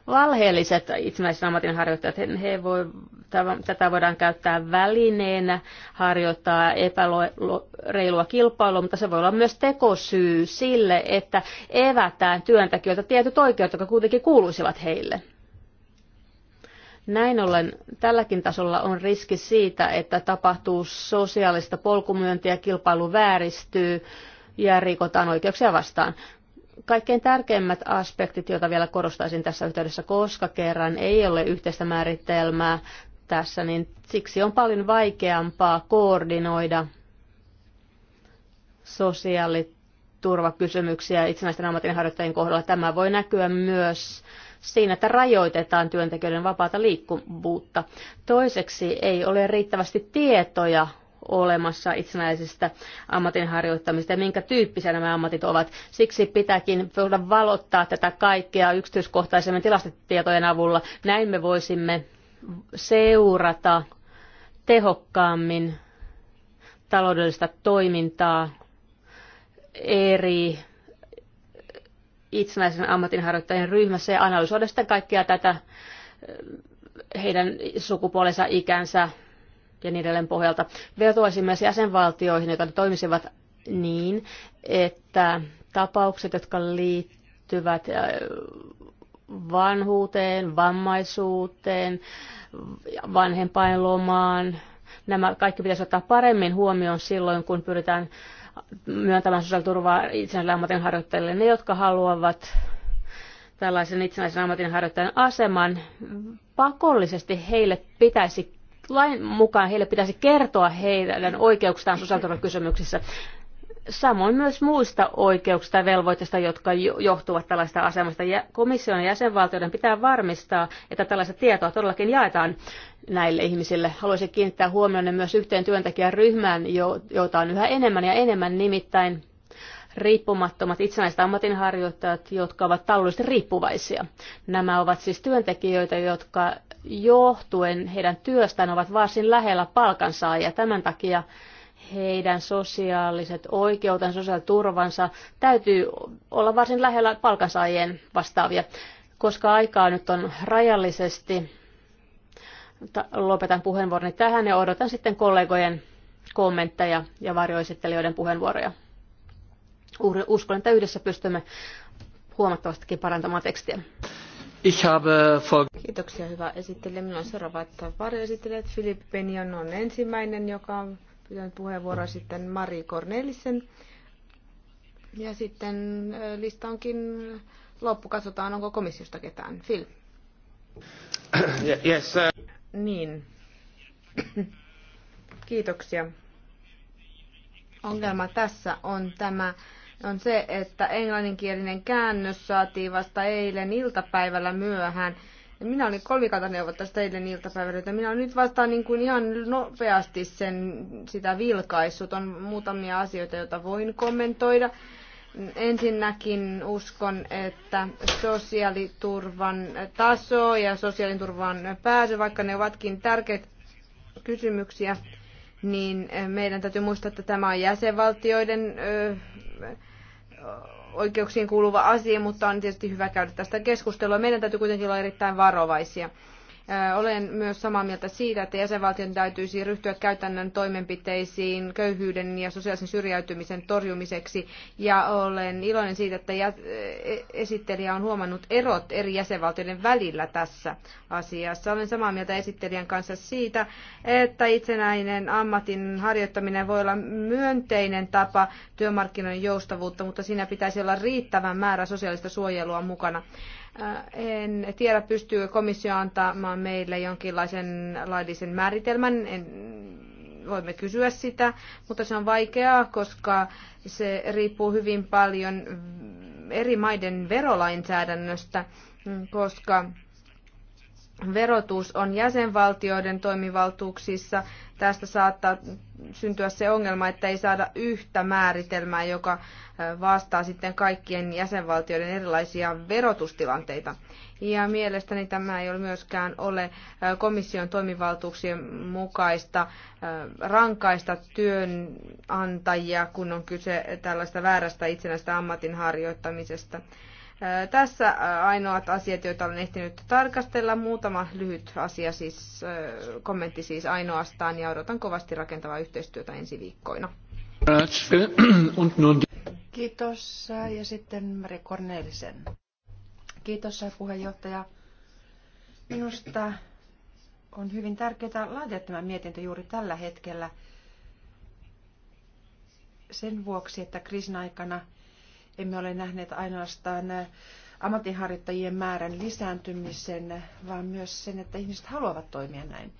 valheelliset itsenäiset ammatinharjoittajat. He voi, tätä voidaan käyttää välineenä, harjoittaa epäreilua kilpailua, mutta se voi olla myös tekosyy sille, että evätään työntekijöiltä tietyt oikeudet, jotka kuitenkin kuuluisivat heille. Näin ollen tälläkin tasolla on riski siitä, että tapahtuu sosiaalista polkumyöntiä, kilpailu vääristyy ja rikotaan oikeuksia vastaan kaikkein tärkeimmät aspektit, joita vielä korostaisin tässä yhteydessä, koska kerran ei ole yhteistä määritelmää tässä, niin siksi on paljon vaikeampaa koordinoida sosiaaliturvakysymyksiä itsenäisten ammatinharjoittajien kohdalla. Tämä voi näkyä myös siinä, että rajoitetaan työntekijöiden vapaata liikkuvuutta. Toiseksi ei ole riittävästi tietoja olemassa itsenäisestä ammatin harjoittamista ja minkä tyyppisiä nämä ammatit ovat. Siksi pitääkin voida valottaa tätä kaikkea yksityiskohtaisemmin tilastotietojen avulla. Näin me voisimme seurata tehokkaammin taloudellista toimintaa eri itsenäisen ammatinharjoittajien ryhmässä ja analysoida sitten kaikkea tätä eh, heidän sukupuolensa, ikänsä, ja niin edelleen pohjalta. Vetoaisin myös jäsenvaltioihin, jotka toimisivat niin, että tapaukset, jotka liittyvät äh, vanhuuteen, vammaisuuteen, vanhempainlomaan, nämä kaikki pitäisi ottaa paremmin huomioon silloin, kun pyritään myöntämään sosiaaliturvaa ammatin harjoittajille. Ne, jotka haluavat tällaisen itsenäisen harjoittajan aseman, pakollisesti heille pitäisi lain mukaan heille pitäisi kertoa heidän oikeuksistaan sosiaaliturvakysymyksissä. Samoin myös muista oikeuksista ja velvoitteista, jotka johtuvat tällaista asemasta. Ja komission ja jäsenvaltioiden pitää varmistaa, että tällaista tietoa todellakin jaetaan näille ihmisille. Haluaisin kiinnittää huomioon myös yhteen työntekijäryhmään, jota on yhä enemmän ja enemmän nimittäin riippumattomat itsenäiset ammatinharjoittajat, jotka ovat taloudellisesti riippuvaisia. Nämä ovat siis työntekijöitä, jotka johtuen heidän työstään ovat varsin lähellä palkansaajia. Tämän takia heidän sosiaaliset oikeutensa, sosiaaliturvansa täytyy olla varsin lähellä palkansaajien vastaavia. Koska aikaa nyt on rajallisesti, lopetan puheenvuoroni tähän ja odotan sitten kollegojen kommentteja ja varjoesittelijöiden puheenvuoroja. Uskon, että yhdessä pystymme huomattavastikin parantamaan tekstiä. Ich habe vor... Kiitoksia, hyvä esittelijä. Minulla on seuraava, seuraavat varjoesittelijät. Filip Penion on ensimmäinen, joka on pitänyt puheenvuoroa sitten Mari Kornelissen. Ja sitten äh, lista onkin loppu. Katsotaan, onko komissiosta ketään. Phil. Yes, sir. Uh- niin. Kiitoksia. Ongelma tässä on tämä on se, että englanninkielinen käännös saatiin vasta eilen iltapäivällä myöhään. Minä olin tästä eilen iltapäivällä, että minä olen nyt vasta niin kuin ihan nopeasti sen, sitä vilkaissut. On muutamia asioita, joita voin kommentoida. Ensinnäkin uskon, että sosiaaliturvan taso ja sosiaaliturvan pääsy, vaikka ne ovatkin tärkeitä kysymyksiä, niin meidän täytyy muistaa, että tämä on jäsenvaltioiden oikeuksiin kuuluva asia, mutta on tietysti hyvä käydä tästä keskustelua. Meidän täytyy kuitenkin olla erittäin varovaisia. Olen myös samaa mieltä siitä, että jäsenvaltion täytyisi ryhtyä käytännön toimenpiteisiin köyhyyden ja sosiaalisen syrjäytymisen torjumiseksi. Ja olen iloinen siitä, että e- esittelijä on huomannut erot eri jäsenvaltioiden välillä tässä asiassa. Olen samaa mieltä esittelijän kanssa siitä, että itsenäinen ammatin harjoittaminen voi olla myönteinen tapa työmarkkinoiden joustavuutta, mutta siinä pitäisi olla riittävän määrä sosiaalista suojelua mukana. Äh, en tiedä, pystyy komissio antamaan meille jonkinlaisen laillisen määritelmän. En, voimme kysyä sitä, mutta se on vaikeaa, koska se riippuu hyvin paljon eri maiden verolainsäädännöstä, koska verotus on jäsenvaltioiden toimivaltuuksissa. Tästä saattaa syntyä se ongelma, että ei saada yhtä määritelmää, joka vastaa sitten kaikkien jäsenvaltioiden erilaisia verotustilanteita. Ja mielestäni tämä ei ole myöskään ole komission toimivaltuuksien mukaista rankaista työnantajia, kun on kyse tällaista väärästä itsenäistä ammatinharjoittamisesta. harjoittamisesta. Tässä ainoat asiat, joita olen ehtinyt tarkastella. Muutama lyhyt asia, siis, kommentti siis ainoastaan, ja odotan kovasti rakentavaa yhteistyötä ensi viikkoina. Kiitos. Ja sitten Mari Kornelisen. Kiitos puheenjohtaja. Minusta on hyvin tärkeää laatia tämä mietintö juuri tällä hetkellä sen vuoksi, että kriisin aikana – emme ole nähneet ainoastaan äh, ammatinharjoittajien määrän lisääntymisen, vaan myös sen, että ihmiset haluavat toimia näin.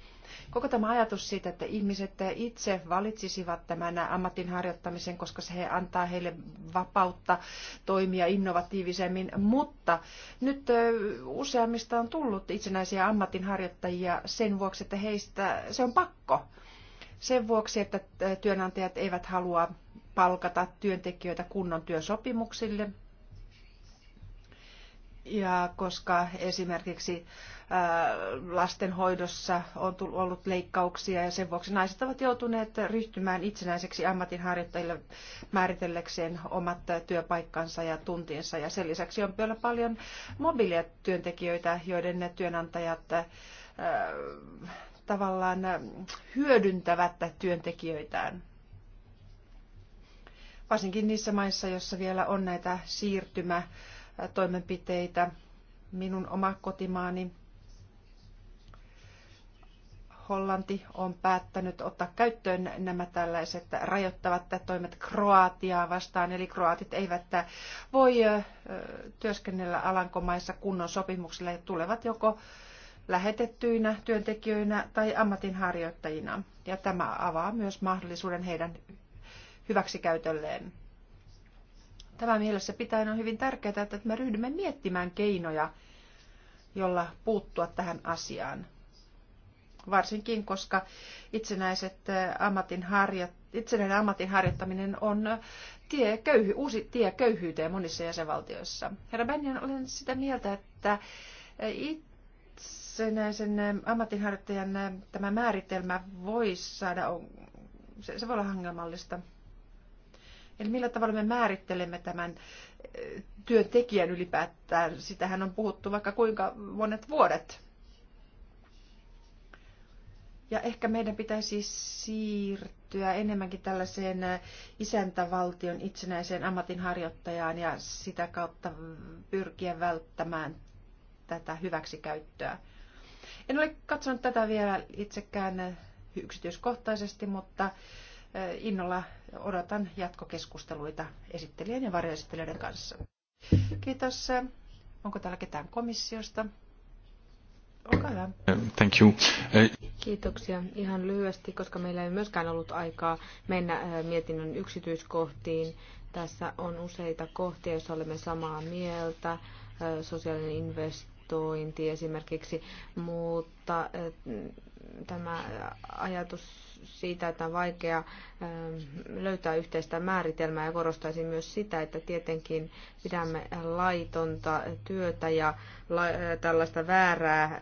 Koko tämä ajatus siitä, että ihmiset itse valitsisivat tämän ammatin harjoittamisen, koska se antaa heille vapautta toimia innovatiivisemmin, mutta nyt äh, useammista on tullut itsenäisiä ammatinharjoittajia sen vuoksi, että heistä se on pakko. Sen vuoksi, että äh, työnantajat eivät halua palkata työntekijöitä kunnon työsopimuksille. Ja koska esimerkiksi lastenhoidossa on ollut leikkauksia ja sen vuoksi naiset ovat joutuneet ryhtymään itsenäiseksi ammatinharjoittajille määritellekseen omat työpaikkansa ja tuntinsa. Ja sen lisäksi on vielä paljon mobiilia työntekijöitä, joiden työnantajat tavallaan hyödyntävät työntekijöitään varsinkin niissä maissa, joissa vielä on näitä siirtymätoimenpiteitä. Minun oma kotimaani Hollanti on päättänyt ottaa käyttöön nämä tällaiset rajoittavat toimet Kroatiaa vastaan, eli kroatit eivät voi työskennellä Alankomaissa kunnon sopimuksella ja tulevat joko lähetettyinä työntekijöinä tai ammatinharjoittajina. Ja tämä avaa myös mahdollisuuden heidän hyväksikäytölleen. Tämä mielessä pitäen on hyvin tärkeää, että me ryhdymme miettimään keinoja, jolla puuttua tähän asiaan. Varsinkin, koska itsenäiset ammatinharjat, itsenäinen harjoittaminen on tie, köyhy, uusi tie köyhyyteen monissa jäsenvaltioissa. Herra Bennion, olen sitä mieltä, että itsenäisen ammatinharjoittajan tämä määritelmä voisi saada, se, se voi olla hangelmallista. Eli millä tavalla me määrittelemme tämän eh, työntekijän ylipäätään? Sitähän on puhuttu vaikka kuinka monet vuodet. Ja ehkä meidän pitäisi siirtyä enemmänkin tällaiseen eh, isäntävaltion itsenäiseen ammatinharjoittajaan ja sitä kautta pyrkiä välttämään tätä hyväksikäyttöä. En ole katsonut tätä vielä itsekään eh, yksityiskohtaisesti, mutta innolla odotan jatkokeskusteluita esittelijän ja varjoesittelijöiden kanssa. Kiitos. Onko täällä ketään komissiosta? Olkaa hyvä. Thank you. Kiitoksia. Ihan lyhyesti, koska meillä ei myöskään ollut aikaa mennä mietinnön yksityiskohtiin. Tässä on useita kohtia, joissa olemme samaa mieltä. Sosiaalinen investointi esimerkiksi, mutta tämä ajatus siitä, että on vaikea ähm, löytää yhteistä määritelmää ja korostaisin myös sitä, että tietenkin pidämme laitonta työtä ja äh, tällaista väärää äh,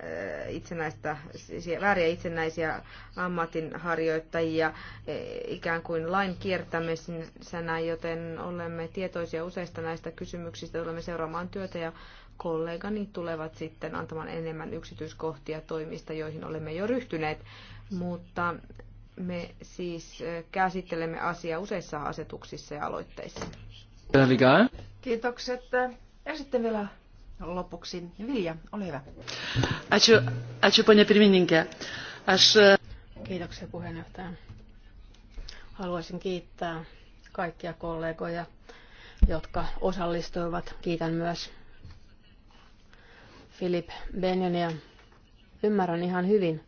itsenäistä, siis vääriä itsenäisiä ammatinharjoittajia äh, ikään kuin lain kiertämisenä, joten olemme tietoisia useista näistä kysymyksistä, olemme seuraamaan työtä ja kollegani tulevat sitten antamaan enemmän yksityiskohtia toimista, joihin olemme jo ryhtyneet, mutta me siis käsittelemme asiaa useissa asetuksissa ja aloitteissa. Kiitokset. Ja sitten vielä lopuksi Vilja, ole hyvä. Kiitoksia puheenjohtaja. Haluaisin kiittää kaikkia kollegoja, jotka osallistuivat. Kiitän myös Philip Benjonia. Ymmärrän ihan hyvin,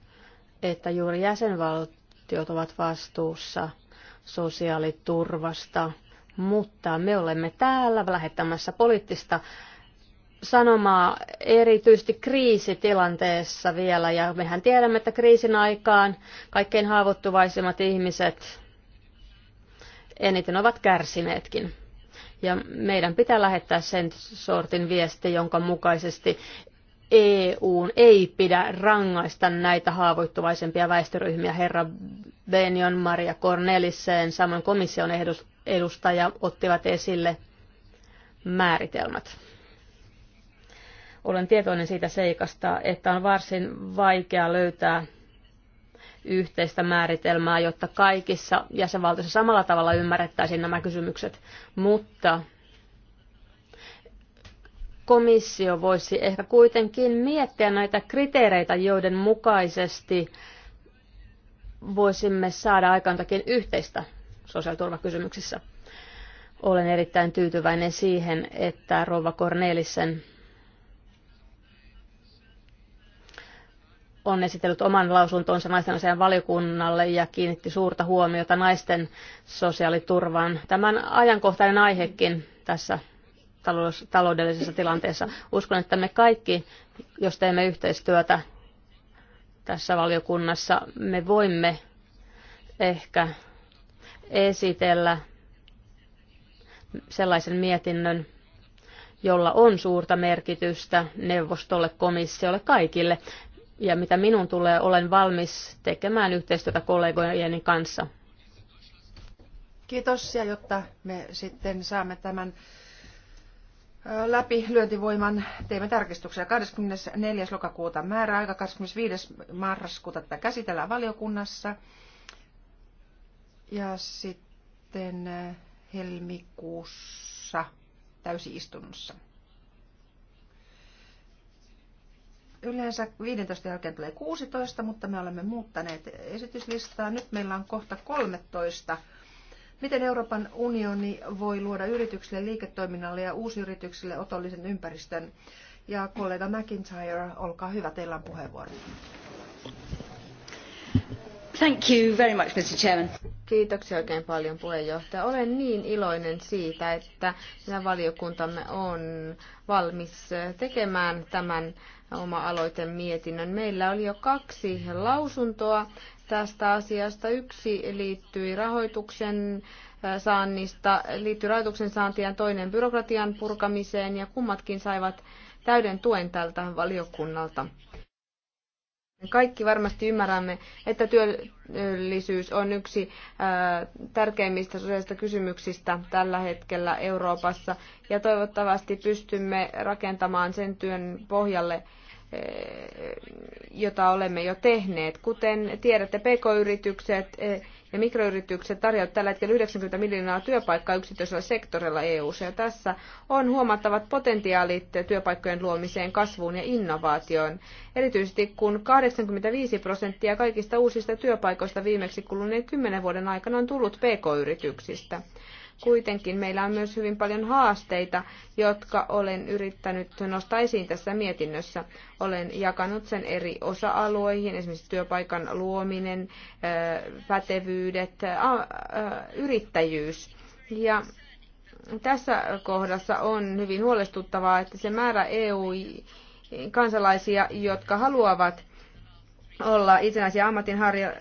että juuri jäsenvaltiot ovat vastuussa sosiaaliturvasta, mutta me olemme täällä lähettämässä poliittista sanomaa erityisesti kriisitilanteessa vielä. Ja mehän tiedämme, että kriisin aikaan kaikkein haavoittuvaisimmat ihmiset eniten ovat kärsineetkin. Ja meidän pitää lähettää sen sortin viesti, jonka mukaisesti EUn ei pidä rangaista näitä haavoittuvaisempia väestöryhmiä. Herra Benjon Maria Cornelissen, samoin komission edustaja, ottivat esille määritelmät. Olen tietoinen siitä seikasta, että on varsin vaikea löytää yhteistä määritelmää, jotta kaikissa jäsenvaltioissa samalla tavalla ymmärrettäisiin nämä kysymykset, mutta komissio voisi ehkä kuitenkin miettiä näitä kriteereitä, joiden mukaisesti voisimme saada aikaan jotakin yhteistä sosiaaliturvakysymyksissä. Olen erittäin tyytyväinen siihen, että Rova Cornelissen on esitellyt oman lausuntonsa naisten asian valiokunnalle ja kiinnitti suurta huomiota naisten sosiaaliturvaan. Tämän ajankohtainen aihekin tässä taloudellisessa tilanteessa. Uskon, että me kaikki, jos teemme yhteistyötä tässä valiokunnassa, me voimme ehkä esitellä sellaisen mietinnön, jolla on suurta merkitystä neuvostolle, komissiolle, kaikille. Ja mitä minun tulee, olen valmis tekemään yhteistyötä kollegojeni kanssa. Kiitos ja jotta me sitten saamme tämän läpi lyöntivoiman. Teemme tarkistuksia 24. lokakuuta määräaika, 25. marraskuuta tätä käsitellään valiokunnassa. Ja sitten helmikuussa täysistunnossa. Yleensä 15 jälkeen tulee 16, mutta me olemme muuttaneet esityslistaa. Nyt meillä on kohta 13 Miten Euroopan unioni voi luoda yrityksille, liiketoiminnalle ja uusyrityksille otollisen ympäristön? Ja kollega McIntyre, olkaa hyvä, teillä on puheenvuoro. Thank you very much, Mr. Chairman. Kiitoksia oikein paljon puheenjohtaja. Olen niin iloinen siitä, että meidän valiokuntamme on valmis tekemään tämän oma aloitemietinnön. Meillä oli jo kaksi lausuntoa tästä asiasta. Yksi liittyi rahoituksen äh, saannista, liittyi rahoituksen saantiin toinen byrokratian purkamiseen ja kummatkin saivat täyden tuen tältä valiokunnalta. Kaikki varmasti ymmärrämme, että työllisyys on yksi äh, tärkeimmistä sosiaalista kysymyksistä tällä hetkellä Euroopassa ja toivottavasti pystymme rakentamaan sen työn pohjalle, Eh, jota olemme jo tehneet. Kuten tiedätte, pk-yritykset eh, ja mikroyritykset tarjoavat tällä hetkellä 90 miljoonaa työpaikkaa yksityisellä sektorilla eu ja tässä on huomattavat potentiaalit työpaikkojen luomiseen, kasvuun ja innovaatioon. Erityisesti kun 85 prosenttia kaikista uusista työpaikoista viimeksi kuluneen kymmenen vuoden aikana on tullut pk-yrityksistä. Kuitenkin meillä on myös hyvin paljon haasteita, jotka olen yrittänyt nostaa esiin tässä mietinnössä. Olen jakanut sen eri osa-alueihin, esimerkiksi työpaikan luominen, pätevyydet, yrittäjyys. Ja tässä kohdassa on hyvin huolestuttavaa, että se määrä EU-kansalaisia, jotka haluavat olla itsenäisiä ammatinharjoittajia,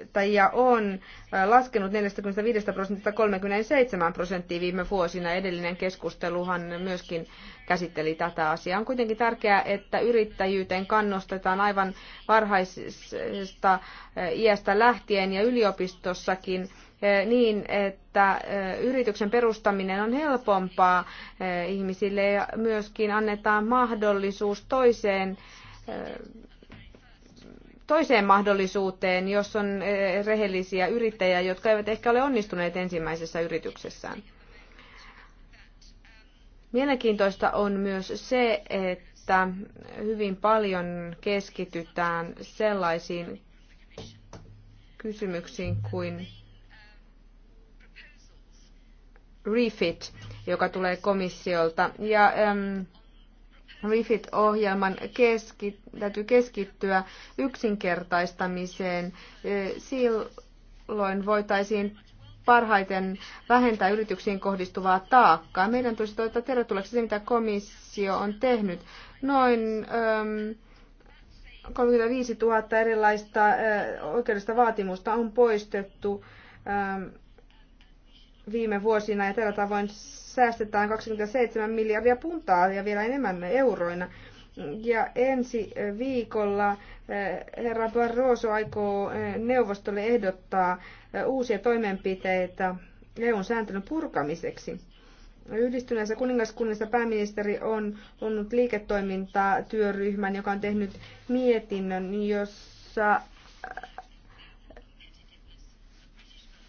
kuluttajia on laskenut 45 prosentista 37 prosenttia viime vuosina. Edellinen keskusteluhan myöskin käsitteli tätä asiaa. On kuitenkin tärkeää, että yrittäjyyteen kannustetaan aivan varhaisesta iästä lähtien ja yliopistossakin niin, että yrityksen perustaminen on helpompaa ihmisille ja myöskin annetaan mahdollisuus toiseen toiseen mahdollisuuteen, jos on eh, rehellisiä yrittäjiä, jotka eivät ehkä ole onnistuneet ensimmäisessä yrityksessään. Mielenkiintoista on myös se, että hyvin paljon keskitytään sellaisiin kysymyksiin kuin refit, joka tulee komissiolta. Ja ähm, REFIT-ohjelman keski, täytyy keskittyä yksinkertaistamiseen. E, silloin voitaisiin parhaiten vähentää yrityksiin kohdistuvaa taakkaa. Meidän tulisi toivottaa tervetulleeksi se, mitä komissio on tehnyt. Noin äm, 35 000 erilaista äh, oikeudellista vaatimusta on poistettu. Äm, viime vuosina ja tällä tavoin säästetään 27 miljardia puntaa ja vielä enemmän euroina. Ja ensi viikolla eh, herra Barroso aikoo eh, neuvostolle ehdottaa eh, uusia toimenpiteitä EUn sääntelyn purkamiseksi. Yhdistyneessä kuningaskunnassa pääministeri on ollut liiketoimintatyöryhmän, joka on tehnyt mietinnön, jossa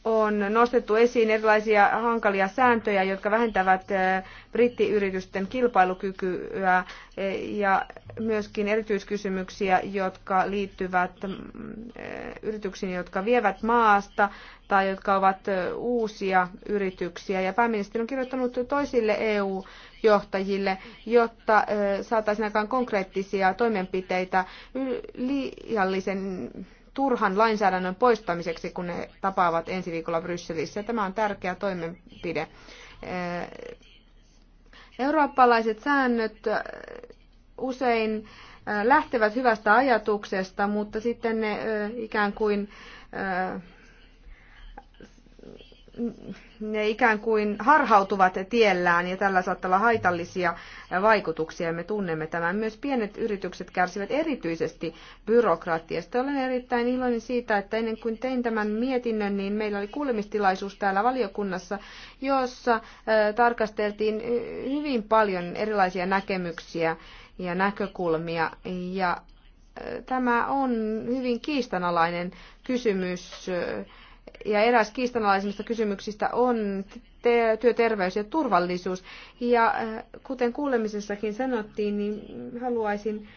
on nostettu esiin erilaisia hankalia sääntöjä, jotka vähentävät brittiyritysten kilpailukykyä e, ja myöskin erityiskysymyksiä, jotka liittyvät e, yrityksiin, jotka vievät maasta tai jotka ovat uusia yrityksiä. Ja pääministeri on kirjoittanut toisille EU-johtajille, jotta saataisiin aikaan konkreettisia toimenpiteitä liiallisen turhan lainsäädännön poistamiseksi, kun ne tapaavat ensi viikolla Brysselissä. Tämä on tärkeä toimenpide. Eh, eurooppalaiset säännöt eh, usein eh, lähtevät hyvästä ajatuksesta, mutta sitten ne ikään kuin ne ikään kuin harhautuvat tiellään ja tällä saattaa olla haitallisia vaikutuksia. Me tunnemme tämän. Myös pienet yritykset kärsivät erityisesti byrokratiasta. Olen erittäin iloinen siitä, että ennen kuin tein tämän mietinnön, niin meillä oli kuulemistilaisuus täällä valiokunnassa, jossa tarkasteltiin hyvin paljon erilaisia näkemyksiä ja näkökulmia. Ja tämä on hyvin kiistanalainen kysymys ja eräs kiistanalaisimmista kysymyksistä on työterveys ja turvallisuus. Ja äh, kuten kuulemisessakin sanottiin, niin haluaisin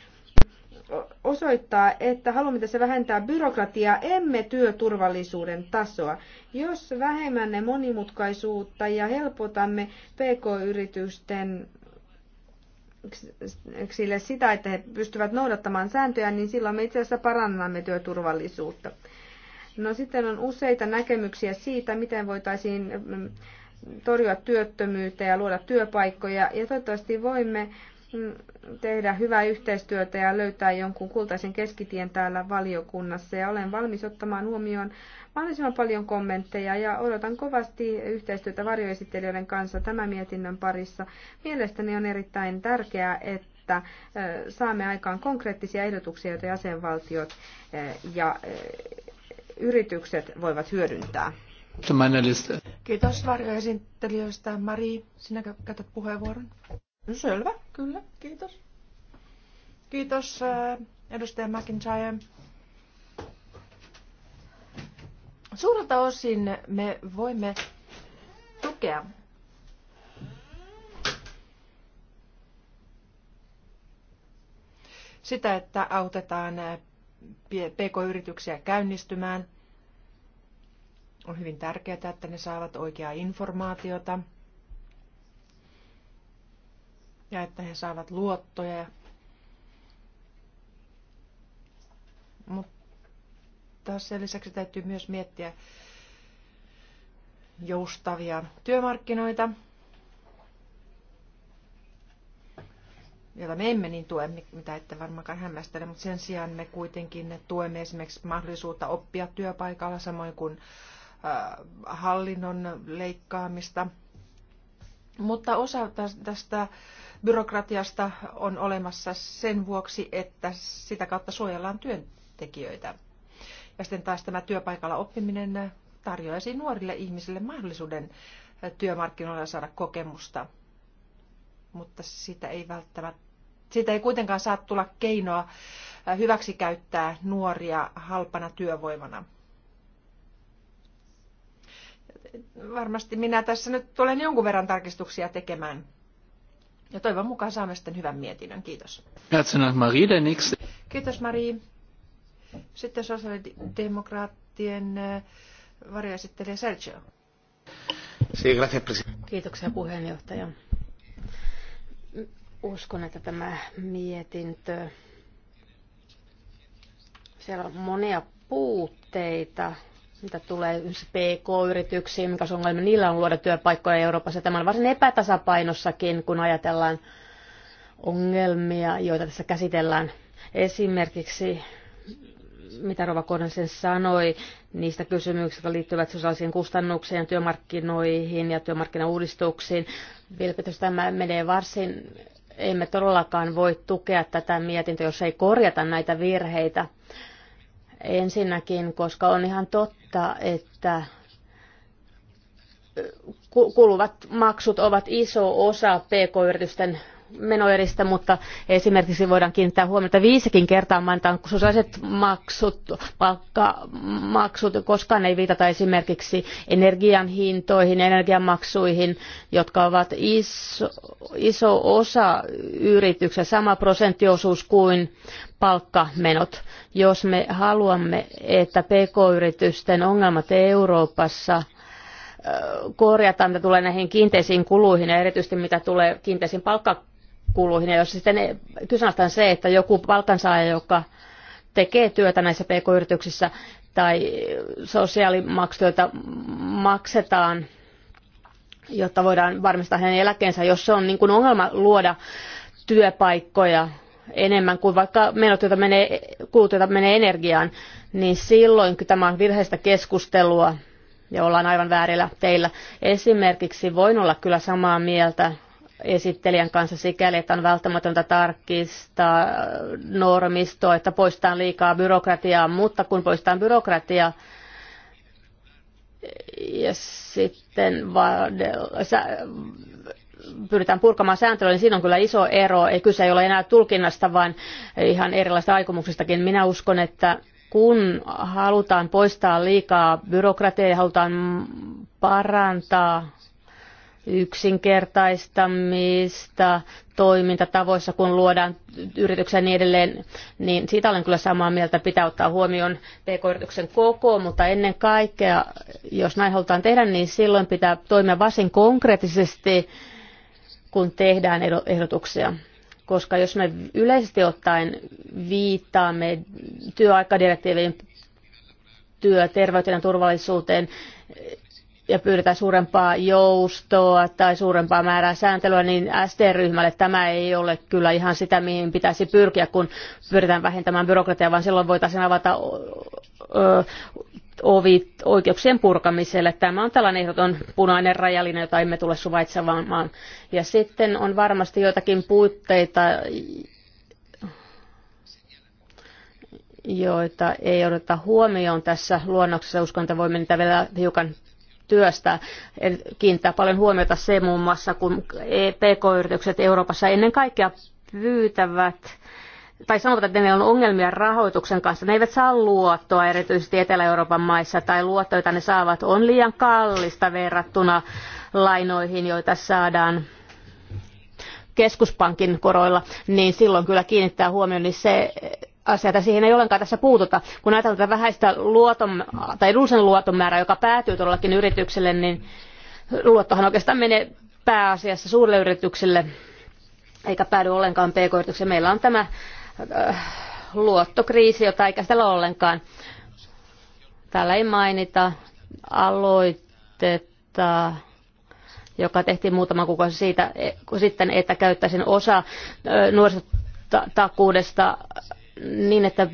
osoittaa, että haluamme tässä vähentää byrokratiaa, emme työturvallisuuden tasoa. Jos vähemmänne monimutkaisuutta ja helpotamme pk-yritysten sille sitä, että he pystyvät noudattamaan sääntöjä, niin silloin me itse asiassa parannamme työturvallisuutta. No sitten on useita näkemyksiä siitä, miten voitaisiin mm, torjua työttömyyttä ja luoda työpaikkoja. Ja toivottavasti voimme mm, tehdä hyvää yhteistyötä ja löytää jonkun kultaisen keskitien täällä valiokunnassa. Ja olen valmis ottamaan huomioon mahdollisimman paljon kommentteja ja odotan kovasti yhteistyötä varjoesittelijöiden kanssa tämän mietinnön parissa. Mielestäni on erittäin tärkeää, että saamme aikaan konkreettisia ehdotuksia, joita jäsenvaltiot ja yritykset voivat hyödyntää. Kiitos varjoesittelijöistä. Mari, sinä käytät puheenvuoron. No selvä, kyllä, kiitos. Kiitos eh, edustaja McIntyre. Suurelta osin me voimme tukea sitä, että autetaan PK-yrityksiä käynnistymään. On hyvin tärkeää, että ne saavat oikeaa informaatiota ja että he saavat luottoja. Mutta sen lisäksi täytyy myös miettiä joustavia työmarkkinoita jota me emme niin tue, mitä ette varmaankaan hämmästele, mutta sen sijaan me kuitenkin tuemme esimerkiksi mahdollisuutta oppia työpaikalla, samoin kuin hallinnon leikkaamista. Mutta osa tästä byrokratiasta on olemassa sen vuoksi, että sitä kautta suojellaan työntekijöitä. Ja sitten taas tämä työpaikalla oppiminen tarjoaisi nuorille ihmisille mahdollisuuden työmarkkinoilla saada kokemusta, mutta sitä ei välttämättä siitä ei kuitenkaan saa tulla keinoa äh, hyväksikäyttää nuoria halpana työvoimana. Varmasti minä tässä nyt tulen jonkun verran tarkistuksia tekemään. Ja toivon mukaan saamme sitten hyvän mietinnön. Kiitos. Kiitos Marie. Sitten sosiaalidemokraattien äh, varjoesittelijä Sergio. Kiitoksia puheenjohtaja. Uskon, että tämä mietintö, siellä on monia puutteita, mitä tulee PK-yrityksiin, mikä on ongelma niillä on luoda työpaikkoja Euroopassa. Tämä on varsin epätasapainossakin, kun ajatellaan ongelmia, joita tässä käsitellään. Esimerkiksi, mitä Rova Kodensen sanoi, niistä kysymyksistä, jotka liittyvät sosiaalisiin kustannuksiin, työmarkkinoihin ja työmarkkinauudistuksiin. Vilpitys tämä menee varsin emme todellakaan voi tukea tätä mietintöä, jos ei korjata näitä virheitä. Ensinnäkin, koska on ihan totta, että kuluvat maksut ovat iso osa pk-yritysten menoeristä, mutta esimerkiksi voidaan kiinnittää huomiota viisikin kertaa mainitaan sosiaaliset maksut, palkkamaksut, koskaan ei viitata esimerkiksi energian hintoihin, energiamaksuihin, jotka ovat iso, iso osa yrityksen sama prosenttiosuus kuin palkkamenot. Jos me haluamme, että pk-yritysten ongelmat Euroopassa korjataan, mitä tulee näihin kiinteisiin kuluihin ja erityisesti mitä tulee kiinteisiin palkka kuluihin. Ja jos sitten kysytään se, että joku palkansaaja, joka tekee työtä näissä pk-yrityksissä tai sosiaalimaksuja maksetaan, jotta voidaan varmistaa hänen eläkeensä, jos se on niin kuin ongelma luoda työpaikkoja enemmän kuin vaikka menot, joita menee, kulut, joita menee energiaan, niin silloin kun tämä on virheistä keskustelua ja ollaan aivan väärillä teillä. Esimerkiksi voin olla kyllä samaa mieltä esittelijän kanssa sikäli, että on välttämätöntä tarkistaa normistoa, että poistetaan liikaa byrokratiaa, mutta kun poistetaan byrokratiaa, ja sitten pyritään purkamaan sääntelyä, niin siinä on kyllä iso ero. Ei kyse ei ole enää tulkinnasta, vaan ihan erilaista aikomuksistakin. Minä uskon, että kun halutaan poistaa liikaa byrokratiaa ja halutaan parantaa yksinkertaistamista toimintatavoissa, kun luodaan yrityksiä niin edelleen, niin siitä olen kyllä samaa mieltä. Pitää ottaa huomioon pk-yrityksen koko, mutta ennen kaikkea, jos näin halutaan tehdä, niin silloin pitää toimia varsin konkreettisesti, kun tehdään ehdotuksia koska jos me yleisesti ottaen viittaamme työaikadirektiivin työterveyteen ja turvallisuuteen, ja pyydetään suurempaa joustoa tai suurempaa määrää sääntelyä, niin sd ryhmälle tämä ei ole kyllä ihan sitä, mihin pitäisi pyrkiä, kun pyritään vähentämään byrokratiaa, vaan silloin voitaisiin avata ovi oikeuksien purkamiselle. Tämä on tällainen ehdoton punainen rajallinen, jota emme tule suvaitsemaan. Ja sitten on varmasti joitakin puutteita, joita ei odota huomioon tässä luonnoksessa. Uskon, että voimme niitä vielä hiukan Työstä Kiinnittää paljon huomiota se muun muassa, kun e PK-yritykset Euroopassa ennen kaikkea pyytävät tai sanotaan, että ne on ongelmia rahoituksen kanssa. Ne eivät saa luottoa erityisesti Etelä-Euroopan maissa tai luotto, jota ne saavat, on liian kallista verrattuna lainoihin, joita saadaan keskuspankin koroilla, niin silloin kyllä kiinnittää huomioon niin se, että siihen ei ollenkaan tässä puututa. Kun ajatellaan tätä vähäistä luoton, tai edullisen luoton määrää, joka päätyy todellakin yritykselle, niin luottohan oikeastaan menee pääasiassa suurille yrityksille, eikä päädy ollenkaan pk-yritykseen. Meillä on tämä äh, luottokriisi, jota ei käsitellä ollenkaan. Täällä ei mainita aloitetta joka tehtiin muutama kuukausi siitä, e, sitten, että käyttäisin osa äh, nuorisotakuudesta niin, että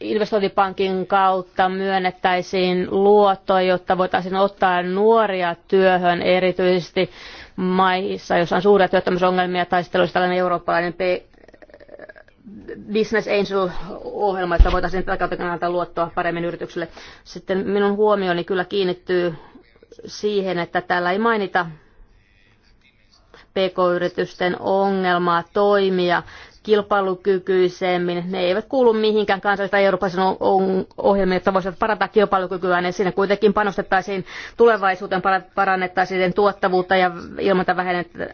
investointipankin kautta myönnettäisiin luottoa, jotta voitaisiin ottaa nuoria työhön erityisesti maissa, jossa on suuria työttömyysongelmia, tai sitten olisi tällainen eurooppalainen Business Angel-ohjelma, että voitaisiin tällä kautta antaa luottoa paremmin yrityksille. Sitten minun huomioni kyllä kiinnittyy siihen, että täällä ei mainita pk-yritysten ongelmaa toimia kilpailukykyisemmin. Ne eivät kuulu mihinkään kansallista tai on ohjelmiin, jotka voisivat parantaa kilpailukykyä, niin siinä kuitenkin panostettaisiin tulevaisuuteen, parannettaisiin tuottavuutta ja ilmoita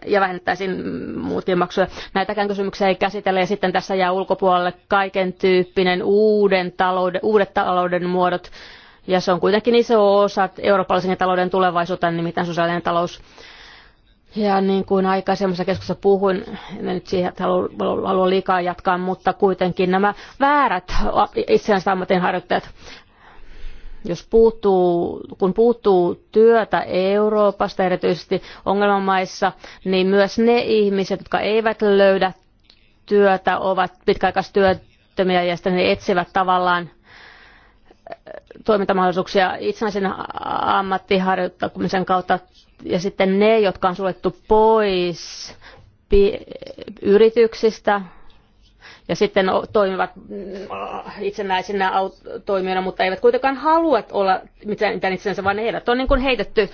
ja vähennettäisiin muutkin maksuja. Näitäkään kysymyksiä ei käsitellä ja sitten tässä jää ulkopuolelle kaiken tyyppinen uuden talouden, uudet talouden muodot. Ja se on kuitenkin iso osa eurooppalaisen talouden tulevaisuutta, nimittäin sosiaalinen talous ja niin kuin aikaisemmassa keskustelussa puhuin, en nyt siihen halua, halua liikaa jatkaa, mutta kuitenkin nämä väärät itseänsä harjoittajat, jos puuttuu, kun puuttuu työtä Euroopasta, erityisesti ongelmamaissa, niin myös ne ihmiset, jotka eivät löydä työtä, ovat pitkäaikaistyöttömiä ja sitten ne etsivät tavallaan toimintamahdollisuuksia itsenäisen ammattiharjoittamisen kautta ja sitten ne, jotka on suljettu pois yrityksistä ja sitten toimivat mm, itsenäisinä toimijoina, mutta eivät kuitenkaan halua olla mitään itsensä, vaan heidät ole niin heitetty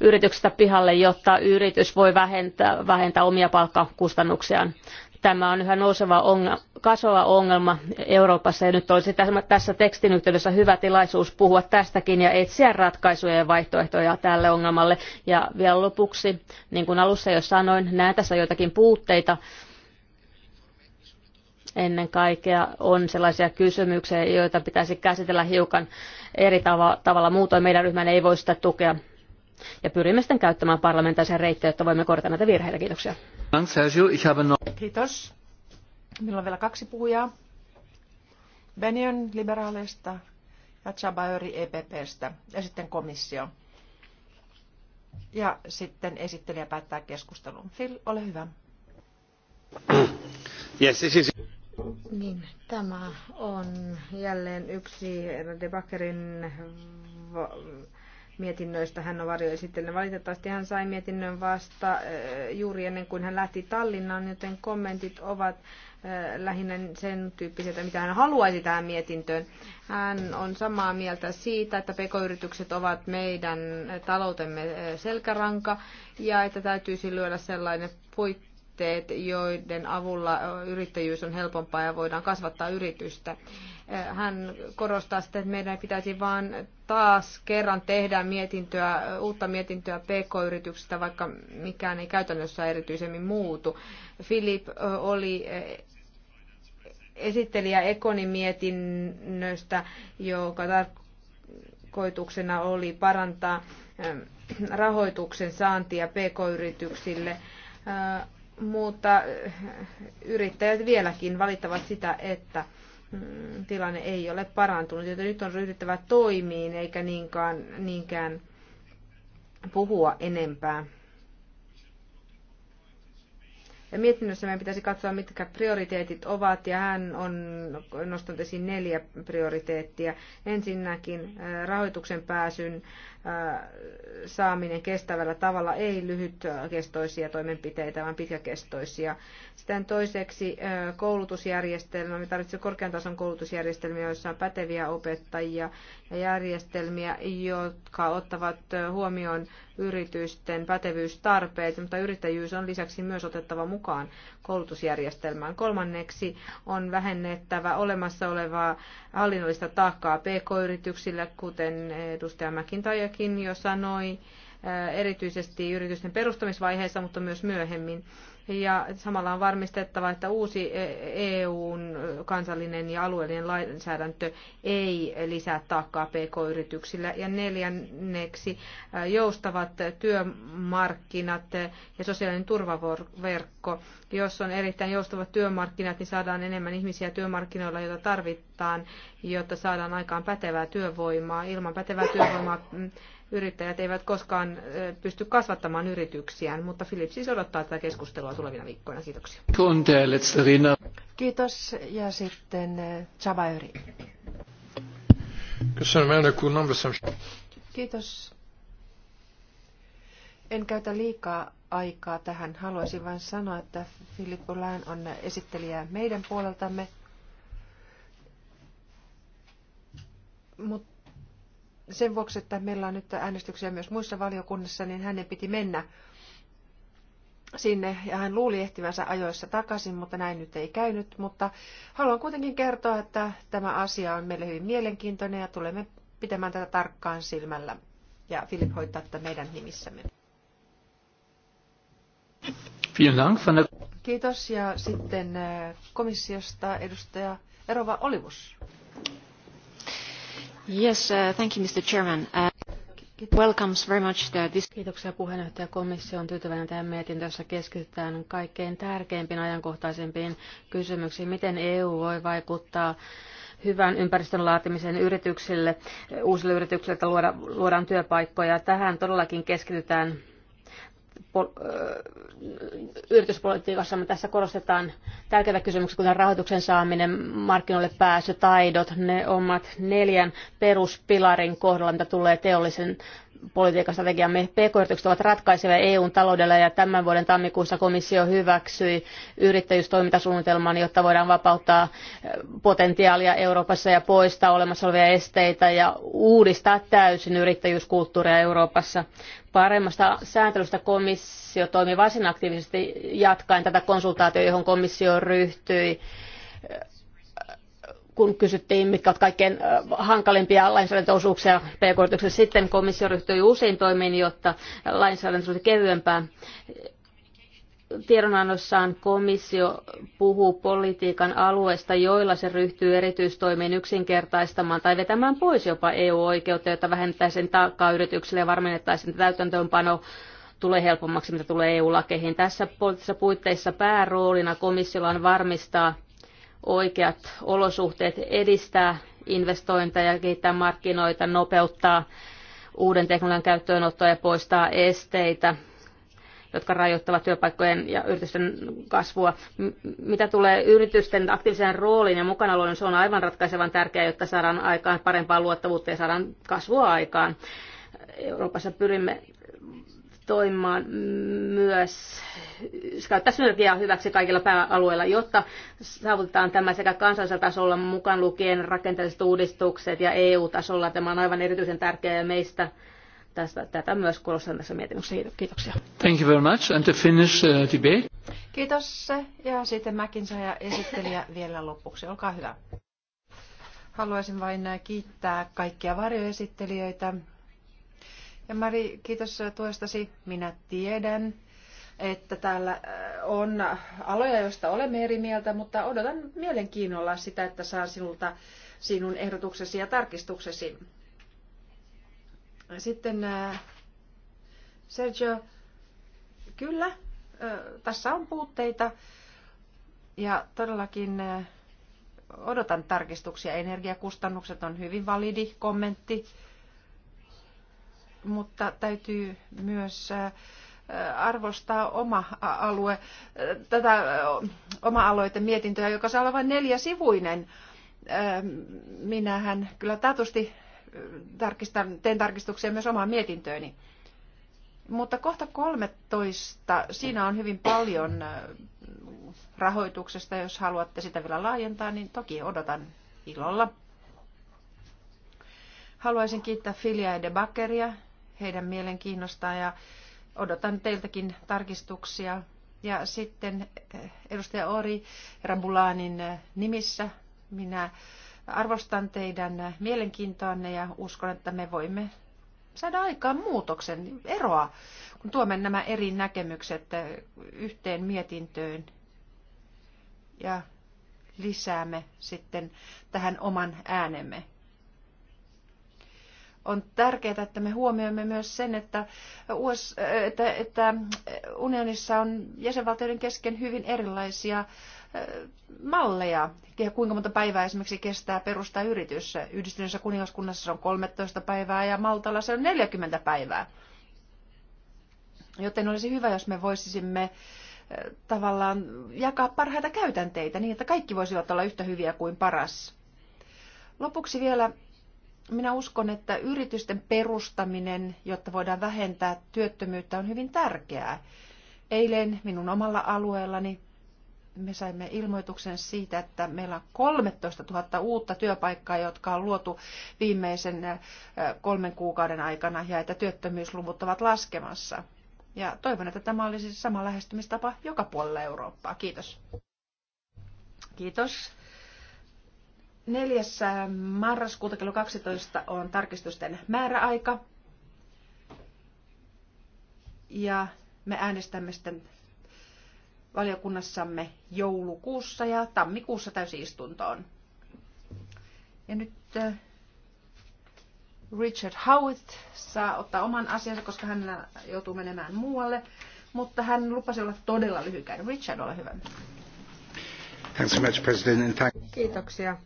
yrityksestä pihalle, jotta yritys voi vähentää, vähentää omia palkkakustannuksiaan. Tämä on yhä nouseva ongelma, kasvava ongelma Euroopassa ja nyt olisi tässä tekstin yhteydessä hyvä tilaisuus puhua tästäkin ja etsiä ratkaisuja ja vaihtoehtoja tälle ongelmalle. Ja vielä lopuksi, niin kuin alussa jo sanoin, näen tässä joitakin puutteita ennen kaikkea on sellaisia kysymyksiä, joita pitäisi käsitellä hiukan eri tav- tavalla. Muutoin meidän ryhmämme ei voi sitä tukea. Ja pyrimme sitten käyttämään parlamentaarisia reittejä, jotta voimme korjata näitä virheitä. Kiitoksia. Kiitos. Minulla on vielä kaksi puhujaa. Benion liberaaleista ja Chabaöri EPPstä ja sitten komissio. Ja sitten esittelijä päättää keskustelun. Phil, ole hyvä. Yes, this is... Niin, tämä on jälleen yksi Debakkerin mietinnöistä. Hän on esitellyt. Valitettavasti hän sai mietinnön vasta juuri ennen kuin hän lähti Tallinnaan, joten kommentit ovat lähinnä sen tyyppiseltä, mitä hän haluaisi tähän mietintöön. Hän on samaa mieltä siitä, että pekoyritykset ovat meidän taloutemme selkäranka ja että täytyisi lyödä sellainen puikko, tuotteet, joiden avulla yrittäjyys on helpompaa ja voidaan kasvattaa yritystä. Hän korostaa sitä, että meidän pitäisi vain taas kerran tehdä mietintöä, uutta mietintöä PK-yrityksistä, vaikka mikään ei käytännössä erityisemmin muutu. Filip oli esittelijä Ekonin mietinnöstä, joka tarkoituksena oli parantaa rahoituksen saantia pk-yrityksille mutta eh, yrittäjät vieläkin valittavat sitä, että mm, tilanne ei ole parantunut, joten nyt on ryhdyttävä toimiin eikä niinkään, niinkään puhua enempää. Ja mietinnössä meidän pitäisi katsoa, mitkä prioriteetit ovat, ja hän on nostanut esiin neljä prioriteettia. Ensinnäkin eh, rahoituksen pääsyn saaminen kestävällä tavalla, ei lyhytkestoisia toimenpiteitä, vaan pitkäkestoisia. Sitten toiseksi koulutusjärjestelmä. Me tarvitsemme korkean tason koulutusjärjestelmiä, joissa on päteviä opettajia ja järjestelmiä, jotka ottavat huomioon yritysten pätevyystarpeet, mutta yrittäjyys on lisäksi myös otettava mukaan koulutusjärjestelmään. Kolmanneksi on vähennettävä olemassa olevaa hallinnollista taakkaa pk-yrityksille, kuten edustaja Mäkin tai Busekin jo sanoi, erityisesti yritysten perustamisvaiheessa, mutta myös myöhemmin ja samalla on varmistettava, että uusi e, EUn kansallinen ja alueellinen lainsäädäntö ei lisää taakkaa PK-yrityksillä. Ja neljänneksi e, joustavat työmarkkinat ja sosiaalinen turvaverkko. Jos on erittäin joustavat työmarkkinat, niin saadaan enemmän ihmisiä työmarkkinoilla, joita tarvitaan, jotta saadaan aikaan pätevää työvoimaa. Ilman pätevää työvoimaa mm, yrittäjät eivät koskaan pysty kasvattamaan yrityksiään, mutta Philip siis odottaa tätä keskustelua tulevina viikkoina. Kiitoksia. Kiitos ja sitten Chabayri. Kiitos. En käytä liikaa aikaa tähän. Haluaisin vain sanoa, että Philip Lään on esittelijä meidän puoleltamme. Mutta sen vuoksi, että meillä on nyt äänestyksiä myös muissa valiokunnissa, niin hänen piti mennä sinne ja hän luuli ehtivänsä ajoissa takaisin, mutta näin nyt ei käynyt. Mutta haluan kuitenkin kertoa, että tämä asia on meille hyvin mielenkiintoinen ja tulemme pitämään tätä tarkkaan silmällä. Ja Filip hoitaa tätä meidän nimissämme. Kiitos ja sitten äh, komissiosta edustaja Erova Olivus. Uh, arvoisa uh, puhemies Komissio on tyytyväinen tähän mietintöön, jossa keskitytään kaikkein tärkeimpiin ajankohtaisempiin kysymyksiin. Miten EU voi vaikuttaa hyvän ympäristön laatimiseen yrityksille, uusille yrityksille, että luoda, luodaan työpaikkoja. Tähän todellakin keskitytään Yrityspolitiikassa me tässä korostetaan tärkeitä kysymyksiä, kuten rahoituksen saaminen, markkinoille pääsy, taidot, ne omat neljän peruspilarin kohdalla, mitä tulee teollisen politiikan strategiamme. PK-yritykset ovat ratkaisevia EUn taloudella ja tämän vuoden tammikuussa komissio hyväksyi yrittäjyystoimintasuunnitelman, jotta voidaan vapauttaa eh, potentiaalia Euroopassa ja poistaa olemassa olevia esteitä ja uudistaa täysin yrittäjyyskulttuuria Euroopassa. Paremmasta sääntelystä komissio toimi varsin aktiivisesti jatkaen tätä konsultaatiota, johon komissio ryhtyi eh, kun kysyttiin, mitkä ovat kaikkein hankalimpia lainsäädäntöosuuksia pk-yrityksessä. Sitten komissio ryhtyi usein toimiin, jotta lainsäädäntö olisi kevyempää. Tiedonannossaan komissio puhuu politiikan alueesta, joilla se ryhtyy erityistoimiin yksinkertaistamaan tai vetämään pois jopa EU-oikeutta, jotta vähennettäisiin taakkaa yrityksille ja varmennettaisiin täytäntöönpano tulee helpommaksi, mitä tulee EU-lakeihin. Tässä poliittisissa puitteissa pääroolina komissiolla on varmistaa oikeat olosuhteet edistää investointeja, ja kehittää markkinoita, nopeuttaa uuden teknologian käyttöönottoa ja poistaa esteitä jotka rajoittavat työpaikkojen ja yritysten kasvua. Mitä tulee yritysten aktiiviseen rooliin ja mukanaoloon, niin se on aivan ratkaisevan tärkeää, jotta saadaan aikaan parempaa luottavuutta ja saadaan kasvua aikaan. Euroopassa pyrimme toimimaan myös, käyttää synergiaa hyväksi kaikilla pääalueilla, jotta saavutetaan tämä sekä kansallisella tasolla mukaan lukien rakenteelliset uudistukset ja EU-tasolla. Tämä on aivan erityisen tärkeää meistä tästä, tätä myös korostan tässä mietinnössä. Kiitoksia. Thank you very much. And to finish the uh, debate. Kiitos. Ja sitten Mäkinsä ja esittelijä vielä lopuksi. Olkaa hyvä. Haluaisin vain kiittää kaikkia varjoesittelijöitä ja Mari, kiitos tuestasi. Minä tiedän, että täällä äh, on aloja, joista olemme eri mieltä, mutta odotan mielenkiinnolla sitä, että saan sinulta sinun ehdotuksesi ja tarkistuksesi. Sitten äh, Sergio, kyllä, äh, tässä on puutteita ja todellakin odotan tarkistuksia. Energiakustannukset on hyvin validi kommentti mutta täytyy myös äh, arvostaa oma alue, äh, tätä äh, oma-aloite mietintöä, joka saa olla vain neljäsivuinen. Ähm, minähän kyllä taatusti tarkistan, teen tarkistuksia myös omaan mietintööni. Mutta kohta 13, siinä on hyvin paljon rahoituksesta, jos haluatte sitä vielä laajentaa, niin toki odotan ilolla. Haluaisin kiittää Filia ja Debakeria heidän mielenkiinnostaan ja odotan teiltäkin tarkistuksia. Ja sitten eh, edustaja Ori rambulaanin eh, nimissä minä arvostan teidän eh, mielenkiintoanne ja uskon, että me voimme saada aikaan muutoksen, eroa, kun tuomme nämä eri näkemykset yhteen mietintöön ja lisäämme sitten tähän oman äänemme on tärkeää, että me huomioimme myös sen, että, US, että, että unionissa on jäsenvaltioiden kesken hyvin erilaisia äh, malleja, kuinka monta päivää esimerkiksi kestää perustaa yritys. Yhdistyneessä kuningaskunnassa se on 13 päivää ja Maltalla se on 40 päivää. Joten olisi hyvä, jos me voisimme äh, tavallaan jakaa parhaita käytänteitä niin, että kaikki voisivat olla yhtä hyviä kuin paras. Lopuksi vielä minä uskon, että yritysten perustaminen, jotta voidaan vähentää työttömyyttä, on hyvin tärkeää. Eilen minun omalla alueellani me saimme ilmoituksen siitä, että meillä on 13 000 uutta työpaikkaa, jotka on luotu viimeisen kolmen kuukauden aikana ja että työttömyysluvut ovat laskemassa. Ja toivon, että tämä olisi sama lähestymistapa joka puolella Eurooppaa. Kiitos. Kiitos. 4. marraskuuta kello 12 on tarkistusten määräaika. Ja me äänestämme sitten valiokunnassamme joulukuussa ja tammikuussa täysistuntoon. Ja nyt Richard Howitt saa ottaa oman asiansa, koska hän joutuu menemään muualle. Mutta hän lupasi olla todella lyhykäinen. Richard, ole hyvä. Kiitoksia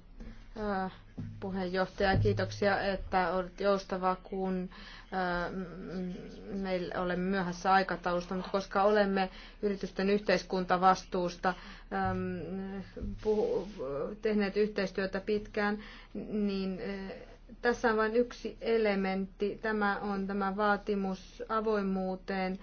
puheenjohtaja. Kiitoksia, että olet joustava, kun meillä olemme myöhässä aikataulusta, mutta koska olemme yritysten yhteiskuntavastuusta tehneet yhteistyötä pitkään, niin tässä on vain yksi elementti. Tämä on tämä vaatimus avoimuuteen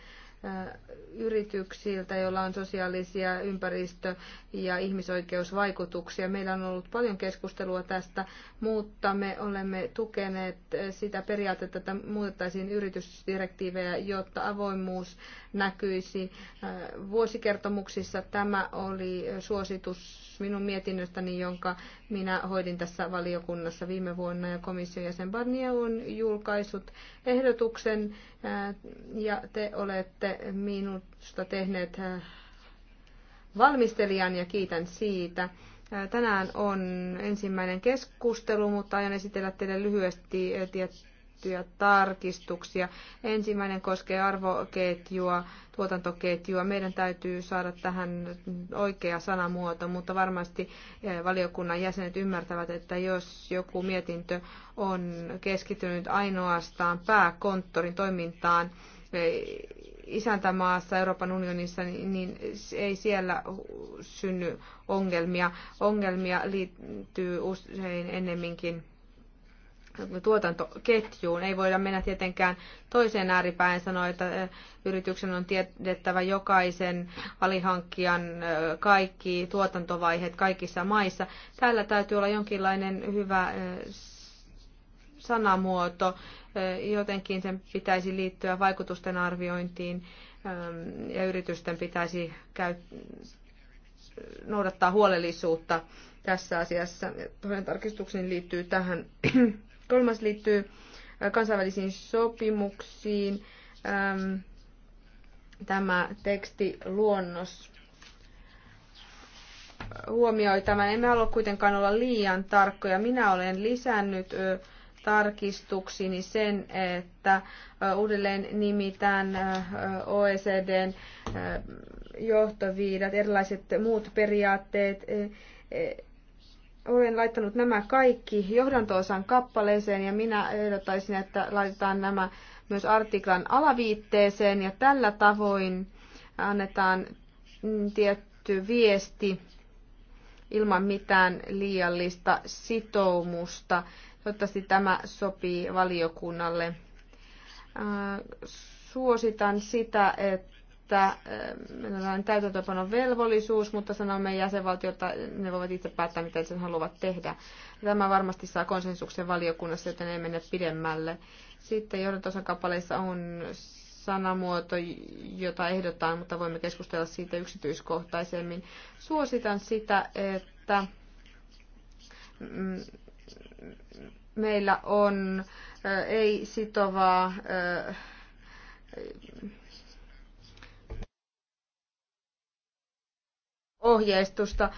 yrityksiltä, joilla on sosiaalisia ympäristö- ja ihmisoikeusvaikutuksia. Meillä on ollut paljon keskustelua tästä, mutta me olemme tukeneet sitä periaatetta, että muutettaisiin yritysdirektiivejä, jotta avoimuus näkyisi. Vuosikertomuksissa tämä oli suositus minun mietinnöstäni, jonka minä hoidin tässä valiokunnassa viime vuonna ja komission jäsen Barnier on julkaissut ehdotuksen ja te olette minun minusta tehneet äh, valmistelijan ja kiitän siitä. Äh, tänään on ensimmäinen keskustelu, mutta aion esitellä teille lyhyesti äh, tiettyjä tarkistuksia. Ensimmäinen koskee arvoketjua, tuotantoketjua. Meidän täytyy saada tähän oikea sanamuoto, mutta varmasti valiokunnan jäsenet ymmärtävät, että jos joku mietintö on keskittynyt ainoastaan pääkonttorin toimintaan, isäntämaassa Euroopan unionissa, niin, niin ei siellä synny ongelmia. Ongelmia liittyy usein ennemminkin tuotantoketjuun. Ei voida mennä tietenkään toiseen ääripään sanoa, että yrityksen on tiedettävä jokaisen alihankkijan kaikki tuotantovaiheet kaikissa maissa. Täällä täytyy olla jonkinlainen hyvä sanamuoto, eh, jotenkin sen pitäisi liittyä vaikutusten arviointiin ehm, ja yritysten pitäisi käy, noudattaa huolellisuutta tässä asiassa. Toinen tarkistukseni liittyy tähän. Kolmas liittyy eh, kansainvälisiin sopimuksiin. Ehm, tämä tekstiluonnos huomioi tämän. Emme halua kuitenkaan olla liian tarkkoja. Minä olen lisännyt eh, niin sen, että uudelleen nimitään OECDn johtoviidat, erilaiset muut periaatteet. Olen laittanut nämä kaikki johdantoosan kappaleeseen ja minä ehdottaisin, että laitetaan nämä myös artiklan alaviitteeseen ja tällä tavoin annetaan tietty viesti ilman mitään liiallista sitoumusta Toivottavasti tämä sopii valiokunnalle. Suositan sitä, että että meillä on täytäntöpanon velvollisuus, mutta sanomme jäsenvaltiota, ne voivat itse päättää, mitä sen haluavat tehdä. Tämä varmasti saa konsensuksen valiokunnassa, joten ei mene pidemmälle. Sitten johdantosan kappaleissa on sanamuoto, jota ehdotaan, mutta voimme keskustella siitä yksityiskohtaisemmin. Suositan sitä, että mm, meillä on ei-sitovaa ohjeistusta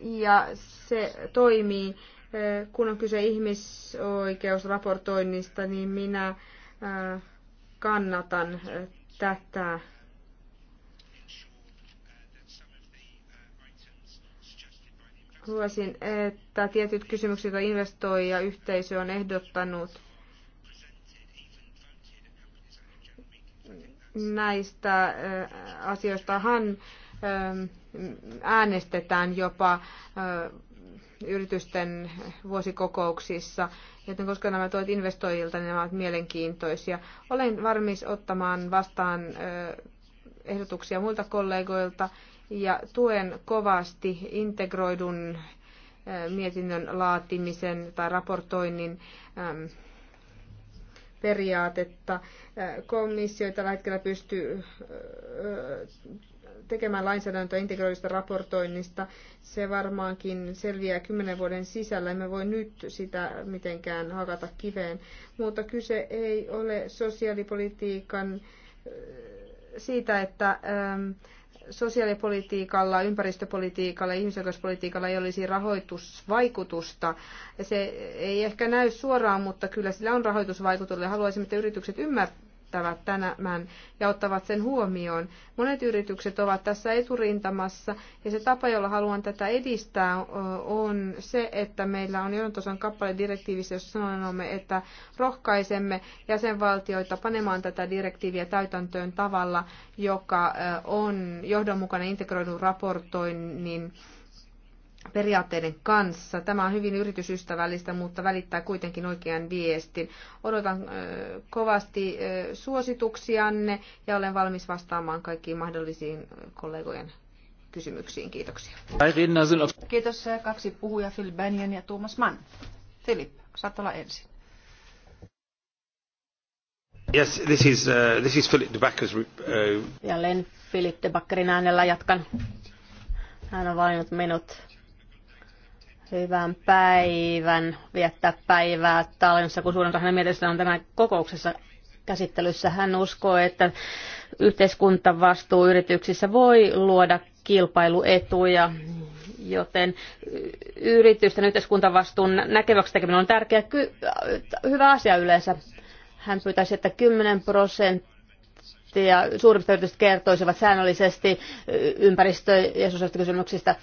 ja se toimii. Kun on kyse ihmisoikeusraportoinnista, niin minä kannatan tätä Luulisin, että tietyt kysymykset, joita investoija yhteisö on ehdottanut, näistä hän äh, ähm, äänestetään jopa äh, yritysten vuosikokouksissa, joten koska nämä toit investoijilta, niin nämä ovat mielenkiintoisia. Olen varmis ottamaan vastaan äh, ehdotuksia muilta kollegoilta ja tuen kovasti integroidun mietinnön laatimisen tai raportoinnin periaatetta. Komissio tällä hetkellä pystyy tekemään lainsäädäntöä integroidusta raportoinnista. Se varmaankin selviää kymmenen vuoden sisällä. Emme voi nyt sitä mitenkään hakata kiveen. Mutta kyse ei ole sosiaalipolitiikan siitä, että sosiaalipolitiikalla, ympäristöpolitiikalla ja ihmisoikeuspolitiikalla ei olisi rahoitusvaikutusta. Se ei ehkä näy suoraan, mutta kyllä sillä on rahoitusvaikutusta. Haluaisimme, että yritykset ymmärtävät ymmärtävät tämän ja ottavat sen huomioon. Monet yritykset ovat tässä eturintamassa ja se tapa, jolla haluan tätä edistää, on se, että meillä on jonotason kappale direktiivissä, jossa sanomme, että rohkaisemme jäsenvaltioita panemaan tätä direktiiviä täytäntöön tavalla, joka on johdonmukainen integroidun raportoinnin periaatteiden kanssa. Tämä on hyvin yritysystävällistä, mutta välittää kuitenkin oikean viestin. Odotan kovasti suosituksianne ja olen valmis vastaamaan kaikkiin mahdollisiin kollegojen kysymyksiin. Kiitoksia. Kiitos. Kaksi puhuja, Phil Bennion ja Thomas Mann. Philip, saat olla ensin. Yes, this is, uh, this is Philip de Backer's, uh... Jälleen Philip de Backerin äänellä jatkan. Hän on valinnut minut Hyvän päivän, viettää päivää Tallinnassa, kun suurin hänen mielestään on tänään kokouksessa käsittelyssä. Hän uskoo, että yhteiskuntavastuu yrityksissä voi luoda kilpailuetuja, joten yritysten yhteiskuntavastuun näkeväksi tekeminen on tärkeä, hyvä asia yleensä. Hän pyytäisi, että 10 prosenttia ja suurimmista yrityksistä kertoisivat säännöllisesti ympäristö- ja sosiaalista kysymyksistä.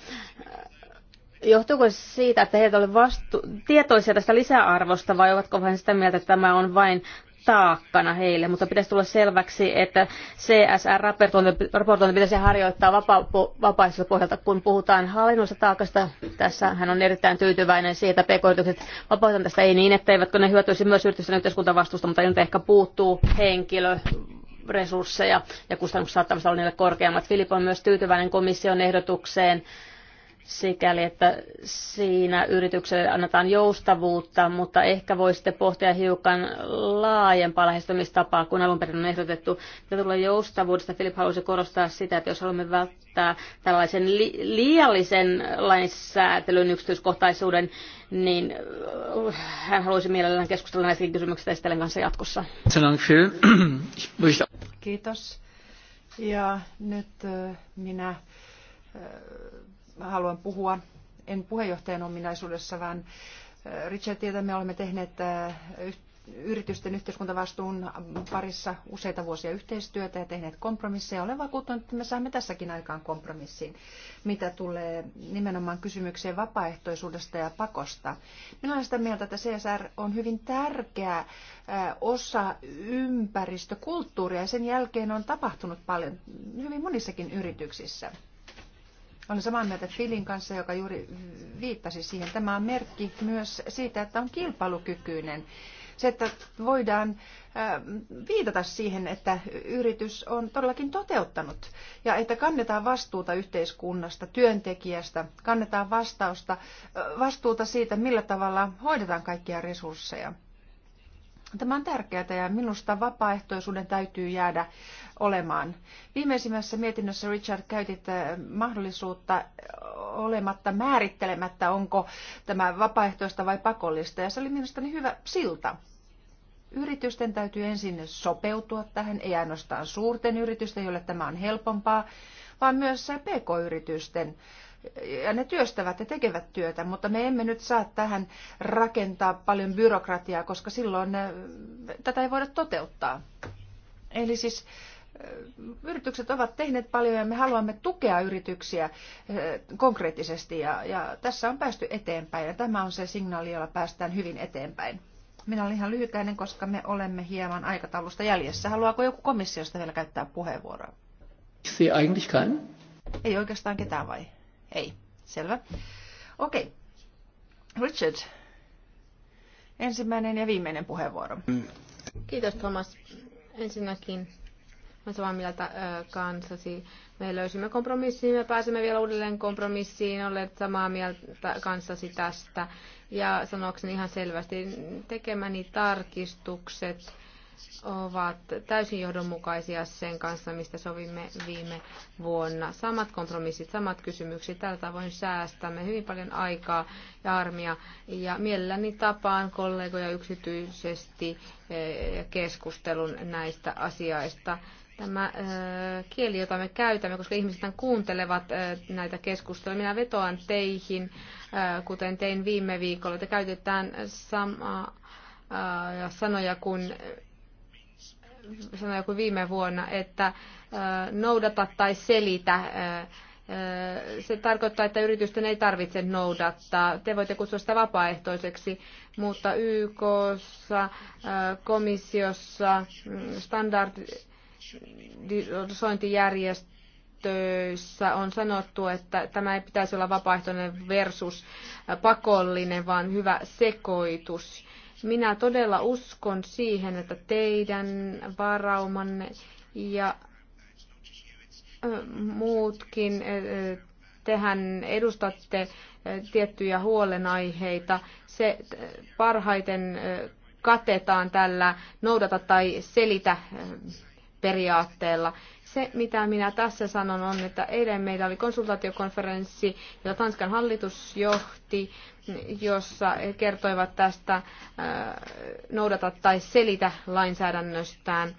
Johtuuko se siitä, että he ole vastu- tietoisia tästä lisäarvosta vai ovatko he sitä mieltä, että tämä on vain taakkana heille, mutta pitäisi tulla selväksi, että CSR-raportointi pitäisi harjoittaa vapa- vapaaehtoiselta pohjalta. Kun puhutaan hallinnollisesta taakasta, tässä hän on erittäin tyytyväinen siitä, että pk-yritykset vapautetaan tästä ei niin, eivätkö ne hyötyisi myös yritysten yhteiskuntavastuusta, mutta nyt ehkä puuttuu henkilö resursseja ja kustannukset saattavat olla niille korkeammat. Filip on myös tyytyväinen komission ehdotukseen sikäli, että siinä yritykselle annetaan joustavuutta, mutta ehkä voisitte pohtia hiukan laajempaa lähestymistapaa kuin alun perin on ehdotettu. Mitä tulee joustavuudesta, Filip halusi korostaa sitä, että jos haluamme välttää tällaisen li- liiallisen lainsäätelyn yksityiskohtaisuuden, niin uh, hän haluaisi mielellään keskustella näistäkin kysymyksistä esitellen kanssa jatkossa. Kiitos. Ja nyt uh, minä uh, haluan puhua en puheenjohtajan ominaisuudessa, vaan Richard tietää, me olemme tehneet yritysten yhteiskuntavastuun parissa useita vuosia yhteistyötä ja tehneet kompromisseja. Olen vakuuttunut, että me saamme tässäkin aikaan kompromissin, mitä tulee nimenomaan kysymykseen vapaaehtoisuudesta ja pakosta. Minä olen sitä mieltä, että CSR on hyvin tärkeä osa ympäristökulttuuria ja sen jälkeen on tapahtunut paljon hyvin monissakin yrityksissä. Olen samaa mieltä Filin kanssa, joka juuri viittasi siihen. Tämä on merkki myös siitä, että on kilpailukykyinen. Se, että voidaan äh, viitata siihen, että yritys on todellakin toteuttanut ja että kannetaan vastuuta yhteiskunnasta, työntekijästä, kannetaan vastausta, äh, vastuuta siitä, millä tavalla hoidetaan kaikkia resursseja. Tämä on tärkeää ja minusta vapaaehtoisuuden täytyy jäädä olemaan. Viimeisimmässä mietinnössä Richard käytit äh, mahdollisuutta olematta määrittelemättä, onko tämä vapaaehtoista vai pakollista ja se oli niin hyvä silta. Yritysten täytyy ensin sopeutua tähän, ei ainoastaan suurten yritysten, joille tämä on helpompaa, vaan myös pk-yritysten ja ne työstävät ja tekevät työtä, mutta me emme nyt saa tähän rakentaa paljon byrokratiaa, koska silloin äh, tätä ei voida toteuttaa. Eli siis äh, yritykset ovat tehneet paljon ja me haluamme tukea yrityksiä äh, konkreettisesti ja, ja tässä on päästy eteenpäin ja tämä on se signaali, jolla päästään hyvin eteenpäin. Minä olen ihan lyhykäinen, koska me olemme hieman aikataulusta jäljessä. Haluaako joku komissiosta vielä käyttää puheenvuoroa? Ei oikeastaan ketään vai? Ei. Selvä. Okei. Okay. Richard, ensimmäinen ja viimeinen puheenvuoro. Kiitos Thomas. Ensinnäkin Mä samaa mieltä ö, kanssasi. Me löysimme kompromissiin, me pääsemme vielä uudelleen kompromissiin, olet samaa mieltä kanssasi tästä. Ja sanokseni ihan selvästi, tekemäni tarkistukset ovat täysin johdonmukaisia sen kanssa, mistä sovimme viime vuonna. Samat kompromissit, samat kysymykset, tällä tavoin säästämme hyvin paljon aikaa ja armia. Ja mielelläni tapaan kollegoja yksityisesti eh, keskustelun näistä asioista. Tämä eh, kieli, jota me käytämme, koska ihmiset kuuntelevat eh, näitä keskusteluja, minä vetoan teihin, kuten tein viime viikolla, että käytetään samaa sanoja kuin sanoi joku viime vuonna, että äh, noudata tai selitä. Äh, äh, se tarkoittaa, että yritysten ei tarvitse noudattaa. Te voitte kutsua sitä vapaaehtoiseksi, mutta YKssa, komissiossa, mm, standardisointijärjestöissä on sanottu, että tämä ei pitäisi olla vapaaehtoinen versus pakollinen, vaan hyvä sekoitus minä todella uskon siihen, että teidän varaumanne ja muutkin, tehän edustatte tiettyjä huolenaiheita. Se parhaiten katetaan tällä noudata tai selitä periaatteella. Se, mitä minä tässä sanon, on, että eilen meillä oli konsultaatiokonferenssi, jota Tanskan hallitus johti, jossa he kertoivat tästä noudata tai selitä lainsäädännöstään.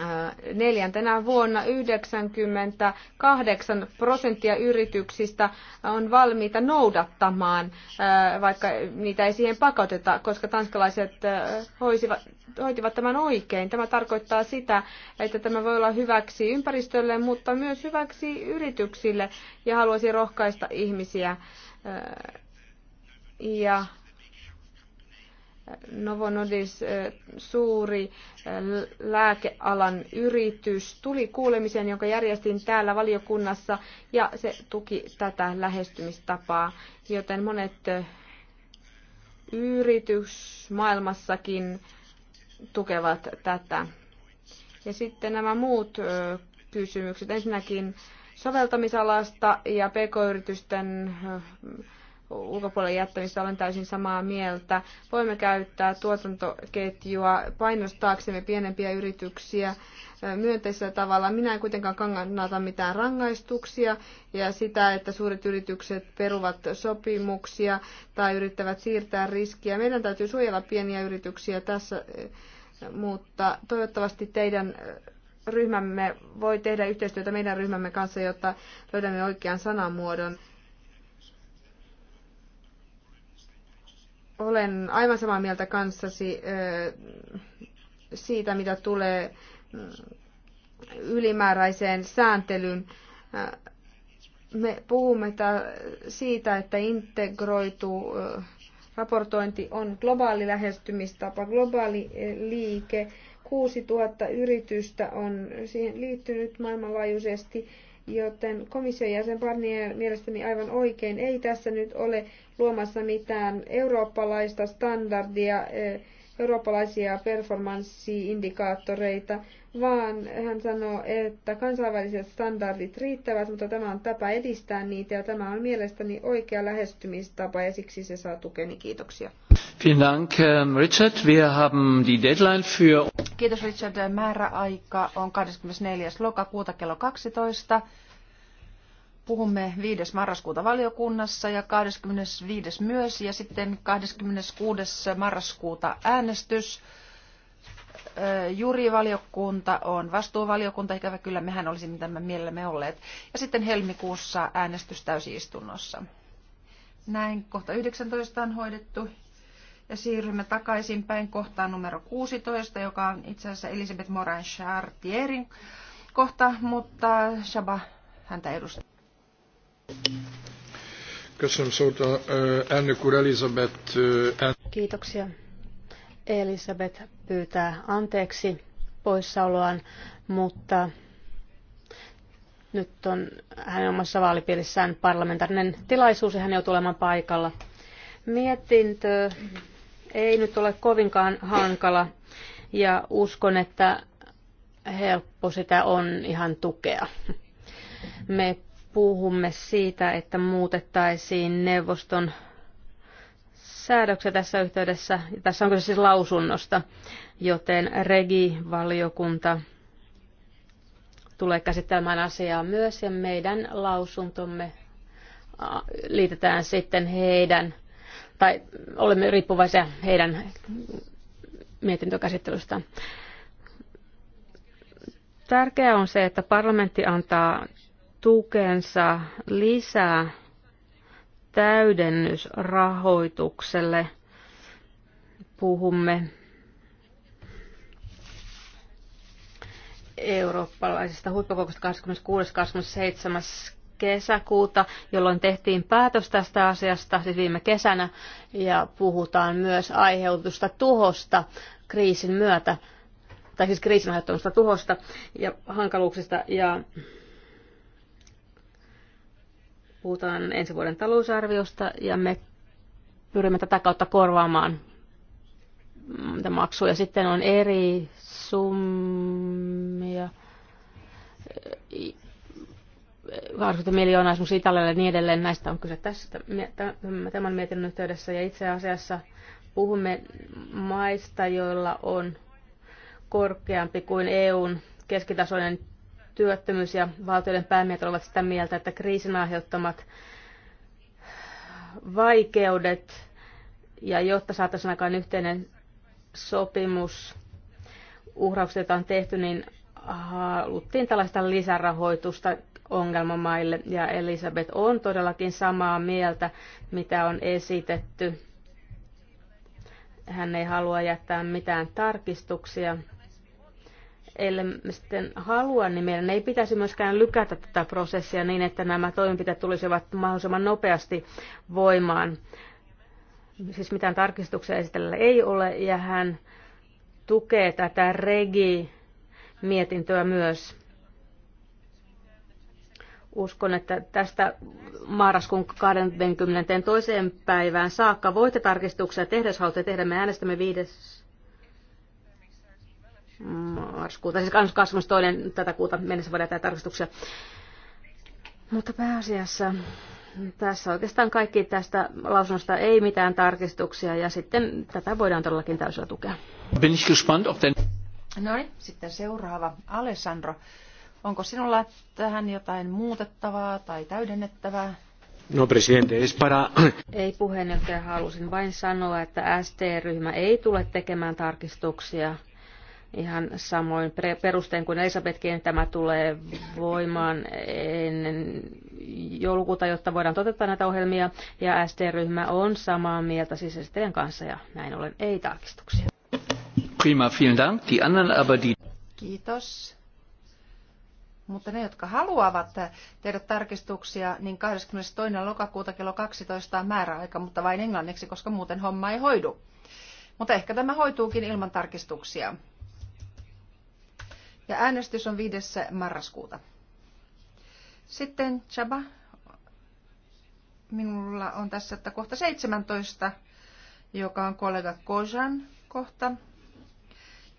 Äh, neljäntenä vuonna 98 prosenttia yrityksistä on valmiita noudattamaan, äh, vaikka niitä ei siihen pakoteta, koska tanskalaiset äh, hoisivat, hoitivat tämän oikein. Tämä tarkoittaa sitä, että tämä voi olla hyväksi ympäristölle, mutta myös hyväksi yrityksille ja haluaisin rohkaista ihmisiä ja Novo Nordis, suuri lääkealan yritys, tuli kuulemiseen, jonka järjestin täällä valiokunnassa, ja se tuki tätä lähestymistapaa, joten monet yritysmaailmassakin tukevat tätä. Ja sitten nämä muut kysymykset. Ensinnäkin soveltamisalasta ja pk-yritysten ulkopuolelle jättämistä olen täysin samaa mieltä. Voimme käyttää tuotantoketjua painostaaksemme pienempiä yrityksiä myönteisellä tavalla. Minä en kuitenkaan kannata mitään rangaistuksia ja sitä, että suuret yritykset peruvat sopimuksia tai yrittävät siirtää riskiä. Meidän täytyy suojella pieniä yrityksiä tässä, mutta toivottavasti teidän ryhmämme voi tehdä yhteistyötä meidän ryhmämme kanssa, jotta löydämme oikean sanamuodon. olen aivan samaa mieltä kanssasi siitä, mitä tulee mm, ylimääräiseen sääntelyyn. Me puhumme siitä, että integroitu raportointi on globaali lähestymistapa, globaali liike. 6000 yritystä on siihen liittynyt maailmanlaajuisesti joten komission jäsen Barnier mielestäni aivan oikein ei tässä nyt ole luomassa mitään eurooppalaista standardia eh, eurooppalaisia performanssiindikaattoreita, vaan hän sanoo, että kansainväliset standardit riittävät, mutta tämä on tapa edistää niitä ja tämä on mielestäni oikea lähestymistapa ja siksi se saa tukeni. Kiitoksia. Vielen Dank, ähm, Richard. Wir haben die Deadline für... Kiitos Richard. Määräaika on 24. lokakuuta kello 12 puhumme 5. marraskuuta valiokunnassa ja 25. myös ja sitten 26. marraskuuta äänestys. Jurivaliokunta on vastuuvaliokunta, ikävä kyllä mehän olisimme tämän mielellämme olleet. Ja sitten helmikuussa äänestys täysistunnossa. Näin kohta 19 on hoidettu. Ja siirrymme takaisinpäin kohtaan numero 16, joka on itse asiassa Elisabeth Moran Chartierin kohta, mutta Shaba häntä edustaa. Kiitoksia. Elisabeth pyytää anteeksi poissaoloaan, mutta nyt on hänen omassa vaalipiirissään parlamentaarinen tilaisuus ja hän joutuu olemaan paikalla. Mietintö ei nyt ole kovinkaan hankala ja uskon, että helppo sitä on ihan tukea. Me puhumme siitä, että muutettaisiin neuvoston säädöksiä tässä yhteydessä. Tässä on kyse siis lausunnosta, joten Regi-valiokunta tulee käsittelemään asiaa myös ja meidän lausuntomme liitetään sitten heidän, tai olemme riippuvaisia heidän mietintökäsittelystä. Tärkeää on se, että parlamentti antaa tukensa lisää täydennysrahoitukselle. Puhumme eurooppalaisesta huippukokouksesta 26.–27. kesäkuuta, jolloin tehtiin päätös tästä asiasta, siis viime kesänä, ja puhutaan myös aiheutusta tuhosta kriisin myötä, tai siis kriisin aiheuttamasta tuhosta ja hankaluuksista, ja Puhutaan ensi vuoden talousarviosta ja me pyrimme tätä kautta korvaamaan maksuja. Sitten on eri summia, 20 miljoonaa esimerkiksi Italialle ja niin edelleen. Näistä on kyse tässä tämän mietinnön yhteydessä. Ja itse asiassa puhumme maista, joilla on korkeampi kuin EUn keskitasoinen työttömyys ja valtioiden päämiehet ovat sitä mieltä, että kriisin aiheuttamat vaikeudet ja jotta saataisiin aikaan yhteinen sopimus, uhraukset, joita on tehty, niin haluttiin tällaista lisärahoitusta ongelmamaille. Ja Elisabeth on todellakin samaa mieltä, mitä on esitetty. Hän ei halua jättää mitään tarkistuksia ellei me sitten halua, niin meidän ei pitäisi myöskään lykätä tätä prosessia niin, että nämä toimenpiteet tulisivat mahdollisimman nopeasti voimaan. Siis mitään tarkistuksia esitellä ei ole, ja hän tukee tätä regi-mietintöä myös. Uskon, että tästä marraskuun 22. päivään saakka voitte tarkistuksia tehdä, jos haluatte tehdä. Me äänestämme viides marraskuuta, siis 22. tätä kuuta mennessä voidaan tehdä tarkastuksia. Mutta pääasiassa tässä oikeastaan kaikki tästä lausunnosta ei mitään tarkistuksia ja sitten tätä voidaan todellakin täysillä tukea. No niin, sitten seuraava. Alessandro, onko sinulla tähän jotain muutettavaa tai täydennettävää? No presidente, es para... Ei puheenjohtaja, halusin vain sanoa, että ST-ryhmä ei tule tekemään tarkistuksia Ihan samoin perusteen kuin Elisabetkin tämä tulee voimaan ennen joulukuuta, jotta voidaan toteuttaa näitä ohjelmia. Ja ST-ryhmä on samaa mieltä sisäisten kanssa ja näin ollen ei tarkistuksia. Prima, vielen dank. Die anderen aber die... Kiitos. Mutta ne, jotka haluavat tehdä tarkistuksia, niin 22. lokakuuta kello 12 on määräaika, mutta vain englanniksi, koska muuten homma ei hoidu. Mutta ehkä tämä hoituukin ilman tarkistuksia. Ja äänestys on 5. marraskuuta. Sitten Chaba. Minulla on tässä että kohta 17, joka on kollega Kojan kohta,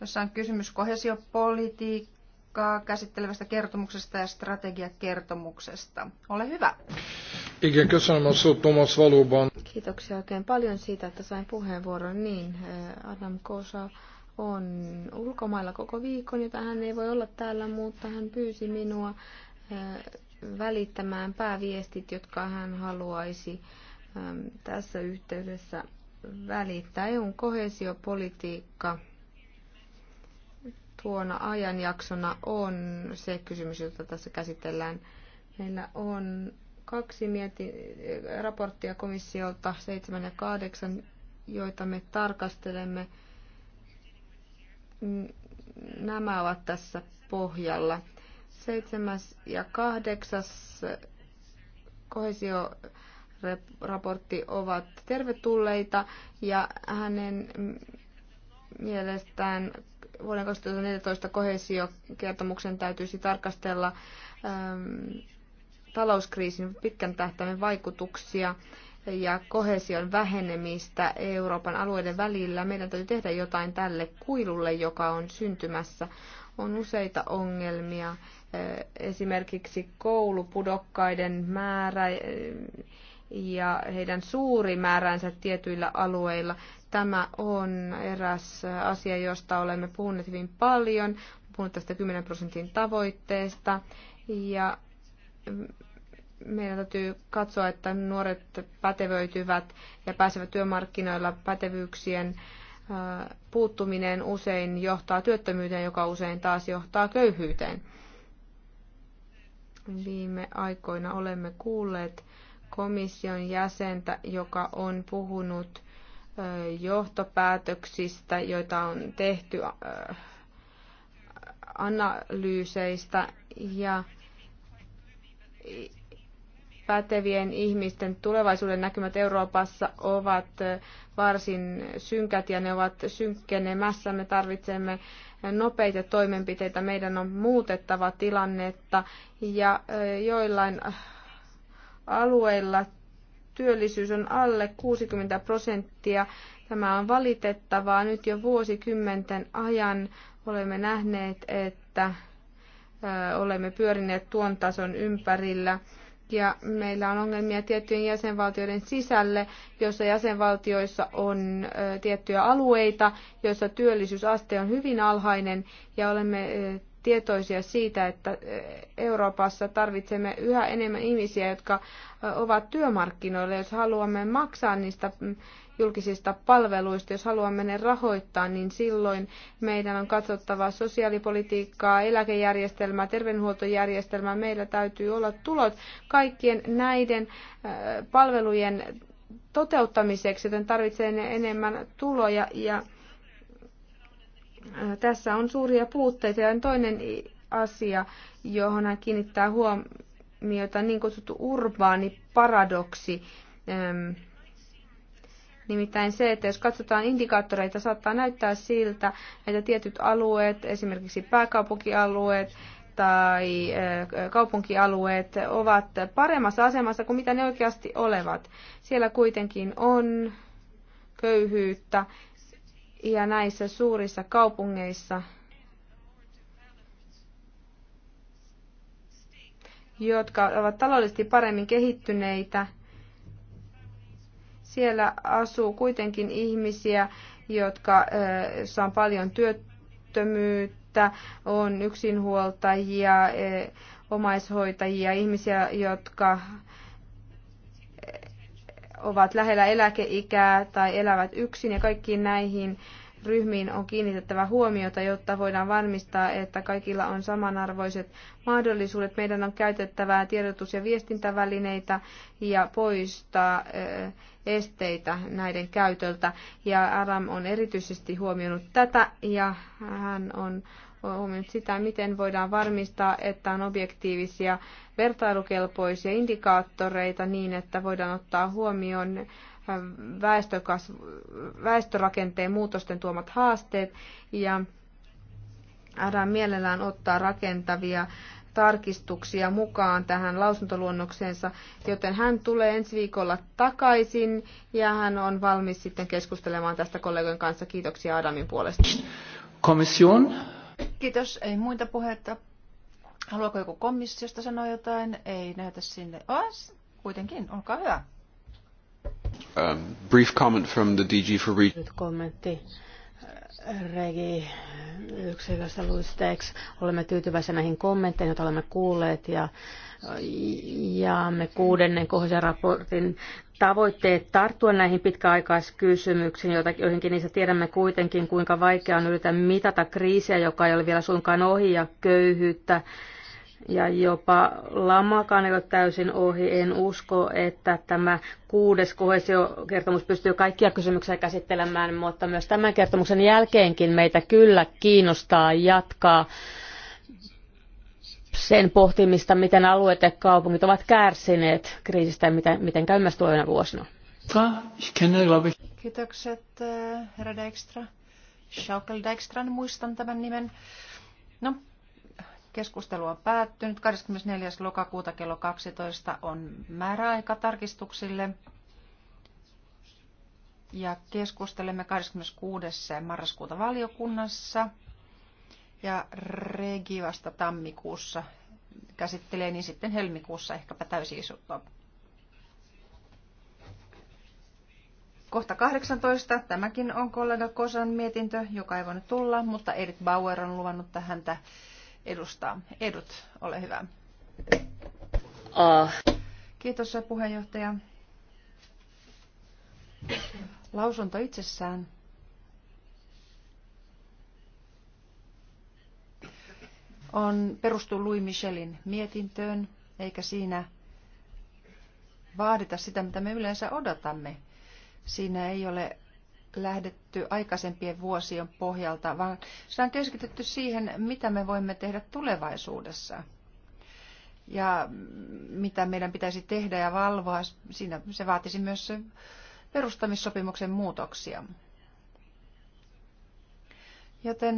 jossa on kysymys kohesiopolitiikkaa käsittelevästä kertomuksesta ja strategiakertomuksesta. Ole hyvä. Kiitoksia oikein paljon siitä, että sain puheenvuoron. Niin, eh, Adam Kosa on ulkomailla koko viikon, jota hän ei voi olla täällä, mutta hän pyysi minua välittämään pääviestit, jotka hän haluaisi tässä yhteydessä välittää. EUn kohesiopolitiikka tuona ajanjaksona on se kysymys, jota tässä käsitellään. Meillä on kaksi mieti- raporttia komissiolta, 7 ja 8, joita me tarkastelemme nämä ovat tässä pohjalla. Seitsemäs ja kahdeksas kohesioraportti ovat tervetulleita ja hänen mielestään vuoden 2014 kohesiokertomuksen täytyisi tarkastella äm, talouskriisin pitkän tähtäimen vaikutuksia ja kohesion vähenemistä Euroopan alueiden välillä. Meidän täytyy tehdä jotain tälle kuilulle, joka on syntymässä. On useita ongelmia, eh, esimerkiksi koulupudokkaiden määrä eh, ja heidän suuri määränsä tietyillä alueilla. Tämä on eräs asia, josta olemme puhuneet hyvin paljon. Puhunut tästä 10 prosentin tavoitteesta ja mm, meidän täytyy katsoa, että nuoret pätevöityvät ja pääsevät työmarkkinoilla pätevyyksien puuttuminen usein johtaa työttömyyteen, joka usein taas johtaa köyhyyteen. Viime aikoina olemme kuulleet komission jäsentä, joka on puhunut johtopäätöksistä, joita on tehty analyyseistä ja pätevien ihmisten tulevaisuuden näkymät Euroopassa ovat varsin synkät ja ne ovat synkkenemässä. Me tarvitsemme nopeita toimenpiteitä. Meidän on muutettava tilannetta ja joillain alueilla työllisyys on alle 60 prosenttia. Tämä on valitettavaa. Nyt jo vuosikymmenten ajan olemme nähneet, että olemme pyörineet tuon tason ympärillä. Ja meillä on ongelmia tiettyjen jäsenvaltioiden sisälle, jossa jäsenvaltioissa on tiettyjä alueita, joissa työllisyysaste on hyvin alhainen ja olemme tietoisia siitä, että eh, Euroopassa tarvitsemme yhä enemmän ihmisiä, jotka eh, ovat työmarkkinoilla. Jos haluamme maksaa niistä mm, julkisista palveluista, jos haluamme ne rahoittaa, niin silloin meidän on katsottava sosiaalipolitiikkaa, eläkejärjestelmää, terveydenhuoltojärjestelmää. Meillä täytyy olla tulot kaikkien näiden eh, palvelujen toteuttamiseksi, joten tarvitsee enemmän tuloja ja tässä on suuria puutteita ja toinen asia, johon hän kiinnittää huomiota, niin kutsuttu urbaani paradoksi. Ehm, nimittäin se, että jos katsotaan indikaattoreita, saattaa näyttää siltä, että tietyt alueet, esimerkiksi pääkaupunkialueet tai eh, kaupunkialueet, ovat paremmassa asemassa kuin mitä ne oikeasti olevat. Siellä kuitenkin on köyhyyttä ja näissä suurissa kaupungeissa, jotka ovat taloudellisesti paremmin kehittyneitä, siellä asuu kuitenkin ihmisiä, jotka saa paljon työttömyyttä, on yksinhuoltajia, omaishoitajia, ihmisiä, jotka ovat lähellä eläkeikää tai elävät yksin ja kaikkiin näihin ryhmiin on kiinnitettävä huomiota, jotta voidaan varmistaa, että kaikilla on samanarvoiset mahdollisuudet. Meidän on käytettävää tiedotus- ja viestintävälineitä ja poistaa esteitä näiden käytöltä. Ja Aram on erityisesti huomioinut tätä ja hän on huomioon sitä, miten voidaan varmistaa, että on objektiivisia vertailukelpoisia indikaattoreita niin, että voidaan ottaa huomioon äh, väestörakenteen muutosten tuomat haasteet ja Aadaan mielellään ottaa rakentavia tarkistuksia mukaan tähän lausuntoluonnokseensa, joten hän tulee ensi viikolla takaisin ja hän on valmis sitten keskustelemaan tästä kollegojen kanssa. Kiitoksia Adamin puolesta. Komission Kiitos. Ei muita puhetta. Haluaako joku komissiosta sanoa jotain? Ei näytä sinne. As, oh, kuitenkin, olkaa hyvä. Um, brief comment from the DG for Region. Nyt kommentti Regi hyvästä Luisteeksi. Olemme tyytyväisiä näihin kommentteihin, joita olemme kuulleet ja jaamme kuudennen kohdisen raportin tavoitteet tarttua näihin pitkäaikaiskysymyksiin, joihinkin niissä tiedämme kuitenkin, kuinka vaikeaa on yritä mitata kriisiä, joka ei ole vielä suinkaan ohi, ja köyhyyttä, ja jopa lamakaan ei ole täysin ohi. En usko, että tämä kuudes kohesiokertomus pystyy kaikkia kysymyksiä käsittelemään, mutta myös tämän kertomuksen jälkeenkin meitä kyllä kiinnostaa jatkaa sen pohtimista, miten alueet ja kaupungit ovat kärsineet kriisistä ja miten, miten käy myös tulevina vuosina. Kiitokset, eh, herra Dijkstra. Schaukel Dijkstran, muistan tämän nimen. No, Keskustelu on päättynyt. 24. lokakuuta kello 12 on määräaika tarkistuksille. Ja keskustelemme 26. marraskuuta valiokunnassa. Ja Regi vasta tammikuussa käsittelee, niin sitten helmikuussa ehkäpä täysistunto. Kohta 18. Tämäkin on kollega Kosan mietintö, joka ei voinut tulla, mutta Erik Bauer on luvannut häntä edustaa. Edut, ole hyvä. Uh. Kiitos puheenjohtaja. Lausunto itsessään on perustu Louis Michelin mietintöön, eikä siinä vaadita sitä, mitä me yleensä odotamme. Siinä ei ole lähdetty aikaisempien vuosien pohjalta, vaan se on keskitytty siihen, mitä me voimme tehdä tulevaisuudessa ja mitä meidän pitäisi tehdä ja valvoa. Siinä se vaatisi myös perustamissopimuksen muutoksia. Joten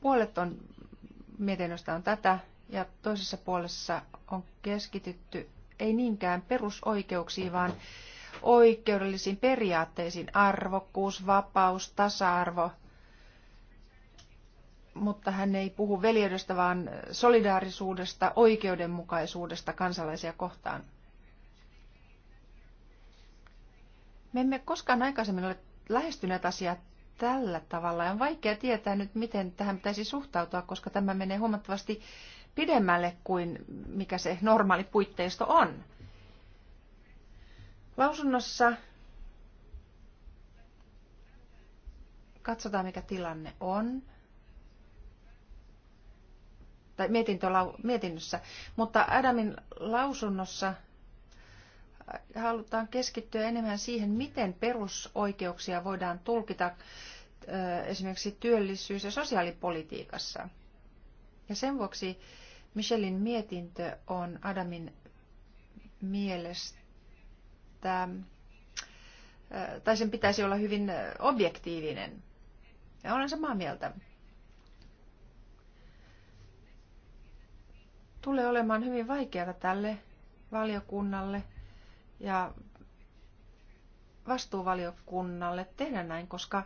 puolet on mietinnöstä on tätä ja toisessa puolessa on keskitytty ei niinkään perusoikeuksiin, vaan oikeudellisiin periaatteisiin, arvokkuus, vapaus, tasa-arvo. Mutta hän ei puhu veljeydestä, vaan solidaarisuudesta, oikeudenmukaisuudesta kansalaisia kohtaan. Me emme koskaan aikaisemmin ole lähestyneet asiaa tällä tavalla. On vaikea tietää nyt, miten tähän pitäisi suhtautua, koska tämä menee huomattavasti pidemmälle kuin mikä se normaali puitteisto on. Lausunnossa katsotaan, mikä tilanne on. Tai mietintö, mietinnössä. Mutta Adamin lausunnossa halutaan keskittyä enemmän siihen, miten perusoikeuksia voidaan tulkita esimerkiksi työllisyys- ja sosiaalipolitiikassa – ja sen vuoksi Michelin mietintö on Adamin mielestä, äh, tai sen pitäisi olla hyvin äh, objektiivinen. Ja olen samaa mieltä. Tulee olemaan hyvin vaikeaa tälle valiokunnalle ja vastuuvaliokunnalle tehdä näin, koska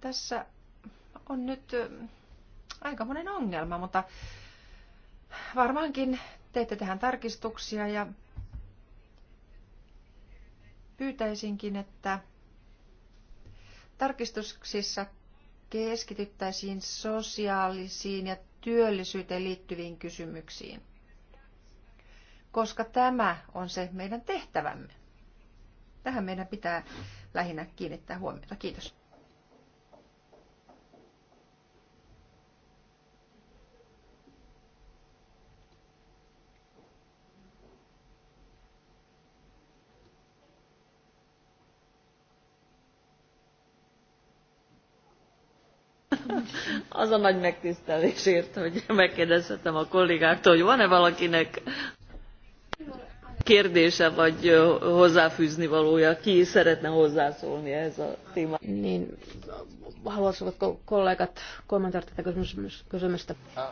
tässä on nyt äh, Aika monen ongelma, mutta varmaankin teette tähän tarkistuksia ja pyytäisinkin, että tarkistuksissa keskityttäisiin sosiaalisiin ja työllisyyteen liittyviin kysymyksiin, koska tämä on se meidän tehtävämme. Tähän meidän pitää lähinnä kiinnittää huomiota. Kiitos. Az a nagy megtisztelésért, hogy megkérdezhetem a kollégáktól, hogy van-e valakinek kérdése vagy hozzáfűzni valója? Ki szeretne hozzászólni ez a témához? Niin, haluaisivatko kollegat kommentoida tätä kysymystä? Ah,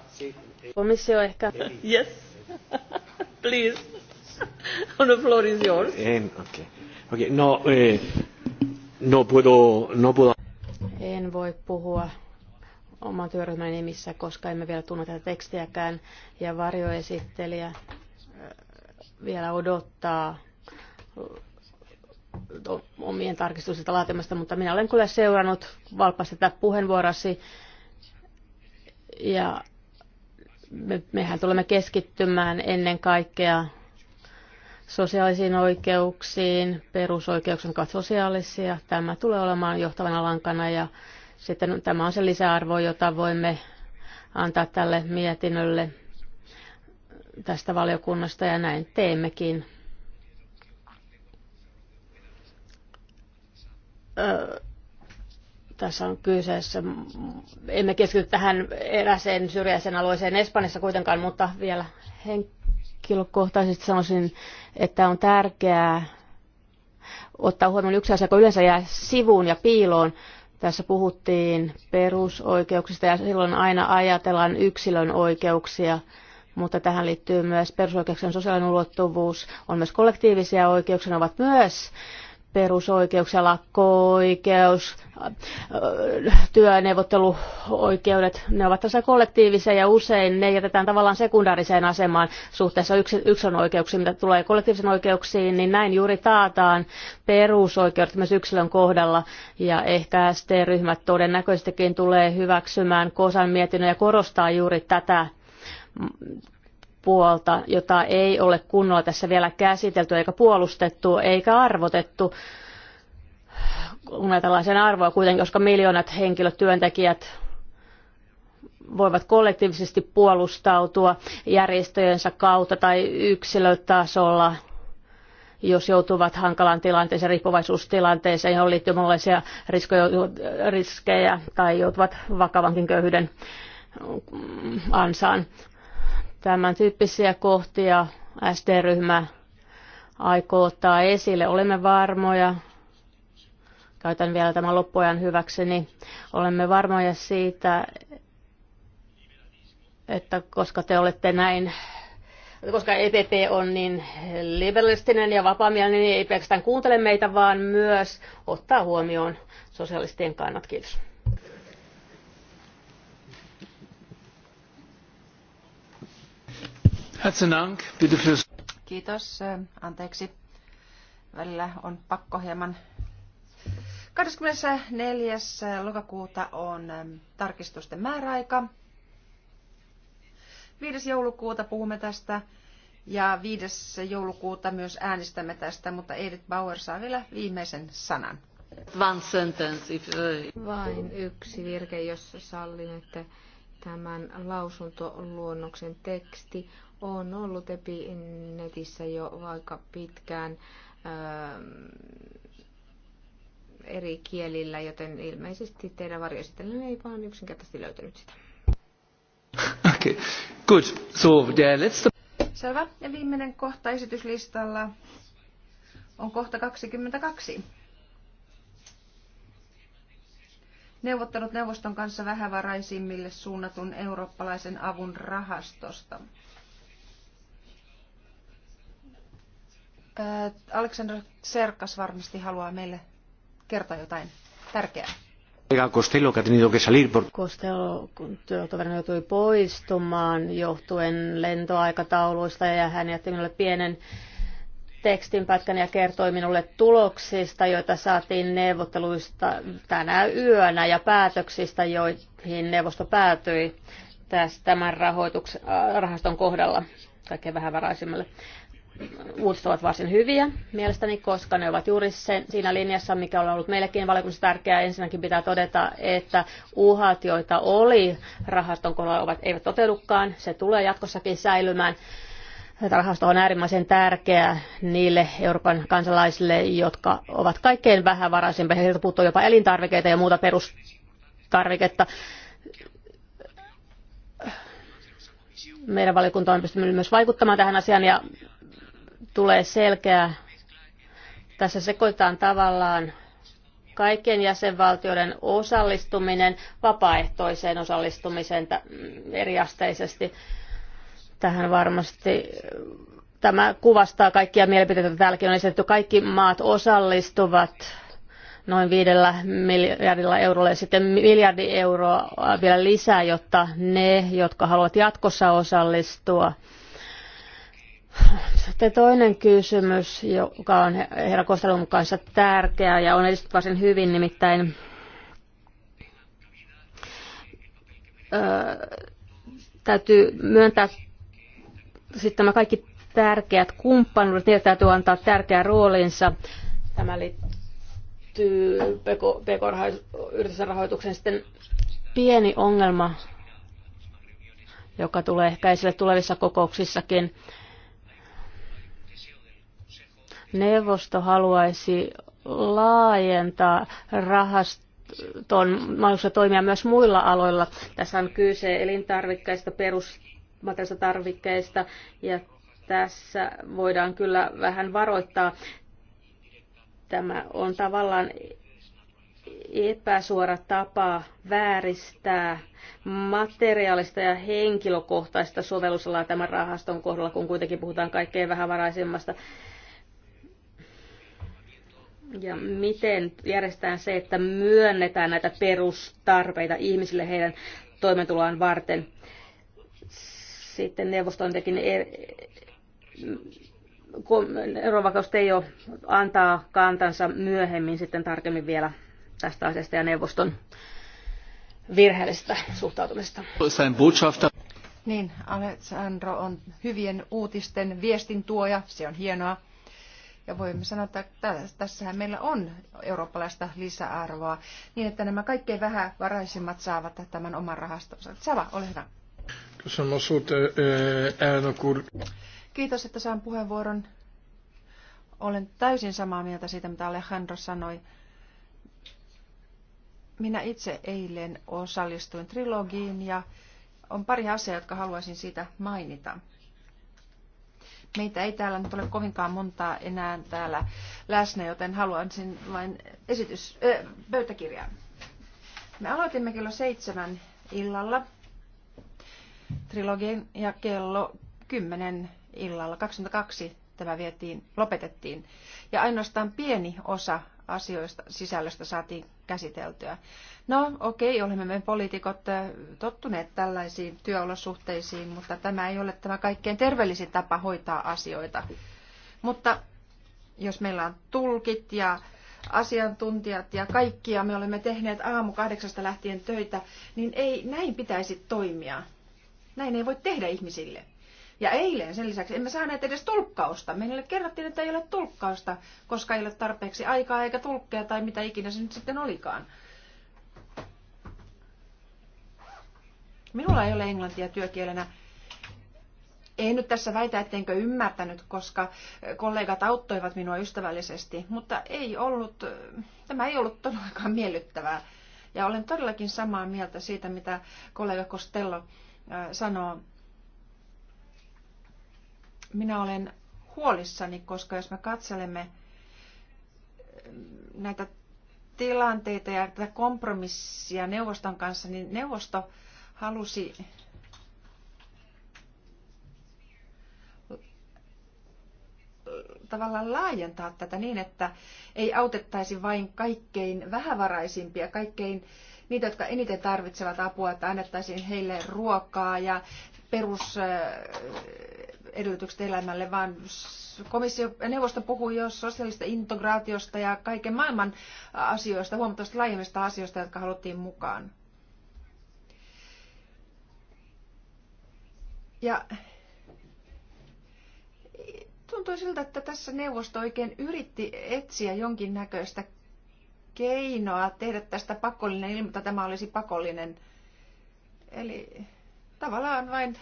Komissio ehkä. Yes, please. On the floor is yours. En, okay. Okay, no, eh, no puedo, no puedo. En voi puhua oman työryhmän nimissä, koska emme vielä tunne tätä tekstiäkään. Ja varjoesittelijä vielä odottaa omien tarkistusten laatimasta, mutta minä olen kyllä seurannut valpaasti tätä puheenvuorosi. Ja me, mehän tulemme keskittymään ennen kaikkea sosiaalisiin oikeuksiin, perusoikeuksien ovat sosiaalisia. Tämä tulee olemaan johtavana lankana ja sitten tämä on se lisäarvo, jota voimme antaa tälle mietinnölle tästä valiokunnasta ja näin teemmekin. Öö, tässä on kyseessä, emme keskity tähän eräseen syrjäisen alueeseen Espanjassa kuitenkaan, mutta vielä henkilökohtaisesti sanoisin, että on tärkeää ottaa huomioon yksi asia, joka yleensä jää sivuun ja piiloon, tässä puhuttiin perusoikeuksista ja silloin aina ajatellaan yksilön oikeuksia, mutta tähän liittyy myös perusoikeuksien sosiaalinen ulottuvuus. On myös kollektiivisia oikeuksia, ne ovat myös perusoikeuksia, lakko-oikeus, työneuvotteluoikeudet, ne ovat tässä kollektiivisia ja usein ne jätetään tavallaan sekundaariseen asemaan suhteessa yksilön oikeuksiin, mitä tulee kollektiivisen oikeuksiin, niin näin juuri taataan perusoikeudet myös yksilön kohdalla ja ehkä ST-ryhmät todennäköisestikin tulee hyväksymään Kosan mietinnön ja korostaa juuri tätä puolta, jota ei ole kunnolla tässä vielä käsitelty eikä puolustettu eikä arvotettu kun ajatellaan sen arvoa kuitenkin, koska miljoonat henkilöt, työntekijät voivat kollektiivisesti puolustautua järjestöjensä kautta tai yksilötasolla, jos joutuvat hankalaan tilanteeseen, riippuvaisuustilanteeseen, johon liittyy monenlaisia riskejä tai joutuvat vakavankin köyhyyden ansaan. Tämän tyyppisiä kohtia SD-ryhmä aikoo ottaa esille. Olemme varmoja, käytän vielä tämän loppuajan hyväkseni, olemme varmoja siitä, että koska te olette näin koska EPP on niin liberalistinen ja vapaamielinen, niin ei pelkästään kuuntele meitä, vaan myös ottaa huomioon sosialistien kannat. Kiitos. Kiitos. Anteeksi. Välillä on pakko hieman. 24. lokakuuta on ähm, tarkistusten määräaika. 5. joulukuuta puhumme tästä ja 5. joulukuuta myös äänestämme tästä, mutta Edith Bauer saa vielä viimeisen sanan. One sentence, if... Uh, Vain yksi virke, jos sallin, että tämän lausuntoluonnoksen teksti on ollut netissä jo aika pitkään ähm, eri kielillä, joten ilmeisesti teidän varjoesittelynne ei vaan yksinkertaisesti löytänyt sitä. Okay. Good. So, yeah, let's... Selvä. Ja viimeinen kohta esityslistalla on kohta 22. Neuvottelut neuvoston kanssa vähävaraisimmille suunnatun eurooppalaisen avun rahastosta. Äh, Aleksandr Serkas varmasti haluaa meille kertoa jotain tärkeää. Costello, que ha tenido que salir por... Costello, kun työtoverina joutui poistumaan johtuen lentoaikatauluista ja hän jätti minulle pienen tekstinpätkän ja kertoi minulle tuloksista, joita saatiin neuvotteluista tänä yönä ja päätöksistä, joihin neuvosto päätyi tämän rahoituksen, äh, rahaston kohdalla kaikkein vähävaraisimmille uutiset ovat varsin hyviä mielestäni, koska ne ovat juuri sen, siinä linjassa, mikä on ollut meillekin valiokunnassa tärkeää. Ensinnäkin pitää todeta, että uhat, joita oli rahaston kohdalla, ovat, eivät toteudukaan. Se tulee jatkossakin säilymään. Rahasto on äärimmäisen tärkeä niille Euroopan kansalaisille, jotka ovat kaikkein vähävaraisimpia. Heiltä puuttuu jopa elintarvikeita ja muuta perustarviketta meidän valiokunta on pystynyt myös vaikuttamaan tähän asiaan ja tulee selkeä. Tässä sekoitetaan tavallaan kaikkien jäsenvaltioiden osallistuminen vapaaehtoiseen osallistumiseen mm, eriasteisesti. Tähän varmasti tämä kuvastaa kaikkia mielipiteitä, joita täälläkin on esitetty. Kaikki maat osallistuvat noin viidellä miljardilla eurolla ja sitten miljardi euroa vielä lisää, jotta ne, jotka haluavat jatkossa osallistua, sitten toinen kysymys, joka on herra Kostelun kanssa tärkeä ja on edistetty varsin hyvin, nimittäin öö, täytyy myöntää sitten nämä kaikki tärkeät kumppanuudet, niille täytyy antaa tärkeä roolinsa. Tämä liittyy pk-yritysten sitten pieni ongelma, joka tulee ehkä esille tulevissa kokouksissakin, Neuvosto haluaisi laajentaa tuon mahdollisuus toimia myös muilla aloilla. Tässä on kyse elintarvikkeista, perusmateriaalista tarvikkeista ja tässä voidaan kyllä vähän varoittaa. Tämä on tavallaan epäsuora tapa vääristää materiaalista ja henkilökohtaista sovellusalaa tämän rahaston kohdalla, kun kuitenkin puhutaan kaikkein vähävaraisimmasta ja miten järjestetään se, että myönnetään näitä perustarpeita ihmisille heidän toimeentuloaan varten. Sitten neuvosto on tekin er... Eurovakausteijo antaa kantansa myöhemmin sitten tarkemmin vielä tästä asiasta ja neuvoston virheellisestä suhtautumisesta. Niin, Alessandro on hyvien uutisten viestintuoja, se on hienoa ja voimme sanoa, että tässähän meillä on eurooppalaista lisäarvoa, niin että nämä kaikkein vähävaraisimmat saavat tämän oman rahastonsa. Sava, ole hyvä. Kiitos, että saan puheenvuoron. Olen täysin samaa mieltä siitä, mitä Alejandro sanoi. Minä itse eilen osallistuin trilogiin ja on pari asiaa, jotka haluaisin siitä mainita. Meitä ei täällä nyt ole kovinkaan montaa enää täällä läsnä, joten haluan sen vain esitys, äh, pöytäkirjaa. Me aloitimme kello seitsemän illalla trilogin ja kello kymmenen illalla 22 tämä vietiin, lopetettiin. Ja ainoastaan pieni osa asioista sisällöstä saatiin käsiteltyä. No okei, olemme me poliitikot eh, tottuneet tällaisiin työolosuhteisiin, mutta tämä ei ole tämä kaikkein terveellisin tapa hoitaa asioita. Mutta jos meillä on tulkit ja asiantuntijat ja kaikkia, me olemme tehneet aamu kahdeksasta lähtien töitä, niin ei näin pitäisi toimia. Näin ei voi tehdä ihmisille. Ja eilen sen lisäksi emme saaneet edes tulkkausta. Meille kerrottiin, että ei ole tulkkausta, koska ei ole tarpeeksi aikaa eikä tulkkeja tai mitä ikinä se nyt sitten olikaan. Minulla ei ole englantia työkielenä. Ei nyt tässä väitä, ettenkö ymmärtänyt, koska kollegat auttoivat minua ystävällisesti, mutta ei ollut, tämä ei ollut todellakaan miellyttävää. Ja olen todellakin samaa mieltä siitä, mitä kollega Costello sanoo minä olen huolissani, koska jos me katselemme eh, näitä tilanteita ja tätä kompromissia neuvoston kanssa, niin neuvosto halusi tavallaan laajentaa tätä niin, että ei autettaisi vain kaikkein vähävaraisimpia, kaikkein niitä, jotka eniten tarvitsevat apua, että annettaisiin heille ruokaa ja perus eh, edellytykset elämälle, vaan komissio ja neuvosto puhuu jo sosiaalista integraatiosta ja kaiken maailman asioista, huomattavasti laajemmista asioista, jotka haluttiin mukaan. Ja tuntui siltä, että tässä neuvosto oikein yritti etsiä jonkinnäköistä keinoa tehdä tästä pakollinen ilman, että tämä olisi pakollinen. Eli tavallaan vain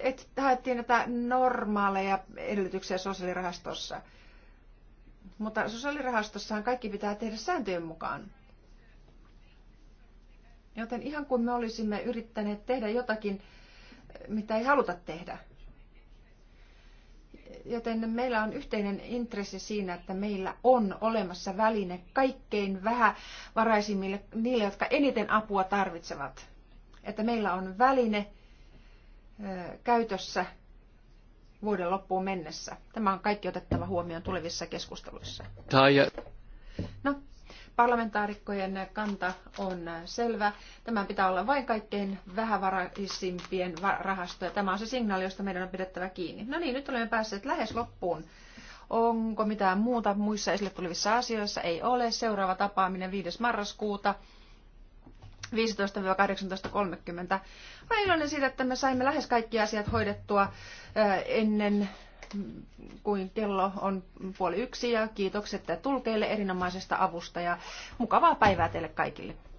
et, haettiin näitä normaaleja edellytyksiä sosiaalirahastossa. Mutta sosiaalirahastossahan kaikki pitää tehdä sääntöjen mukaan. Joten ihan kuin me olisimme yrittäneet tehdä jotakin, mitä ei haluta tehdä. Joten meillä on yhteinen intressi siinä, että meillä on olemassa väline kaikkein vähävaraisimmille, niille, jotka eniten apua tarvitsevat. Että meillä on väline, käytössä vuoden loppuun mennessä. Tämä on kaikki otettava huomioon tulevissa keskusteluissa. No, parlamentaarikkojen kanta on selvä. Tämän pitää olla vain kaikkein vähävaraisimpien rahastoja. Tämä on se signaali, josta meidän on pidettävä kiinni. No niin, nyt olemme päässeet lähes loppuun. Onko mitään muuta muissa esille tulevissa asioissa? Ei ole. Seuraava tapaaminen 5. marraskuuta 15-18.30 Olenpa iloinen siitä, että me saimme lähes kaikki asiat hoidettua ennen kuin kello on puoli yksi ja kiitokset tulkeille erinomaisesta avusta ja mukavaa päivää teille kaikille.